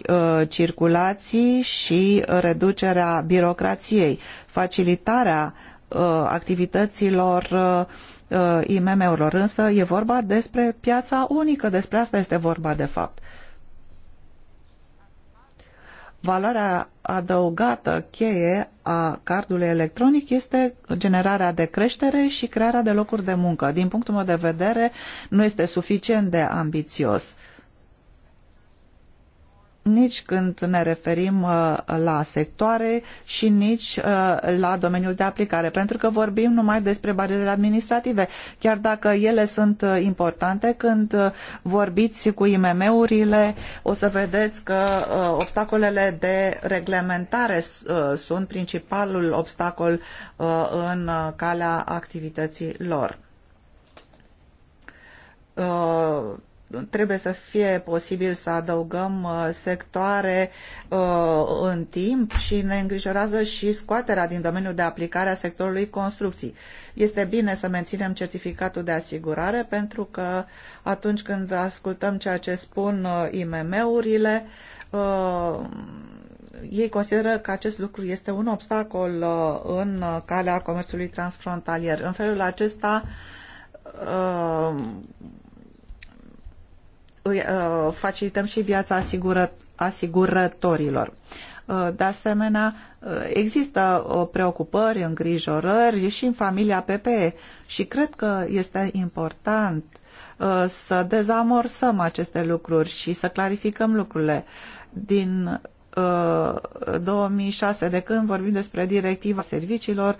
circulații și reducerea birocrației, facilitarea activităților IMM-urilor, însă e vorba despre piața unică, despre asta este vorba de fapt. Valoarea adăugată cheie a cardului electronic este generarea de creștere și crearea de locuri de muncă. Din punctul meu de vedere, nu este suficient de ambițios nici când ne referim uh, la sectoare și nici uh, la domeniul de aplicare, pentru că vorbim numai despre barierele administrative, chiar dacă ele sunt uh, importante, când vorbiți cu IMM-urile, o să vedeți că obstacolele de reglementare sunt principalul obstacol în calea activității lor trebuie să fie posibil să adăugăm uh, sectoare uh, în timp și ne îngrijorează și scoaterea din domeniul de aplicare a sectorului construcții. Este bine să menținem certificatul de asigurare pentru că atunci când ascultăm ceea ce spun uh, IMM-urile, ei consideră că acest lucru este un obstacol în calea comerțului transfrontalier. În felul acesta îi uh, facilităm și viața asigură, asigurătorilor. Uh, de asemenea, uh, există preocupări, îngrijorări și în familia PPE și cred că este important să dezamorsăm aceste lucruri și să clarificăm lucrurile. Din 2006, de când vorbim despre directiva serviciilor,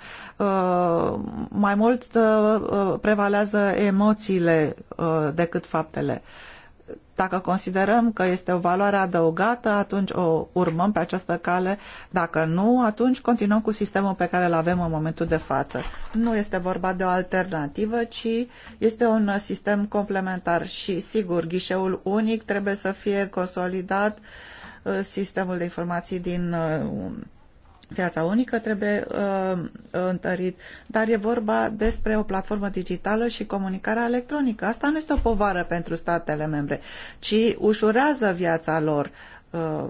mai mult prevalează emoțiile decât faptele. Dacă considerăm că este o valoare adăugată, atunci o urmăm pe această cale. Dacă nu, atunci continuăm cu sistemul pe care îl avem în momentul de față. Nu este vorba de o alternativă, ci este un sistem complementar și, sigur, ghișeul unic trebuie să fie consolidat, uh, sistemul de informații din uh, Piața unică trebuie uh, întărit, dar e vorba despre o platformă digitală și comunicarea electronică. Asta nu este o povară pentru statele membre, ci ușurează viața lor. Uh,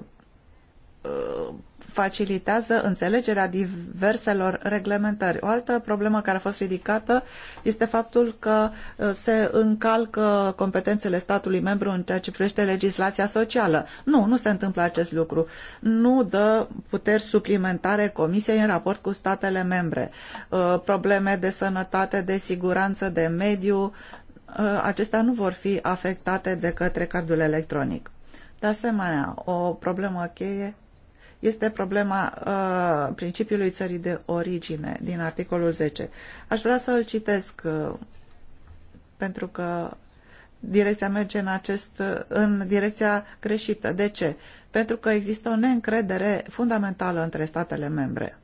uh, facilitează înțelegerea diverselor reglementări. O altă problemă care a fost ridicată este faptul că uh, se încalcă competențele statului membru în ceea ce privește legislația socială. Nu, nu se întâmplă acest lucru. Nu dă puteri suplimentare Comisiei în raport cu statele membre. Uh, probleme de sănătate, de siguranță, de mediu, uh, acestea nu vor fi afectate de către cardul electronic. De asemenea, o problemă cheie este problema uh, principiului țării de origine din articolul 10. Aș vrea să îl citesc uh, pentru că direcția merge în, acest, în direcția greșită. De ce? Pentru că există o neîncredere fundamentală între statele membre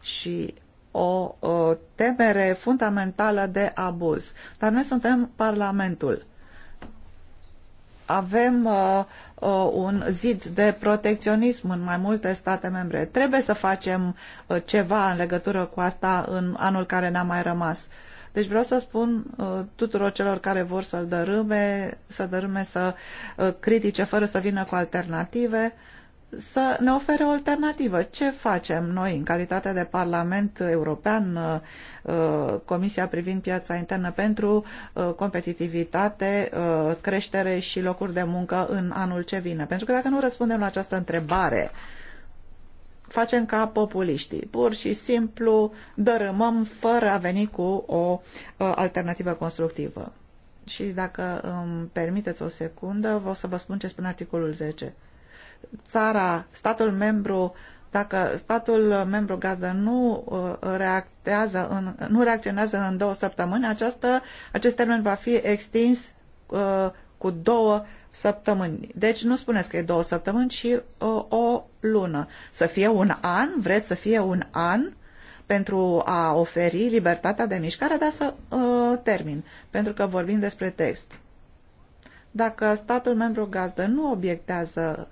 și o, o temere fundamentală de abuz. Dar noi suntem Parlamentul avem uh, uh, un zid de protecționism în mai multe state membre. Trebuie să facem uh, ceva în legătură cu asta în anul care ne-a mai rămas. Deci vreau să spun uh, tuturor celor care vor să-l dărâme, să dărâme, să uh, critique fără să vină cu alternative, să ne ofere o alternativă. Ce facem noi în calitate de Parlament European, uh, uh, Comisia privind piața internă pentru uh, competitivitate, creștere și locuri de muncă în anul ce vine? Pentru că dacă nu răspundem la această întrebare, facem ca populiștii. Pur și simplu dărâmăm fără a veni cu o alternativă constructivă. Și dacă îmi permiteți o secundă, o să vă spun ce spune articolul 10 țara, statul membru, dacă statul membru gazdă nu, uh, reactează în, nu reacționează în două săptămâni, această, acest termen va fi extins uh, cu două săptămâni. Deci nu spuneți că e două săptămâni, ci uh, o lună. Să fie un an, vreți să fie un an pentru a oferi libertatea de mișcare, dar să uh, termin, pentru că vorbim despre text. Dacă statul membru gazdă nu obiectează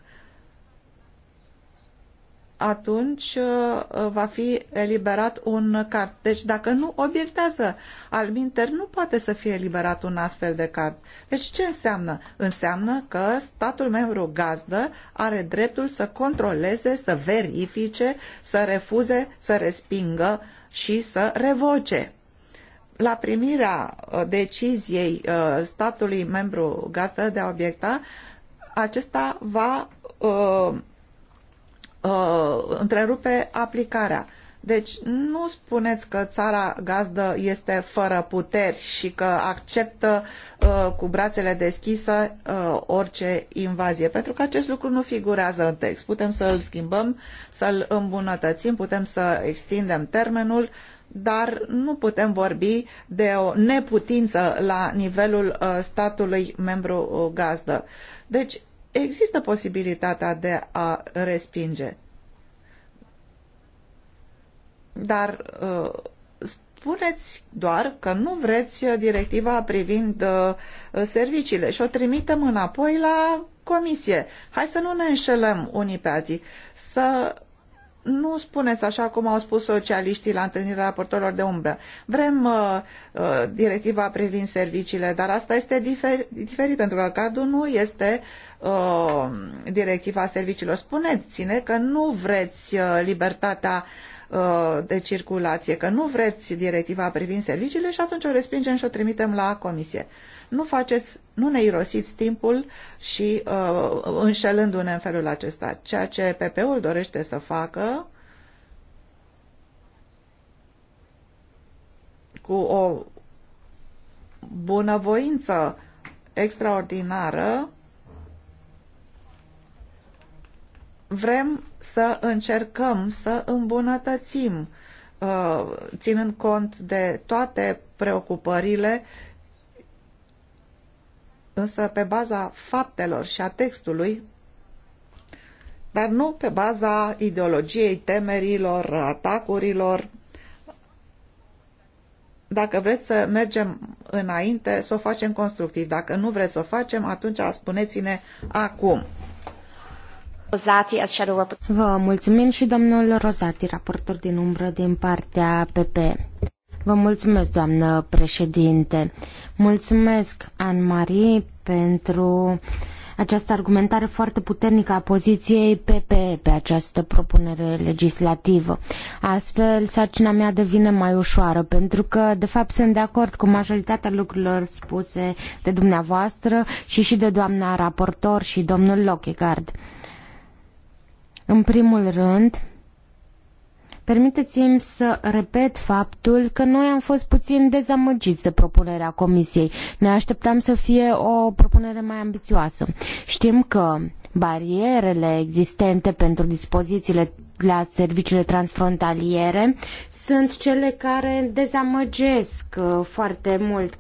atunci uh, uh, va fi eliberat un card. Deci dacă nu obiectează alminter, nu poate să fie eliberat un astfel de card. Deci ce înseamnă? Înseamnă că statul membru gazdă are dreptul să controleze, să verifice, să refuze, să respingă și să revoce. La primirea uh, deciziei statului membru gazdă de a obiecta, acesta va uh, întrerupe aplicarea. Deci nu spuneți că țara gazdă este fără puteri și că acceptă uh, cu brațele deschise uh, orice invazie, pentru că acest lucru nu figurează în text. Putem să îl schimbăm, să-l îmbunătățim, putem să extindem termenul, dar nu putem vorbi de o neputință la nivelul uh, statului membru uh, gazdă. Deci există posibilitatea de a respinge. Dar uh, spuneți doar că nu vreți directiva privind uh, serviciile și o trimitem înapoi la comisie. Hai să nu ne înșelăm unii pe alții. Să nu spuneți așa cum au spus socialiștii la întâlnirea raportorilor de umbră. Vrem uh, uh, directiva privind serviciile, dar asta este diferi diferit, pentru că cadrul nu este uh, directiva serviciilor. Spuneți-ne că nu vreți uh, libertatea Uh, de circulație, că nu vreți directiva privind serviciile și atunci o respingem și o trimitem la comisie. Nu faceți, nu ne irosiți timpul și uh, înșelându-ne în felul acesta. Ceea ce PP-ul dorește să facă cu o bunăvoință extraordinară vrem să încercăm să îmbunătățim, uh, ținând cont de toate preocupările, însă pe baza faptelor și a textului, dar nu pe baza ideologiei temerilor, atacurilor. Dacă vreți să mergem înainte, să o facem constructiv. Dacă nu vreți să o facem, atunci spuneți-ne acum. Rosati as shadow rapporteur. Vă mulțumim și domnul Rosati, raportor din umbră din partea PP. Vă mulțumesc, doamnă președinte. Mulțumesc, Anne-Marie, pentru această argumentare foarte puternică a poziției PPE pe această propunere legislativă. Astfel, sarcina mea devine mai ușoară, pentru că, de fapt, sunt de acord cu majoritatea lucrurilor spuse de dumneavoastră și și de doamna raportor și domnul Lockegard. În primul rând, Permiteți-mi să repet faptul că noi am fost puțin dezamăgiți de propunerea Comisiei. Ne așteptam să fie o propunere mai ambițioasă. Știm că barierele existente pentru dispozițiile la serviciile transfrontaliere sunt cele care dezamăgesc uh, foarte mult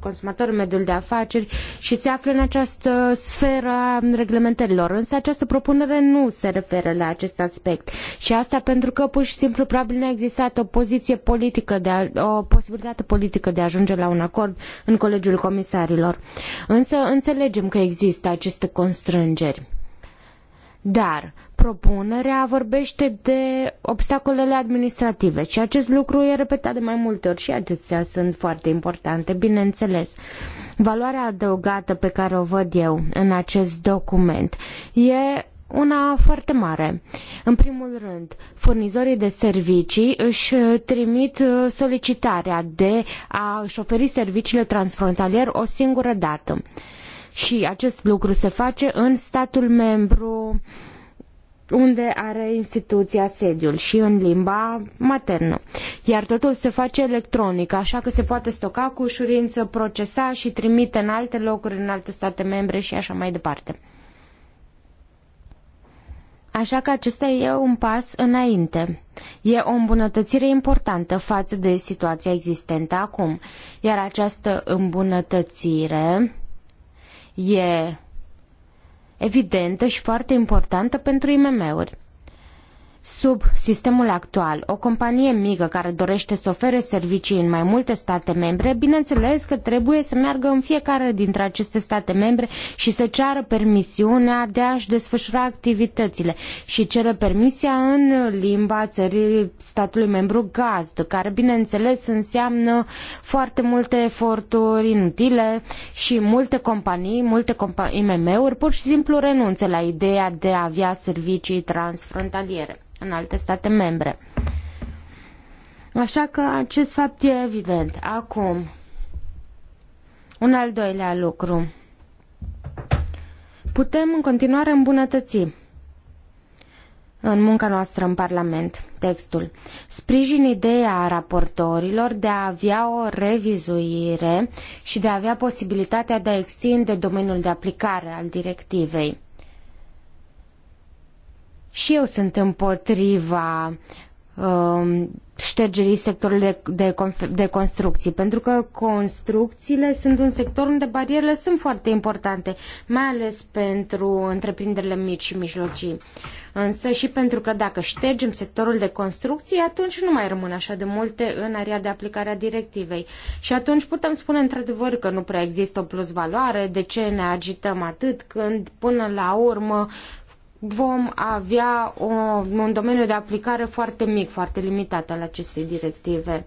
consumatorul, mediul de afaceri și se află în această sferă a reglementărilor. Însă această propunere nu se referă la acest aspect și asta pentru că pur și simplu probabil nu a existat o poziție politică, de a, o posibilitate politică de a ajunge la un acord în Colegiul Comisarilor. Însă înțelegem că există aceste constrângeri. Dar propunerea vorbește de obstacolele administrative și acest lucru e repetat de mai multe ori și acestea sunt foarte importante, bineînțeles. Valoarea adăugată pe care o văd eu în acest document e una foarte mare. În primul rând, furnizorii de servicii își trimit solicitarea de a își oferi serviciile transfrontalier o singură dată și acest lucru se face în statul membru unde are instituția sediul și în limba maternă. Iar totul se face electronic, așa că se poate stoca cu ușurință, procesa și trimite în alte locuri, în alte state membre și așa mai departe. Așa că acesta e un pas înainte. E o îmbunătățire importantă față de situația existentă acum, iar această îmbunătățire e evidentă și foarte importantă pentru IMM-uri. Sub sistemul actual, o companie mică care dorește să ofere servicii în mai multe state membre, bineînțeles că trebuie să meargă în fiecare dintre aceste state membre și să ceară permisiunea de a-și desfășura activitățile și cere permisia în limba țării statului membru gazdă, care bineînțeles înseamnă foarte multe eforturi inutile și multe companii, multe companii IMM-uri pur și simplu renunță la ideea de a avea servicii transfrontaliere în alte state membre. Așa că acest fapt e evident. Acum, un al doilea lucru. Putem în continuare îmbunătăți în munca noastră în Parlament textul. Sprijin ideea raportorilor de a avea o revizuire și de a avea posibilitatea de a extinde domeniul de aplicare al directivei. Și eu sunt împotriva uh, ștergerii sectorului de, de, de construcții, pentru că construcțiile sunt un sector unde barierele sunt foarte importante, mai ales pentru întreprinderile mici și mijlocii. Însă și pentru că dacă ștergem sectorul de construcții, atunci nu mai rămân așa de multe în area de aplicare a directivei. Și atunci putem spune într-adevăr că nu prea există o plusvaloare, de ce ne agităm atât când până la urmă vom avea o, un domeniu de aplicare foarte mic, foarte limitat al acestei directive.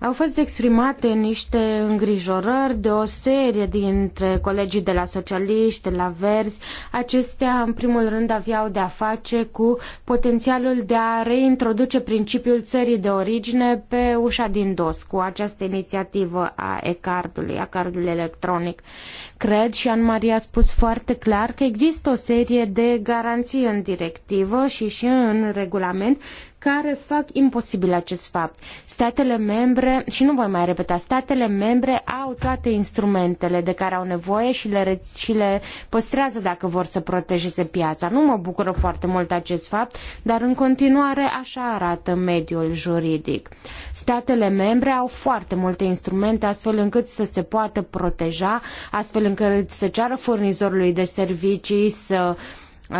Au fost exprimate niște îngrijorări de o serie dintre colegii de la socialiști, de la verzi. Acestea, în primul rând, aveau de-a face cu potențialul de a reintroduce principiul țării de origine pe ușa din dos, cu această inițiativă a e-cardului, a cardului electronic. Uh, cred și Anne Maria a spus foarte clar că există o serie de garanții în directivă și și în regulament care fac imposibil acest fapt. Statele membre, și nu voi mai repeta, statele membre au toate instrumentele de care au nevoie și le, și le păstrează dacă vor să protejeze piața. Nu mă bucură foarte mult acest fapt, dar în continuare așa arată mediul juridic. Statele membre au foarte multe instrumente astfel încât să se poată proteja, astfel încât să ceară furnizorului de servicii să uh,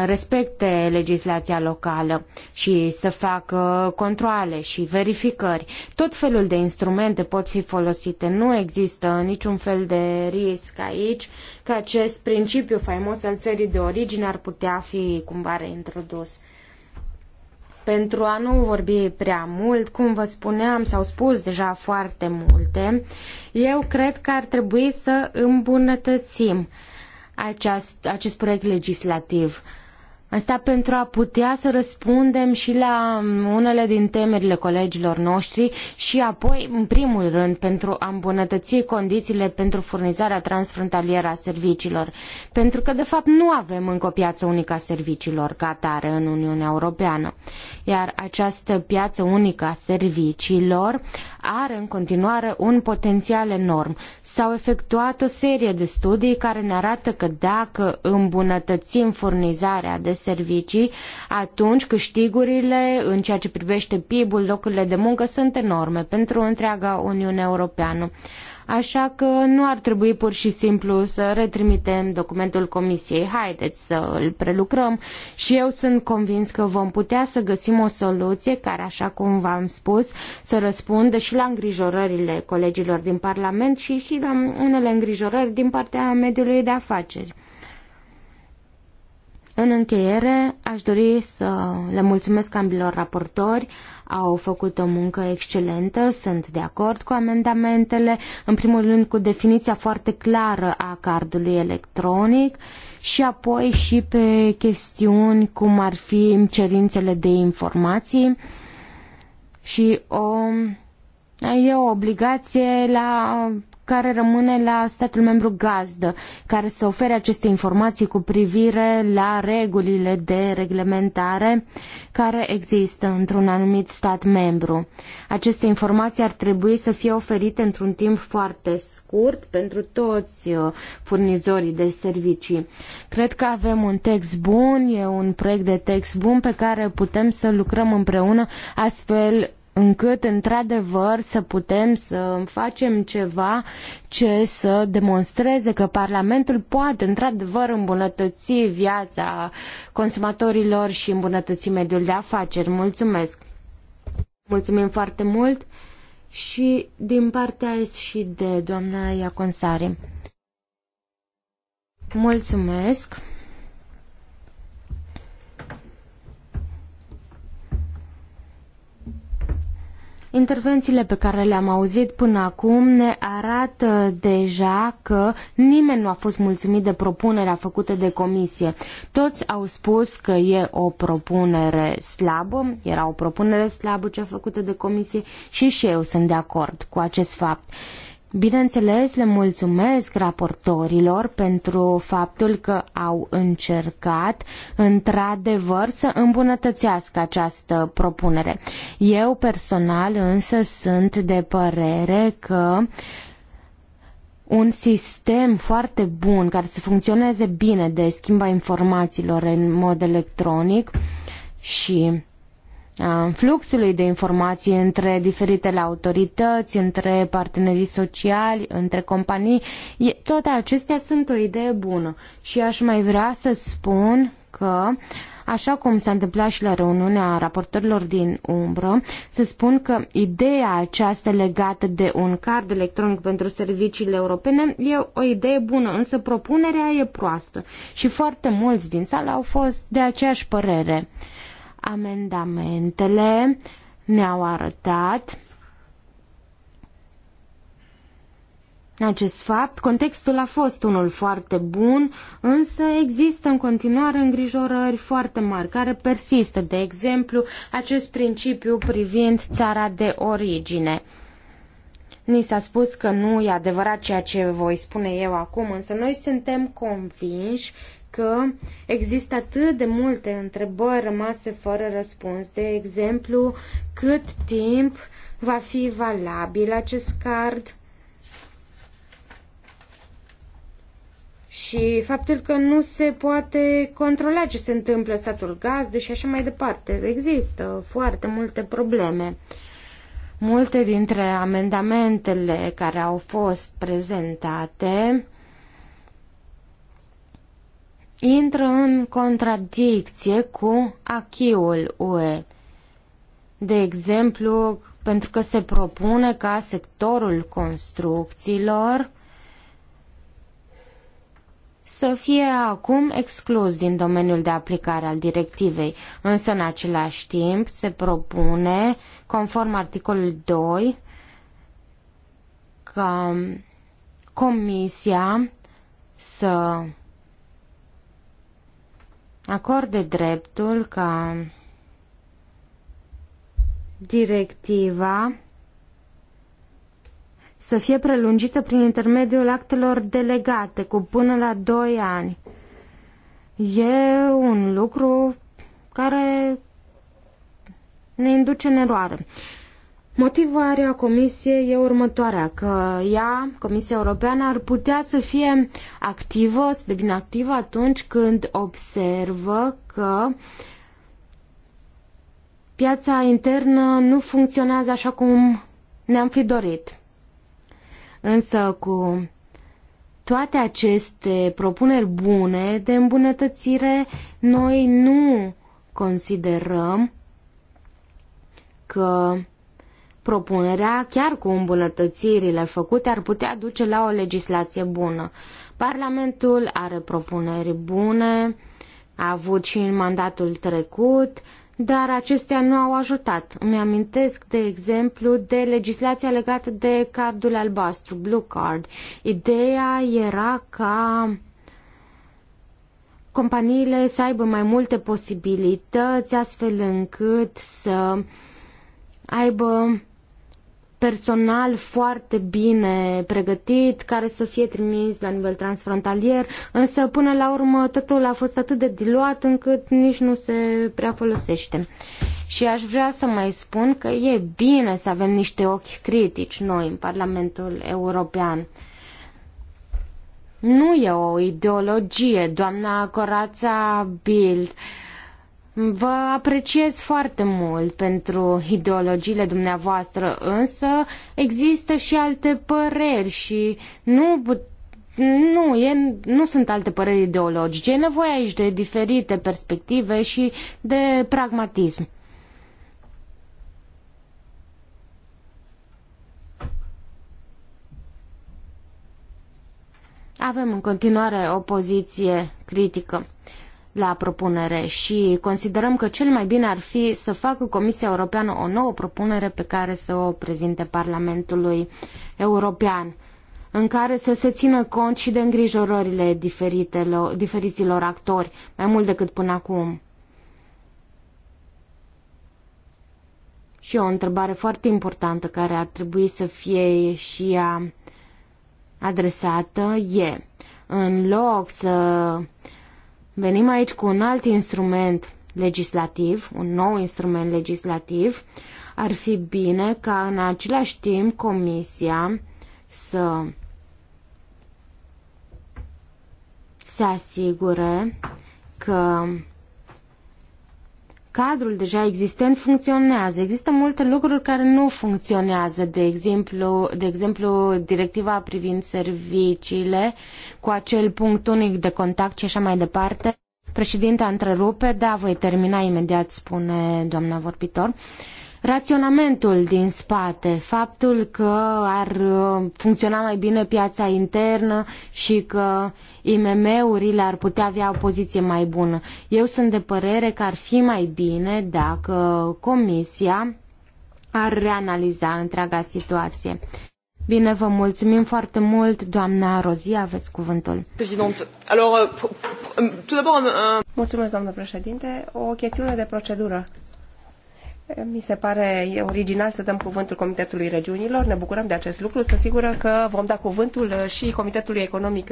respecte legislația locală și să facă controle și verificări. Tot felul de instrumente pot fi folosite. Nu există niciun fel de risc aici că acest principiu faimos al țării de origine ar putea fi cumva reintrodus. Pentru a nu vorbi prea mult, cum vă spuneam, s-au spus deja foarte multe, eu cred că ar trebui să îmbunătățim acest, acest proiect legislativ. Uh, Asta pentru a putea să răspundem și la um, unele din temerile colegilor noștri și apoi, în primul rând, pentru a îmbunătăți condițiile pentru furnizarea transfrontalieră a serviciilor. Pentru că, de fapt, nu avem încă o piață unică a serviciilor ca atare în Uniunea Europeană iar această piață unică a serviciilor are în continuare un potențial enorm. S-au efectuat o serie de studii care ne arată că dacă îmbunătățim furnizarea de servicii, atunci câștigurile în ceea ce privește PIB-ul, locurile de muncă sunt enorme pentru întreaga Uniune Europeană. Așa că nu ar trebui pur și simplu să retrimitem documentul comisiei. Haideți să îl prelucrăm și eu sunt convins că vom putea să găsim o soluție care, așa cum v-am spus, să răspundă și la îngrijorările colegilor din Parlament și, și la unele îngrijorări din partea mediului de afaceri. În încheiere, aș dori să le mulțumesc ambilor raportori. Au făcut o muncă excelentă, sunt de acord cu amendamentele, în primul rând cu definiția foarte clară a cardului electronic și apoi și pe chestiuni cum ar fi cerințele de informații și o, e o obligație la care rămâne la statul membru gazdă, care să ofere aceste informații cu privire la regulile de reglementare care există într-un anumit stat membru. Aceste informații ar trebui să fie oferite într-un timp foarte scurt pentru toți uh, furnizorii de servicii. Cred că avem un text bun, e un proiect de text bun pe care putem să lucrăm împreună, astfel încât într-adevăr să putem să facem ceva ce să demonstreze că Parlamentul poate într-adevăr îmbunătăți viața consumatorilor și îmbunătăți mediul de afaceri. Mulțumesc! Mulțumim foarte mult și din partea aici și de doamna Iaconsari. Mulțumesc! Intervențiile pe care le-am auzit până acum ne arată deja că nimeni nu a fost mulțumit de propunerea făcută de comisie. Toți au spus că e o propunere slabă, era o propunere slabă cea făcută de comisie și și eu sunt de acord cu acest fapt. Uh, Bineînțeles, le mulțumesc raportorilor pentru faptul că au încercat într-adevăr să îmbunătățească această propunere. Eu personal însă sunt de părere că un sistem foarte bun care să funcționeze bine de schimba informațiilor în mod electronic și fluxului de informații între diferitele autorități, între partenerii sociali, între companii, toate acestea sunt o idee bună. Și aș mai vrea să spun că Așa cum s-a întâmplat și la reuniunea raportorilor din umbră, să spun că ideea aceasta legată de un card electronic pentru serviciile europene e o idee bună, însă propunerea e proastă și foarte mulți din sală au fost de aceeași părere. Amendamentele ne-au arătat acest fapt. Contextul a fost unul foarte bun, însă există în continuare îngrijorări foarte mari care persistă, de exemplu, acest principiu privind țara de origine. Ni s-a spus că nu e adevărat ceea ce voi spune eu acum, însă noi suntem convinși că există atât de multe întrebări rămase fără răspuns. De exemplu, cât timp va fi valabil acest card și faptul că nu se poate controla ce se întâmplă statul gazdă și așa mai departe. Există foarte multe probleme. Multe dintre amendamentele care au fost prezentate intră în contradicție cu achiul UE. De exemplu, pentru că se propune ca sectorul construcțiilor să fie acum exclus din domeniul de aplicare al directivei, însă în același timp se propune, conform articolul 2, ca Comisia să acorde dreptul ca directiva să fie prelungită prin intermediul actelor delegate cu până la 2 ani. E un lucru care ne induce în eroare. Motivarea Comisiei e următoarea, că ea, Comisia Europeană, ar putea să fie activă, să devină activă atunci când observă că piața internă nu funcționează așa cum ne-am fi dorit. Însă cu toate aceste propuneri bune de îmbunătățire, noi nu considerăm că Propunerea, chiar cu îmbunătățirile făcute, ar putea duce la o legislație bună. Parlamentul are propuneri bune, a avut și în mandatul trecut, dar acestea nu au ajutat. Îmi amintesc, de exemplu, de legislația legată de cardul albastru, Blue Card. Ideea era ca companiile să aibă mai multe posibilități, astfel încât să aibă personal foarte bine pregătit, care să fie trimis la nivel transfrontalier, însă până la urmă totul a fost atât de diluat încât nici nu se prea folosește. Și aș vrea să mai spun că e bine să avem niște ochi critici noi în Parlamentul European. Nu e o ideologie, doamna Corața Bild. Uh, Vă apreciez foarte mult pentru ideologiile dumneavoastră, însă există și alte păreri și nu nu, e, nu sunt alte păreri ideologice. E nevoie aici de diferite perspective și de pragmatism. Avem în continuare o poziție critică la propunere și considerăm că cel mai bine ar fi să facă Comisia Europeană o nouă propunere pe care să o prezinte Parlamentului European în care să se țină cont și de îngrijorările diferiților actori, mai mult decât până acum. Și o întrebare foarte importantă care ar trebui să fie și ea adresată e, în loc să Venim aici cu un alt instrument legislativ, un nou instrument legislativ. Ar fi bine ca în același timp Comisia să se asigure că cadrul deja existent funcționează. Există multe lucruri care nu funcționează, de exemplu, de exemplu directiva privind serviciile cu acel punct unic de contact și așa mai departe. Președinte, întrerupe, da, voi termina imediat, spune doamna vorbitor. Raționamentul din spate, faptul că ar funcționa mai bine piața internă și că uh, IMM-urile ar putea avea o poziție mai bună. Eu sunt de părere că ar fi mai bine dacă Comisia ar reanaliza întreaga situație. Bine, vă mulțumim foarte mult, doamna Rozia, aveți cuvântul. Euh, euh, Mulțumesc, doamnă președinte. O chestiune de procedură. Mi se pare original să dăm cuvântul Comitetului Regiunilor. Ne bucurăm de acest lucru. Sunt sigură că vom da cuvântul și Comitetului Economic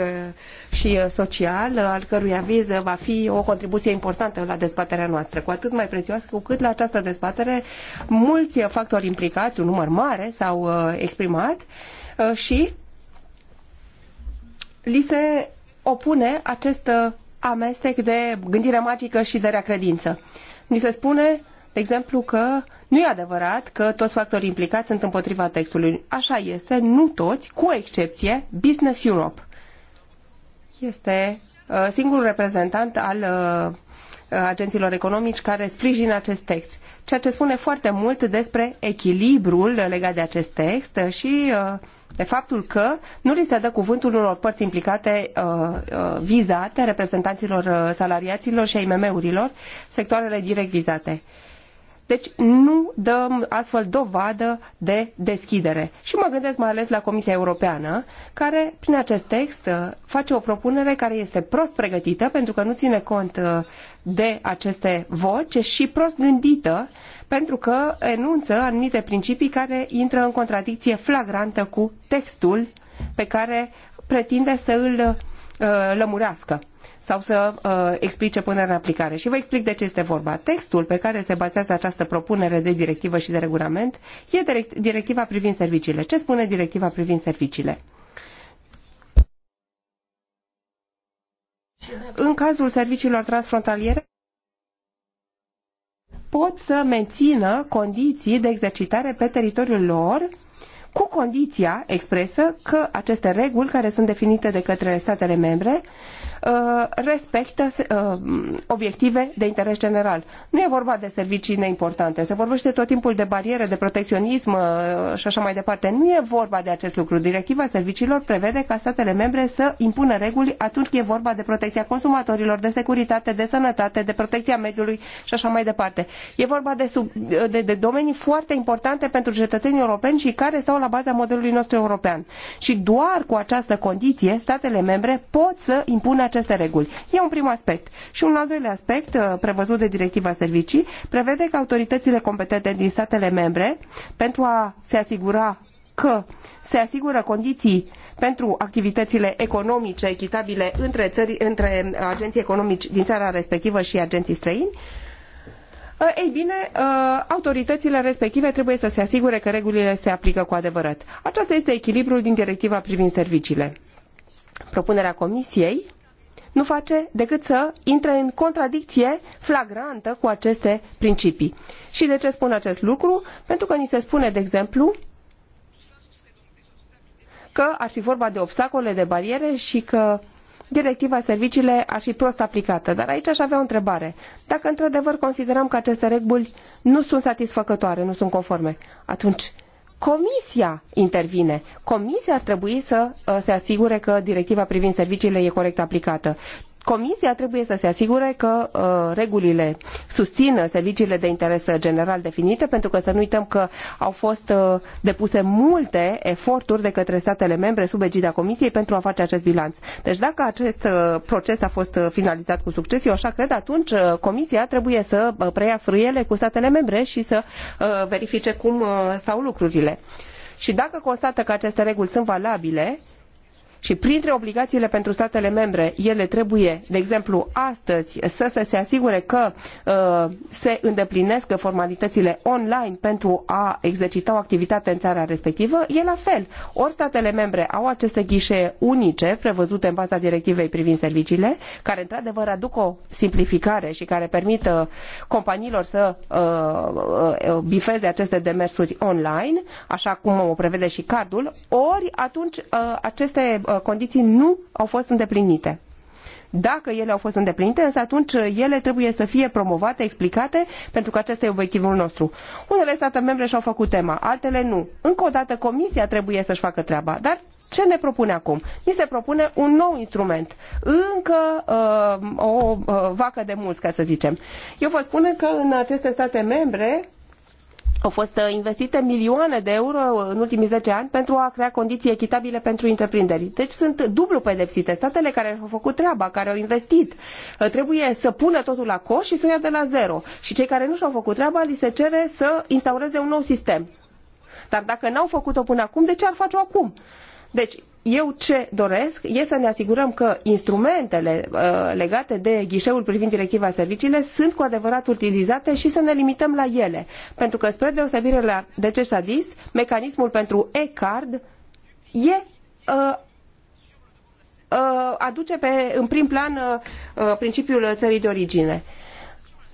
și Social, al cărui aviz va fi o contribuție importantă la dezbaterea noastră. Cu atât mai prețioasă cu cât la această dezbatere mulți factori implicați, un număr mare, s-au uh, exprimat uh, și li se opune acest uh, amestec de gândire magică și de rea credință. Ni se spune de exemplu, că nu e adevărat că toți factorii implicați sunt împotriva textului. Așa este, nu toți, cu excepție Business Europe. Este uh, singurul reprezentant al uh, uh, agenților economici care sprijină acest text. Ceea ce spune foarte mult despre echilibrul legat de acest text și uh, de faptul că nu li se dă cuvântul unor părți implicate uh, uh, vizate, reprezentanților salariaților și a IMM-urilor, sectoarele direct vizate. Uh, deci nu dăm astfel dovadă de deschidere. Și mă gândesc mai ales la Comisia Europeană, care prin acest text face o propunere care este prost pregătită pentru că nu ține cont uh, de aceste voci și prost gândită pentru că enunță anumite principii care intră în contradicție flagrantă cu textul pe care pretinde să îl uh, lămurească sau să uh, explice punerea în aplicare. Și vă explic de ce este vorba. Textul pe care se bazează această propunere de directivă și de regulament e direct, directiva privind serviciile. Ce spune directiva privind serviciile? În cazul serviciilor transfrontaliere, pot să mențină condiții de exercitare pe teritoriul lor cu condiția expresă că aceste reguli care sunt definite de către statele membre Uh, respectă uh, obiective de interes general. Nu e vorba de servicii neimportante. Se vorbește tot timpul de bariere, de protecționism uh, și așa mai departe. Nu e vorba de acest lucru. Directiva serviciilor prevede ca statele membre să impună reguli atunci când e vorba de protecția consumatorilor, de securitate, de sănătate, de protecția mediului și așa mai departe. E vorba de, sub, de, de domenii foarte importante pentru cetățenii europeni și care stau la baza modelului nostru european. Și doar cu această condiție, statele membre pot să impună aceste reguli. E un prim aspect. Și un al doilea aspect, uh, prevăzut de Directiva Servicii, prevede că autoritățile competente din statele membre, pentru a se asigura că se asigură condiții pentru activitățile economice echitabile între, țări, între agenții economici din țara respectivă și agenții străini, uh, ei bine, uh, autoritățile respective trebuie să se asigure că regulile se aplică cu adevărat. Aceasta este echilibrul din directiva privind serviciile. Propunerea Comisiei nu face decât să intre în contradicție flagrantă cu aceste principii. Și de ce spun acest lucru? Pentru că ni se spune, de exemplu, că ar fi vorba de obstacole, de bariere și că directiva serviciile ar fi prost aplicată. Dar aici aș avea o întrebare. Dacă într-adevăr considerăm că aceste reguli nu sunt satisfăcătoare, nu sunt conforme, atunci Comisia intervine. Comisia ar trebui să uh, se asigure că directiva privind serviciile e corect aplicată. Comisia trebuie să se asigure că uh, regulile susțin serviciile de interes general definite, pentru că să nu uităm că au fost uh, depuse multe eforturi de către statele membre sub egida Comisiei pentru a face acest bilanț. Deci dacă acest uh, proces a fost uh, finalizat cu succes, eu așa cred, atunci uh, Comisia trebuie să uh, preia frâiele cu statele membre și să verifice cum stau lucrurile. Și dacă constată că aceste reguli sunt valabile, uh, și printre obligațiile pentru statele membre, ele trebuie, de exemplu, astăzi să, să se asigure că uh, se îndeplinesc formalitățile online pentru a exercita o activitate în țara respectivă, e la fel. Ori statele membre au aceste ghișee unice prevăzute în baza directivei privind serviciile, care într-adevăr aduc o simplificare și care permit uh, companiilor să uh, uh, uh, bifeze aceste demersuri online, așa cum o prevede și cardul, ori atunci aceste Uh, condiții nu au fost îndeplinite. Dacă ele au fost îndeplinite, însă atunci uh, ele trebuie să fie promovate, explicate, pentru că acesta e obiectivul nostru. Unele state membre și-au făcut tema, altele nu. Încă o dată Comisia trebuie să-și facă treaba, dar ce ne propune acum? Ni se propune un nou instrument, încă uh, o uh, vacă de mulți, ca să zicem. Eu vă spun că în aceste state membre au fost uh, investite milioane de euro în ultimii zece ani pentru a crea condiții echitabile pentru întreprinderi. Deci sunt dublu pedepsite. Statele care au făcut treaba, care au investit, uh, trebuie să pună totul la coș și să ia de la zero. Și cei care nu și-au făcut treaba, li se cere să instaureze un nou sistem. Dar dacă n-au făcut-o până acum, de ce ar face-o acum? Deci, eu ce doresc e să ne asigurăm că instrumentele uh, legate de ghișeul privind directiva serviciile sunt cu adevărat utilizate și să ne limităm la ele. Pentru că, spre deosebire la, de ce s-a zis, mecanismul pentru e-card e uh, uh, aduce pe, în prim plan uh, uh, principiul țării de origine. Uh,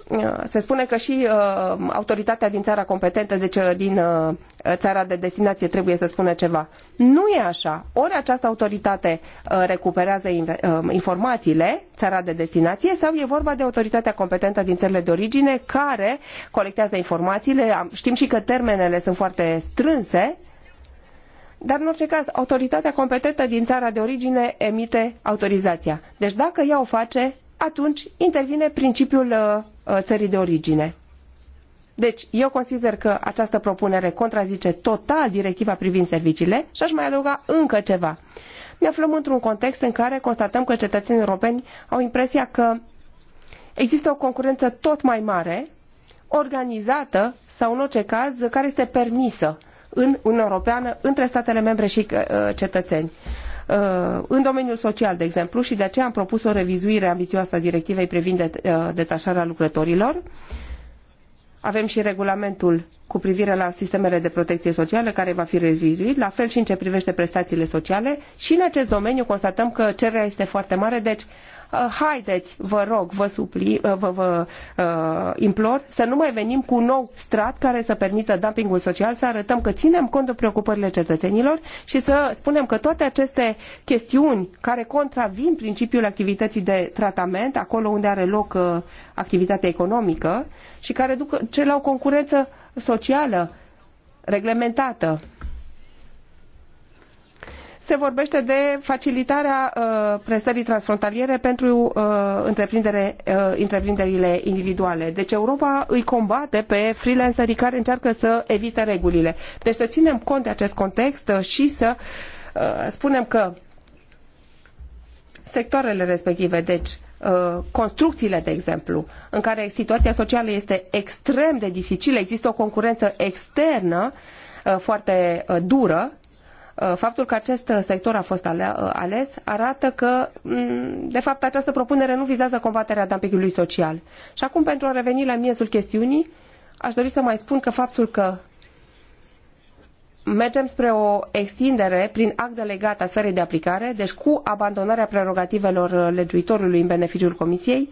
Uh, se spune că și uh, autoritatea din țara competentă, deci uh, din uh, țara de destinație, trebuie să spună ceva. Nu e așa. Ori această autoritate uh, recuperează in, uh, informațiile, țara de destinație, sau e vorba de autoritatea competentă din țările de origine care colectează informațiile. Știm și că termenele sunt foarte strânse, dar în orice caz, autoritatea competentă din țara de origine emite autorizația. Deci dacă ea o face, atunci intervine principiul uh, uh, țării de origine. Deci, eu consider că această propunere contrazice total directiva privind serviciile și aș mai adăuga încă ceva. Ne aflăm într-un context în care constatăm că cetățenii europeni au impresia că există o concurență tot mai mare, organizată sau în orice caz care este permisă în Uniunea Europeană între statele membre și uh, cetățeni. Uh, în domeniul social, de exemplu, și de aceea am propus o revizuire ambițioasă a directivei privind uh, detașarea lucrătorilor. Avem și regulamentul cu privire la sistemele de protecție socială care va fi revizuit, la fel și în ce privește prestațiile sociale și în acest domeniu constatăm că cererea este foarte mare, deci uh, haideți, vă rog, vă, supli, uh, vă, vă uh, implor să nu mai venim cu un nou strat care să permită dumpingul social, să arătăm că ținem cont de preocupările cetățenilor și să spunem că toate aceste chestiuni care contravin principiul activității de tratament, acolo unde are loc uh, activitatea economică și care duc ce la o concurență uh, socială reglementată. Se vorbește de facilitarea uh, prestării transfrontaliere pentru uh, întreprindere, uh, întreprinderile individuale. Deci Europa îi combate pe freelancerii care încearcă să evite regulile. Deci să ținem cont de acest context uh, și să uh, spunem că sectoarele respective, deci Uh, construcțiile, de exemplu, în care situația socială este extrem de dificilă, există o concurență externă uh, foarte uh, dură, faptul că acest sector a fost ales arată că, mm, de fapt, această propunere nu vizează combaterea dumpingului social. Și acum, pentru a reveni la miezul chestiunii, aș dori să mai spun că faptul că mergem spre o extindere prin act delegat a sferei de aplicare, deci cu abandonarea prerogativelor legiuitorului în beneficiul Comisiei,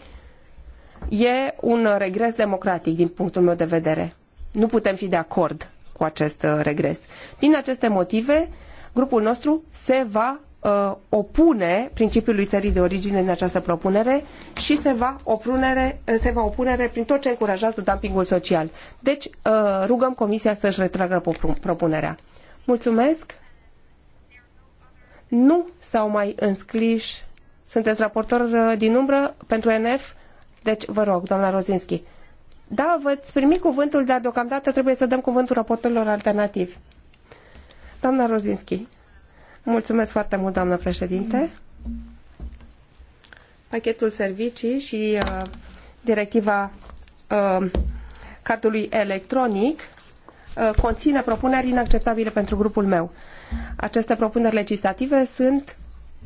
e un regres democratic din punctul meu de vedere. Nu putem fi de acord cu acest regres. Din aceste motive, grupul nostru se va Uh, opune principiului țării de origine în această propunere și se va, opunere, uh, se va opunere prin tot ce încurajează dumpingul social. Deci uh, rugăm Comisia să-și retragă propunerea. Mulțumesc! Nu s-au mai înscriși. Sunteți raportor din umbră pentru NF? Deci vă rog, doamna Rozinski. Da, veți primi cuvântul, dar deocamdată trebuie să dăm cuvântul raportorilor alternativi. Doamna Rozinski. Mulțumesc foarte mult, doamnă președinte. Pachetul servicii și uh, directiva uh, cardului electronic uh, conține propuneri inacceptabile pentru grupul meu. Aceste propuneri legislative sunt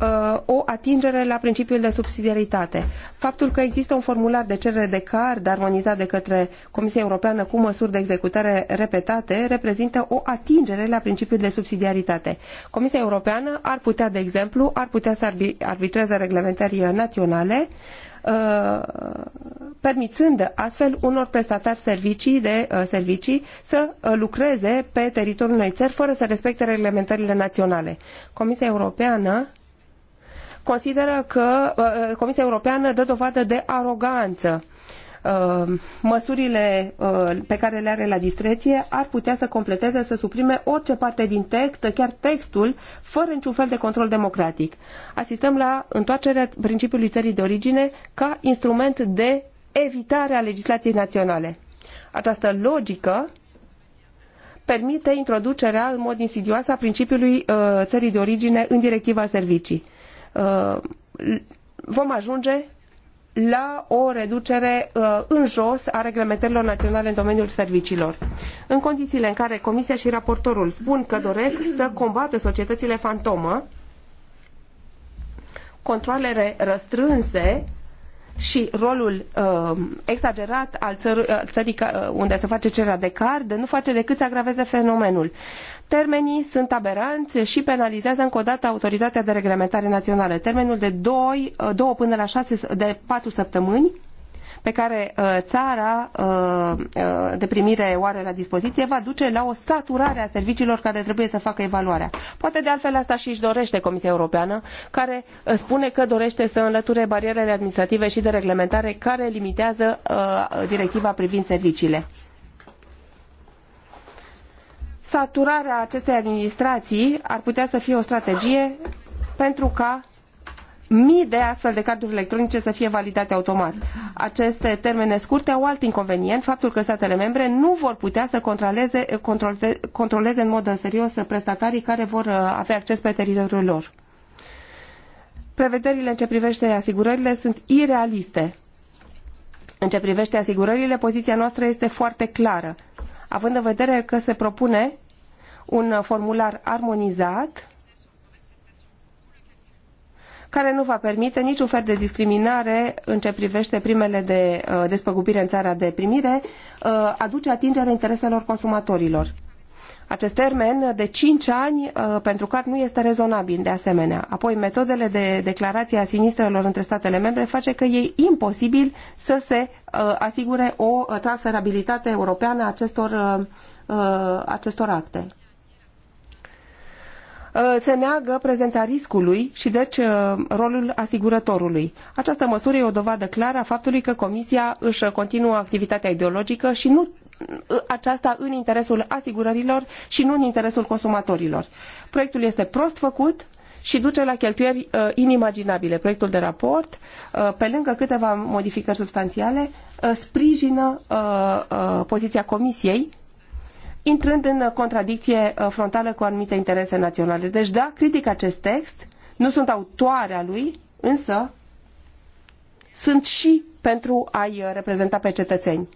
Uh, o atingere la principiul de subsidiaritate. Faptul că există un formular de cerere de card armonizat de către Comisia Europeană cu măsuri de executare repetate reprezintă o atingere la principiul de subsidiaritate. Comisia Europeană ar putea, de exemplu, ar putea să arbitreze reglementări naționale uh, permițând astfel unor prestatari servicii de uh, servicii să lucreze pe teritoriul unei țări fără să respecte reglementările naționale. Comisia Europeană consideră că uh, uh, Comisia Europeană dă dovadă de aroganță uh, măsurile pe care le are la discreție ar putea să completeze, să suprime orice parte din text, chiar textul, fără niciun fel de control democratic. Asistăm la întoarcerea principiului țării de origine ca instrument de evitare a legislației naționale. Această logică permite introducerea în mod insidios a principiului țării de origine în directiva servicii Uh, vom ajunge la o reducere uh, în jos a reglementărilor naționale în domeniul serviciilor. În condițiile în care Comisia și raportorul spun că doresc să combată societățile fantomă, controlele răstrânse și rolul uh, exagerat al țării uh, adică, unde se face cererea de card nu face decât să agraveze fenomenul. Termenii sunt aberanți și penalizează încă o dată autoritatea de reglementare națională. Termenul de 2, 2 uh, până la 6, de 4 săptămâni pe care uh, țara uh, de primire o are la dispoziție va duce la o saturare a serviciilor care trebuie să facă evaluarea. Poate de altfel asta și își dorește Comisia Europeană, care spune că dorește să înlăture barierele administrative și de reglementare care limitează directiva privind serviciile saturarea acestei administrații ar putea să fie o strategie pentru ca mii de astfel de carduri electronice să fie validate automat. Aceste termene scurte au alt inconvenient, faptul că statele membre nu vor putea să controleze, controleze, controleze în mod serios prestatarii care vor uh, avea acces pe teritoriul lor. Prevederile în ce privește asigurările sunt irealiste. În ce privește asigurările, poziția noastră este foarte clară având în vedere că se propune un formular armonizat care nu va permite niciun fel de discriminare în ce privește primele de uh, despăgubire în țara de primire, uh, aduce atingerea intereselor consumatorilor. Acest termen de cinci ani uh, pentru CAR nu este rezonabil de asemenea. Apoi, metodele de declarație a sinistrelor între statele membre face că e imposibil să se Uh, asigure o transferabilitate europeană a acestor, uh, uh, acestor acte. Se neagă prezența riscului și deci rolul asigurătorului. Această măsură e o dovadă clară a faptului că Comisia își continuă activitatea ideologică și nu aceasta în interesul asigurărilor și nu în interesul consumatorilor. Proiectul este prost făcut, și duce la cheltuieri uh, inimaginabile. Proiectul de raport, uh, pe lângă câteva modificări substanțiale, uh, sprijină uh, uh, poziția Comisiei intrând în contradicție uh, frontală cu anumite interese naționale. Deci, da, critic acest text, nu sunt autoarea lui, însă sunt și pentru a-i reprezenta pe cetățeni.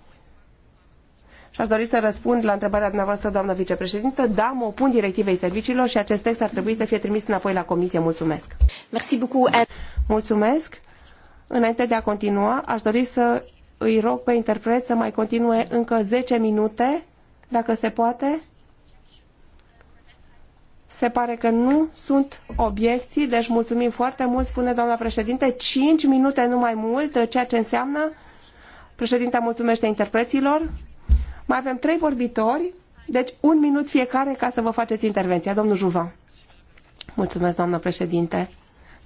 Și aș dori să răspund la întrebarea dumneavoastră, doamnă vicepreședintă. Da, mă opun directivei serviciilor și acest text ar trebui să fie trimis înapoi la comisie. Mulțumesc. Merci beaucoup. Mulțumesc. Înainte de a continua, aș dori să îi rog pe interpret să mai continue încă 10 minute, dacă se poate. Se pare că nu sunt obiecții, deci mulțumim foarte mult, spune doamna președinte. 5 minute, nu mai mult, ceea ce înseamnă... Președinta mulțumește interpreților. Mai avem trei vorbitori, deci un minut fiecare ca să vă faceți intervenția. Domnul Juva. Mulțumesc, doamnă președinte.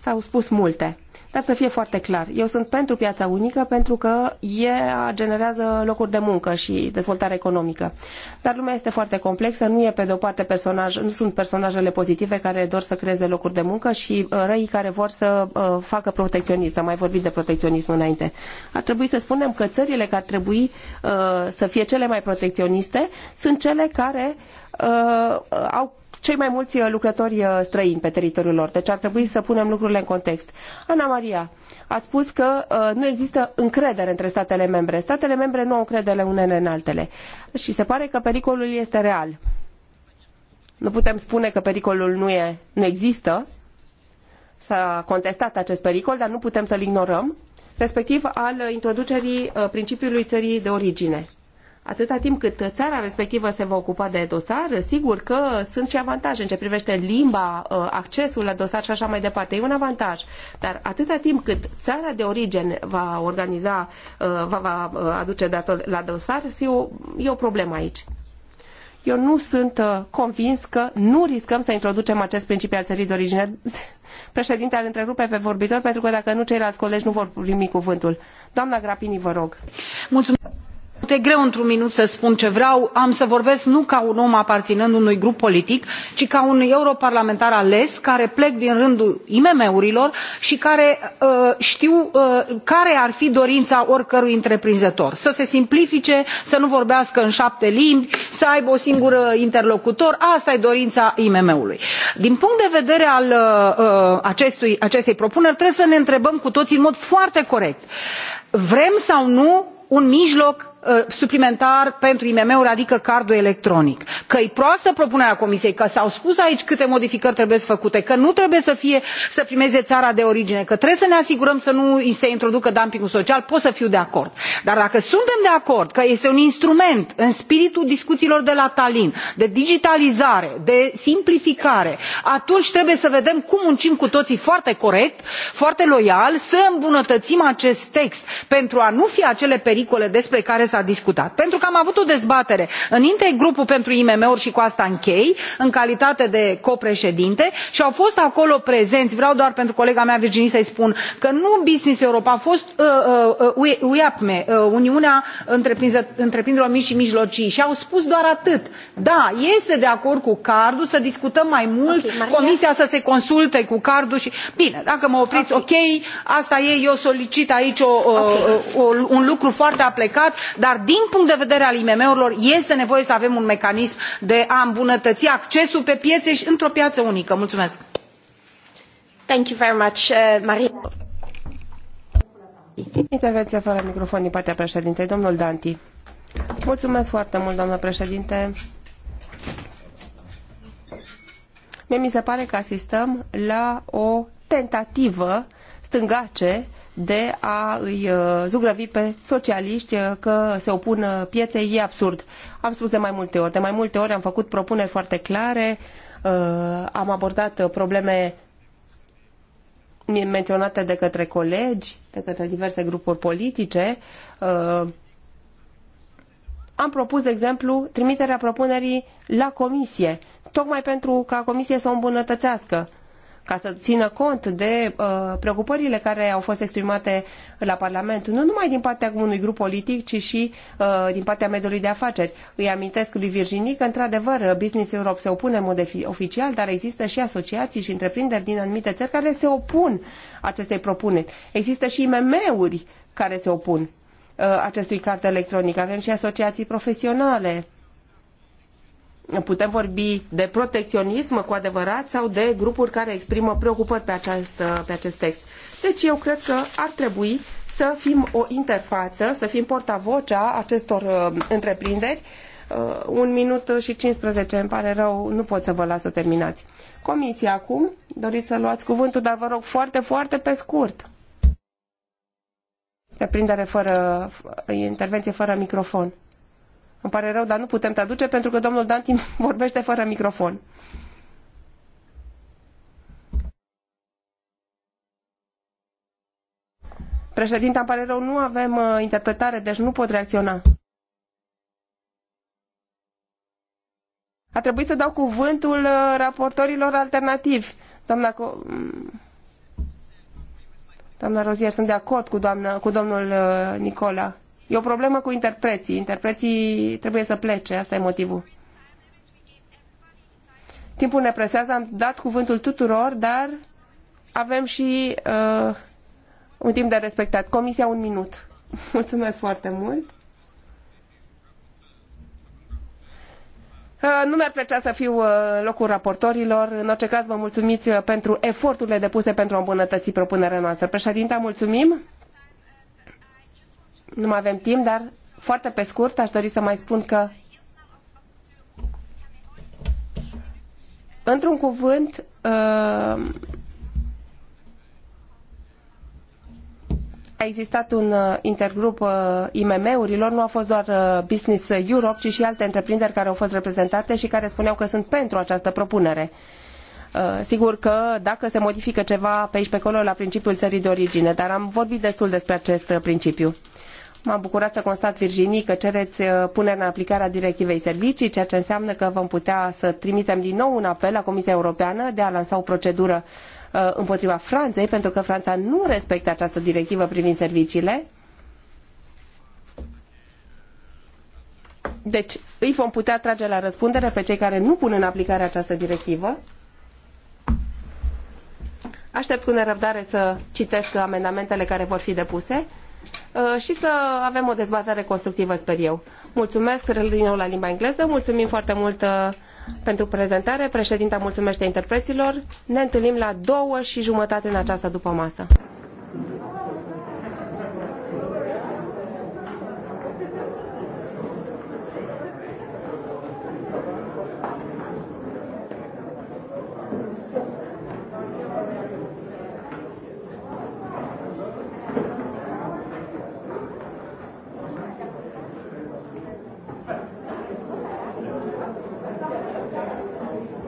S-au spus multe. Dar să fie foarte clar, eu sunt pentru piața unică pentru că ea generează locuri de muncă și dezvoltare economică. Dar lumea este foarte complexă, nu e pe de o parte personaj, nu sunt personajele pozitive care dor să creeze locuri de muncă și uh, răii care vor să uh, facă protecționism. Am mai vorbit de protecționism înainte. Ar trebui să spunem că țările care ar trebui uh, să fie cele mai protecționiste sunt cele care au cei mai mulți uh, lucrători uh, străini pe teritoriul lor. Deci ar trebui să punem lucrurile în context. Ana Maria, ați spus că uh, nu există încredere între statele membre. Statele membre nu au încredere unele în altele. Și se pare că pericolul este real. Nu putem spune că pericolul nu, e, nu există. S-a contestat acest pericol, dar nu putem să-l ignorăm respectiv al introducerii principiului țării de origine. Atâta timp cât țara respectivă se va ocupa de dosar, sigur că sunt și avantaje în ce privește limba, uh, accesul la dosar și așa mai departe. E un avantaj. Dar atâta timp cât țara de origine va organiza, uh, va, va uh, aduce datul la dosar, e o, e o problemă aici eu nu sunt convins că nu riscăm să introducem acest principiu al țării de origine. Președinte, ar întrerupe pe vorbitor pentru că dacă nu, ceilalți colegi nu vor primi cuvântul. Doamna Grapini, vă rog. Mulțumesc e greu într un minut să spun ce vreau am să vorbesc nu ca un om aparținând unui grup politic ci ca un europarlamentar ales care plec din rândul imm urilor și care uh, știu uh, care ar fi dorința oricărui întreprinzător să se simplifice să nu vorbească în șapte limbi să aibă o singur interlocutor asta e dorința imm ului. din punct de vedere al uh, acestui, acestei propuneri trebuie să ne întrebăm cu toții în mod foarte corect vrem sau nu un mijloc Uh, suplimentar pentru imm uri adică cardul electronic că e proastă propunerea comisiei că s au spus aici câte modificări trebuie făcute că nu trebuie să, fie, să primeze țara de origine că trebuie să ne asigurăm să nu se introducă dumpingul social pot să fiu de acord dar dacă suntem de acord că este un instrument în spiritul discuțiilor de la tallinn de digitalizare de simplificare atunci trebuie să vedem cum muncim cu toții foarte corect foarte loial să îmbunătățim acest text pentru a nu fi acele pericole despre care s a discutat pentru că am avut o dezbatere în intergrupul pentru imm uri și cu asta închei în calitate de copreședinte și au fost acolo prezenți vreau doar pentru colega mea virginie să i spun că nu business europe a fost uh, uh, ueapme uh, uh, uniunea întreprinderilor mici și mijlocii și au spus doar atât da este de acord cu cardul să discutăm mai mult okay, comisia să se consulte cu cardul și bine dacă mă opriți ok, okay asta e eu solicit aici o, okay. o, un lucru foarte aplecat dar dar din punct de vedere al imm urilor este nevoie să avem un mecanism de a îmbunătăți accesul pe piețe și într o piață unică. mulțumesc. Thank you very much, uh, Intervenție fără microfon din partea președintei. Domnul Danti. Mulțumesc foarte mult, doamnă președinte. Mie mi se pare că asistăm la o tentativă stângace de a îi uh, zugrăvi pe socialiști uh, că se opun uh, pieței e absurd. Am spus de mai multe ori. De mai multe ori am făcut propuneri foarte clare, am abordat probleme menționate de către colegi, de către diverse grupuri politice. Am propus, de exemplu, trimiterea propunerii la comisie, tocmai pentru ca comisie să o îmbunătățească ca să țină cont de uh, preocupările care au fost exprimate la Parlament, nu numai din partea unui grup politic, ci și uh, din partea mediului de afaceri. Îi amintesc lui Virginie că, într-adevăr, Business Europe se opune în mod oficial, dar există și asociații și întreprinderi din anumite țări care se opun acestei propuneri. Există și IMM-uri care se opun uh, acestui card electronic. Avem și asociații profesionale Putem vorbi de protecționism cu adevărat sau de grupuri care exprimă preocupări pe, această, pe acest text. Deci eu cred că ar trebui să fim o interfață, să fim portavocea acestor uh, întreprinderi. Uh, un minut și 15, îmi pare rău, nu pot să vă las să terminați. Comisia acum, doriți să luați cuvântul, dar vă rog foarte, foarte pe scurt. Reprindere fără, intervenție fără microfon. Îmi pare rău, dar nu putem traduce pentru că domnul Danti vorbește fără microfon. Președinte, îmi pare rău, nu avem uh, interpretare, deci nu pot reacționa. A trebuit să dau cuvântul uh, raportorilor alternativi. Doamna, Co doamna Rozier, sunt de acord cu, doamna, cu domnul uh, Nicola. E o problemă cu interpreții. Interpreții trebuie să plece, asta e motivul. Timpul ne presează, am dat cuvântul tuturor, dar avem și uh, un timp de respectat. Comisia un minut. Mulțumesc foarte mult. Uh, nu mi-ar plăcea să fiu uh, în locul raportorilor. În orice caz, vă mulțumiți uh, pentru eforturile depuse pentru a îmbunătăți propunerea noastră. Președinte, mulțumim nu mai avem timp, dar foarte pe scurt aș dori să mai spun că într-un cuvânt uh, a existat un uh, intergrup uh, IMM-urilor, nu a fost doar Business Europe, ci și alte întreprinderi care au fost reprezentate și care spuneau că sunt pentru această propunere. Sigur că dacă se modifică ceva pe aici pe acolo la principiul țării de origine, dar am vorbit destul despre acest principiu. M-am bucurat să constat, Virginie, că cereți uh, punerea în aplicare a directivei servicii, ceea ce înseamnă că vom putea să trimitem din nou un apel la Comisia Europeană de a lansa o procedură uh, împotriva Franței, pentru că Franța nu respectă această directivă privind serviciile. Deci îi vom putea trage la răspundere pe cei care nu pun în aplicare această directivă. Aștept cu nerăbdare să citesc amendamentele care vor fi depuse Uh, și să avem o dezbatere constructivă, sper eu. Mulțumesc din nou la limba engleză, mulțumim foarte mult uh, pentru prezentare, președinta mulțumește interpreților. Ne întâlnim la două și jumătate în această după masă.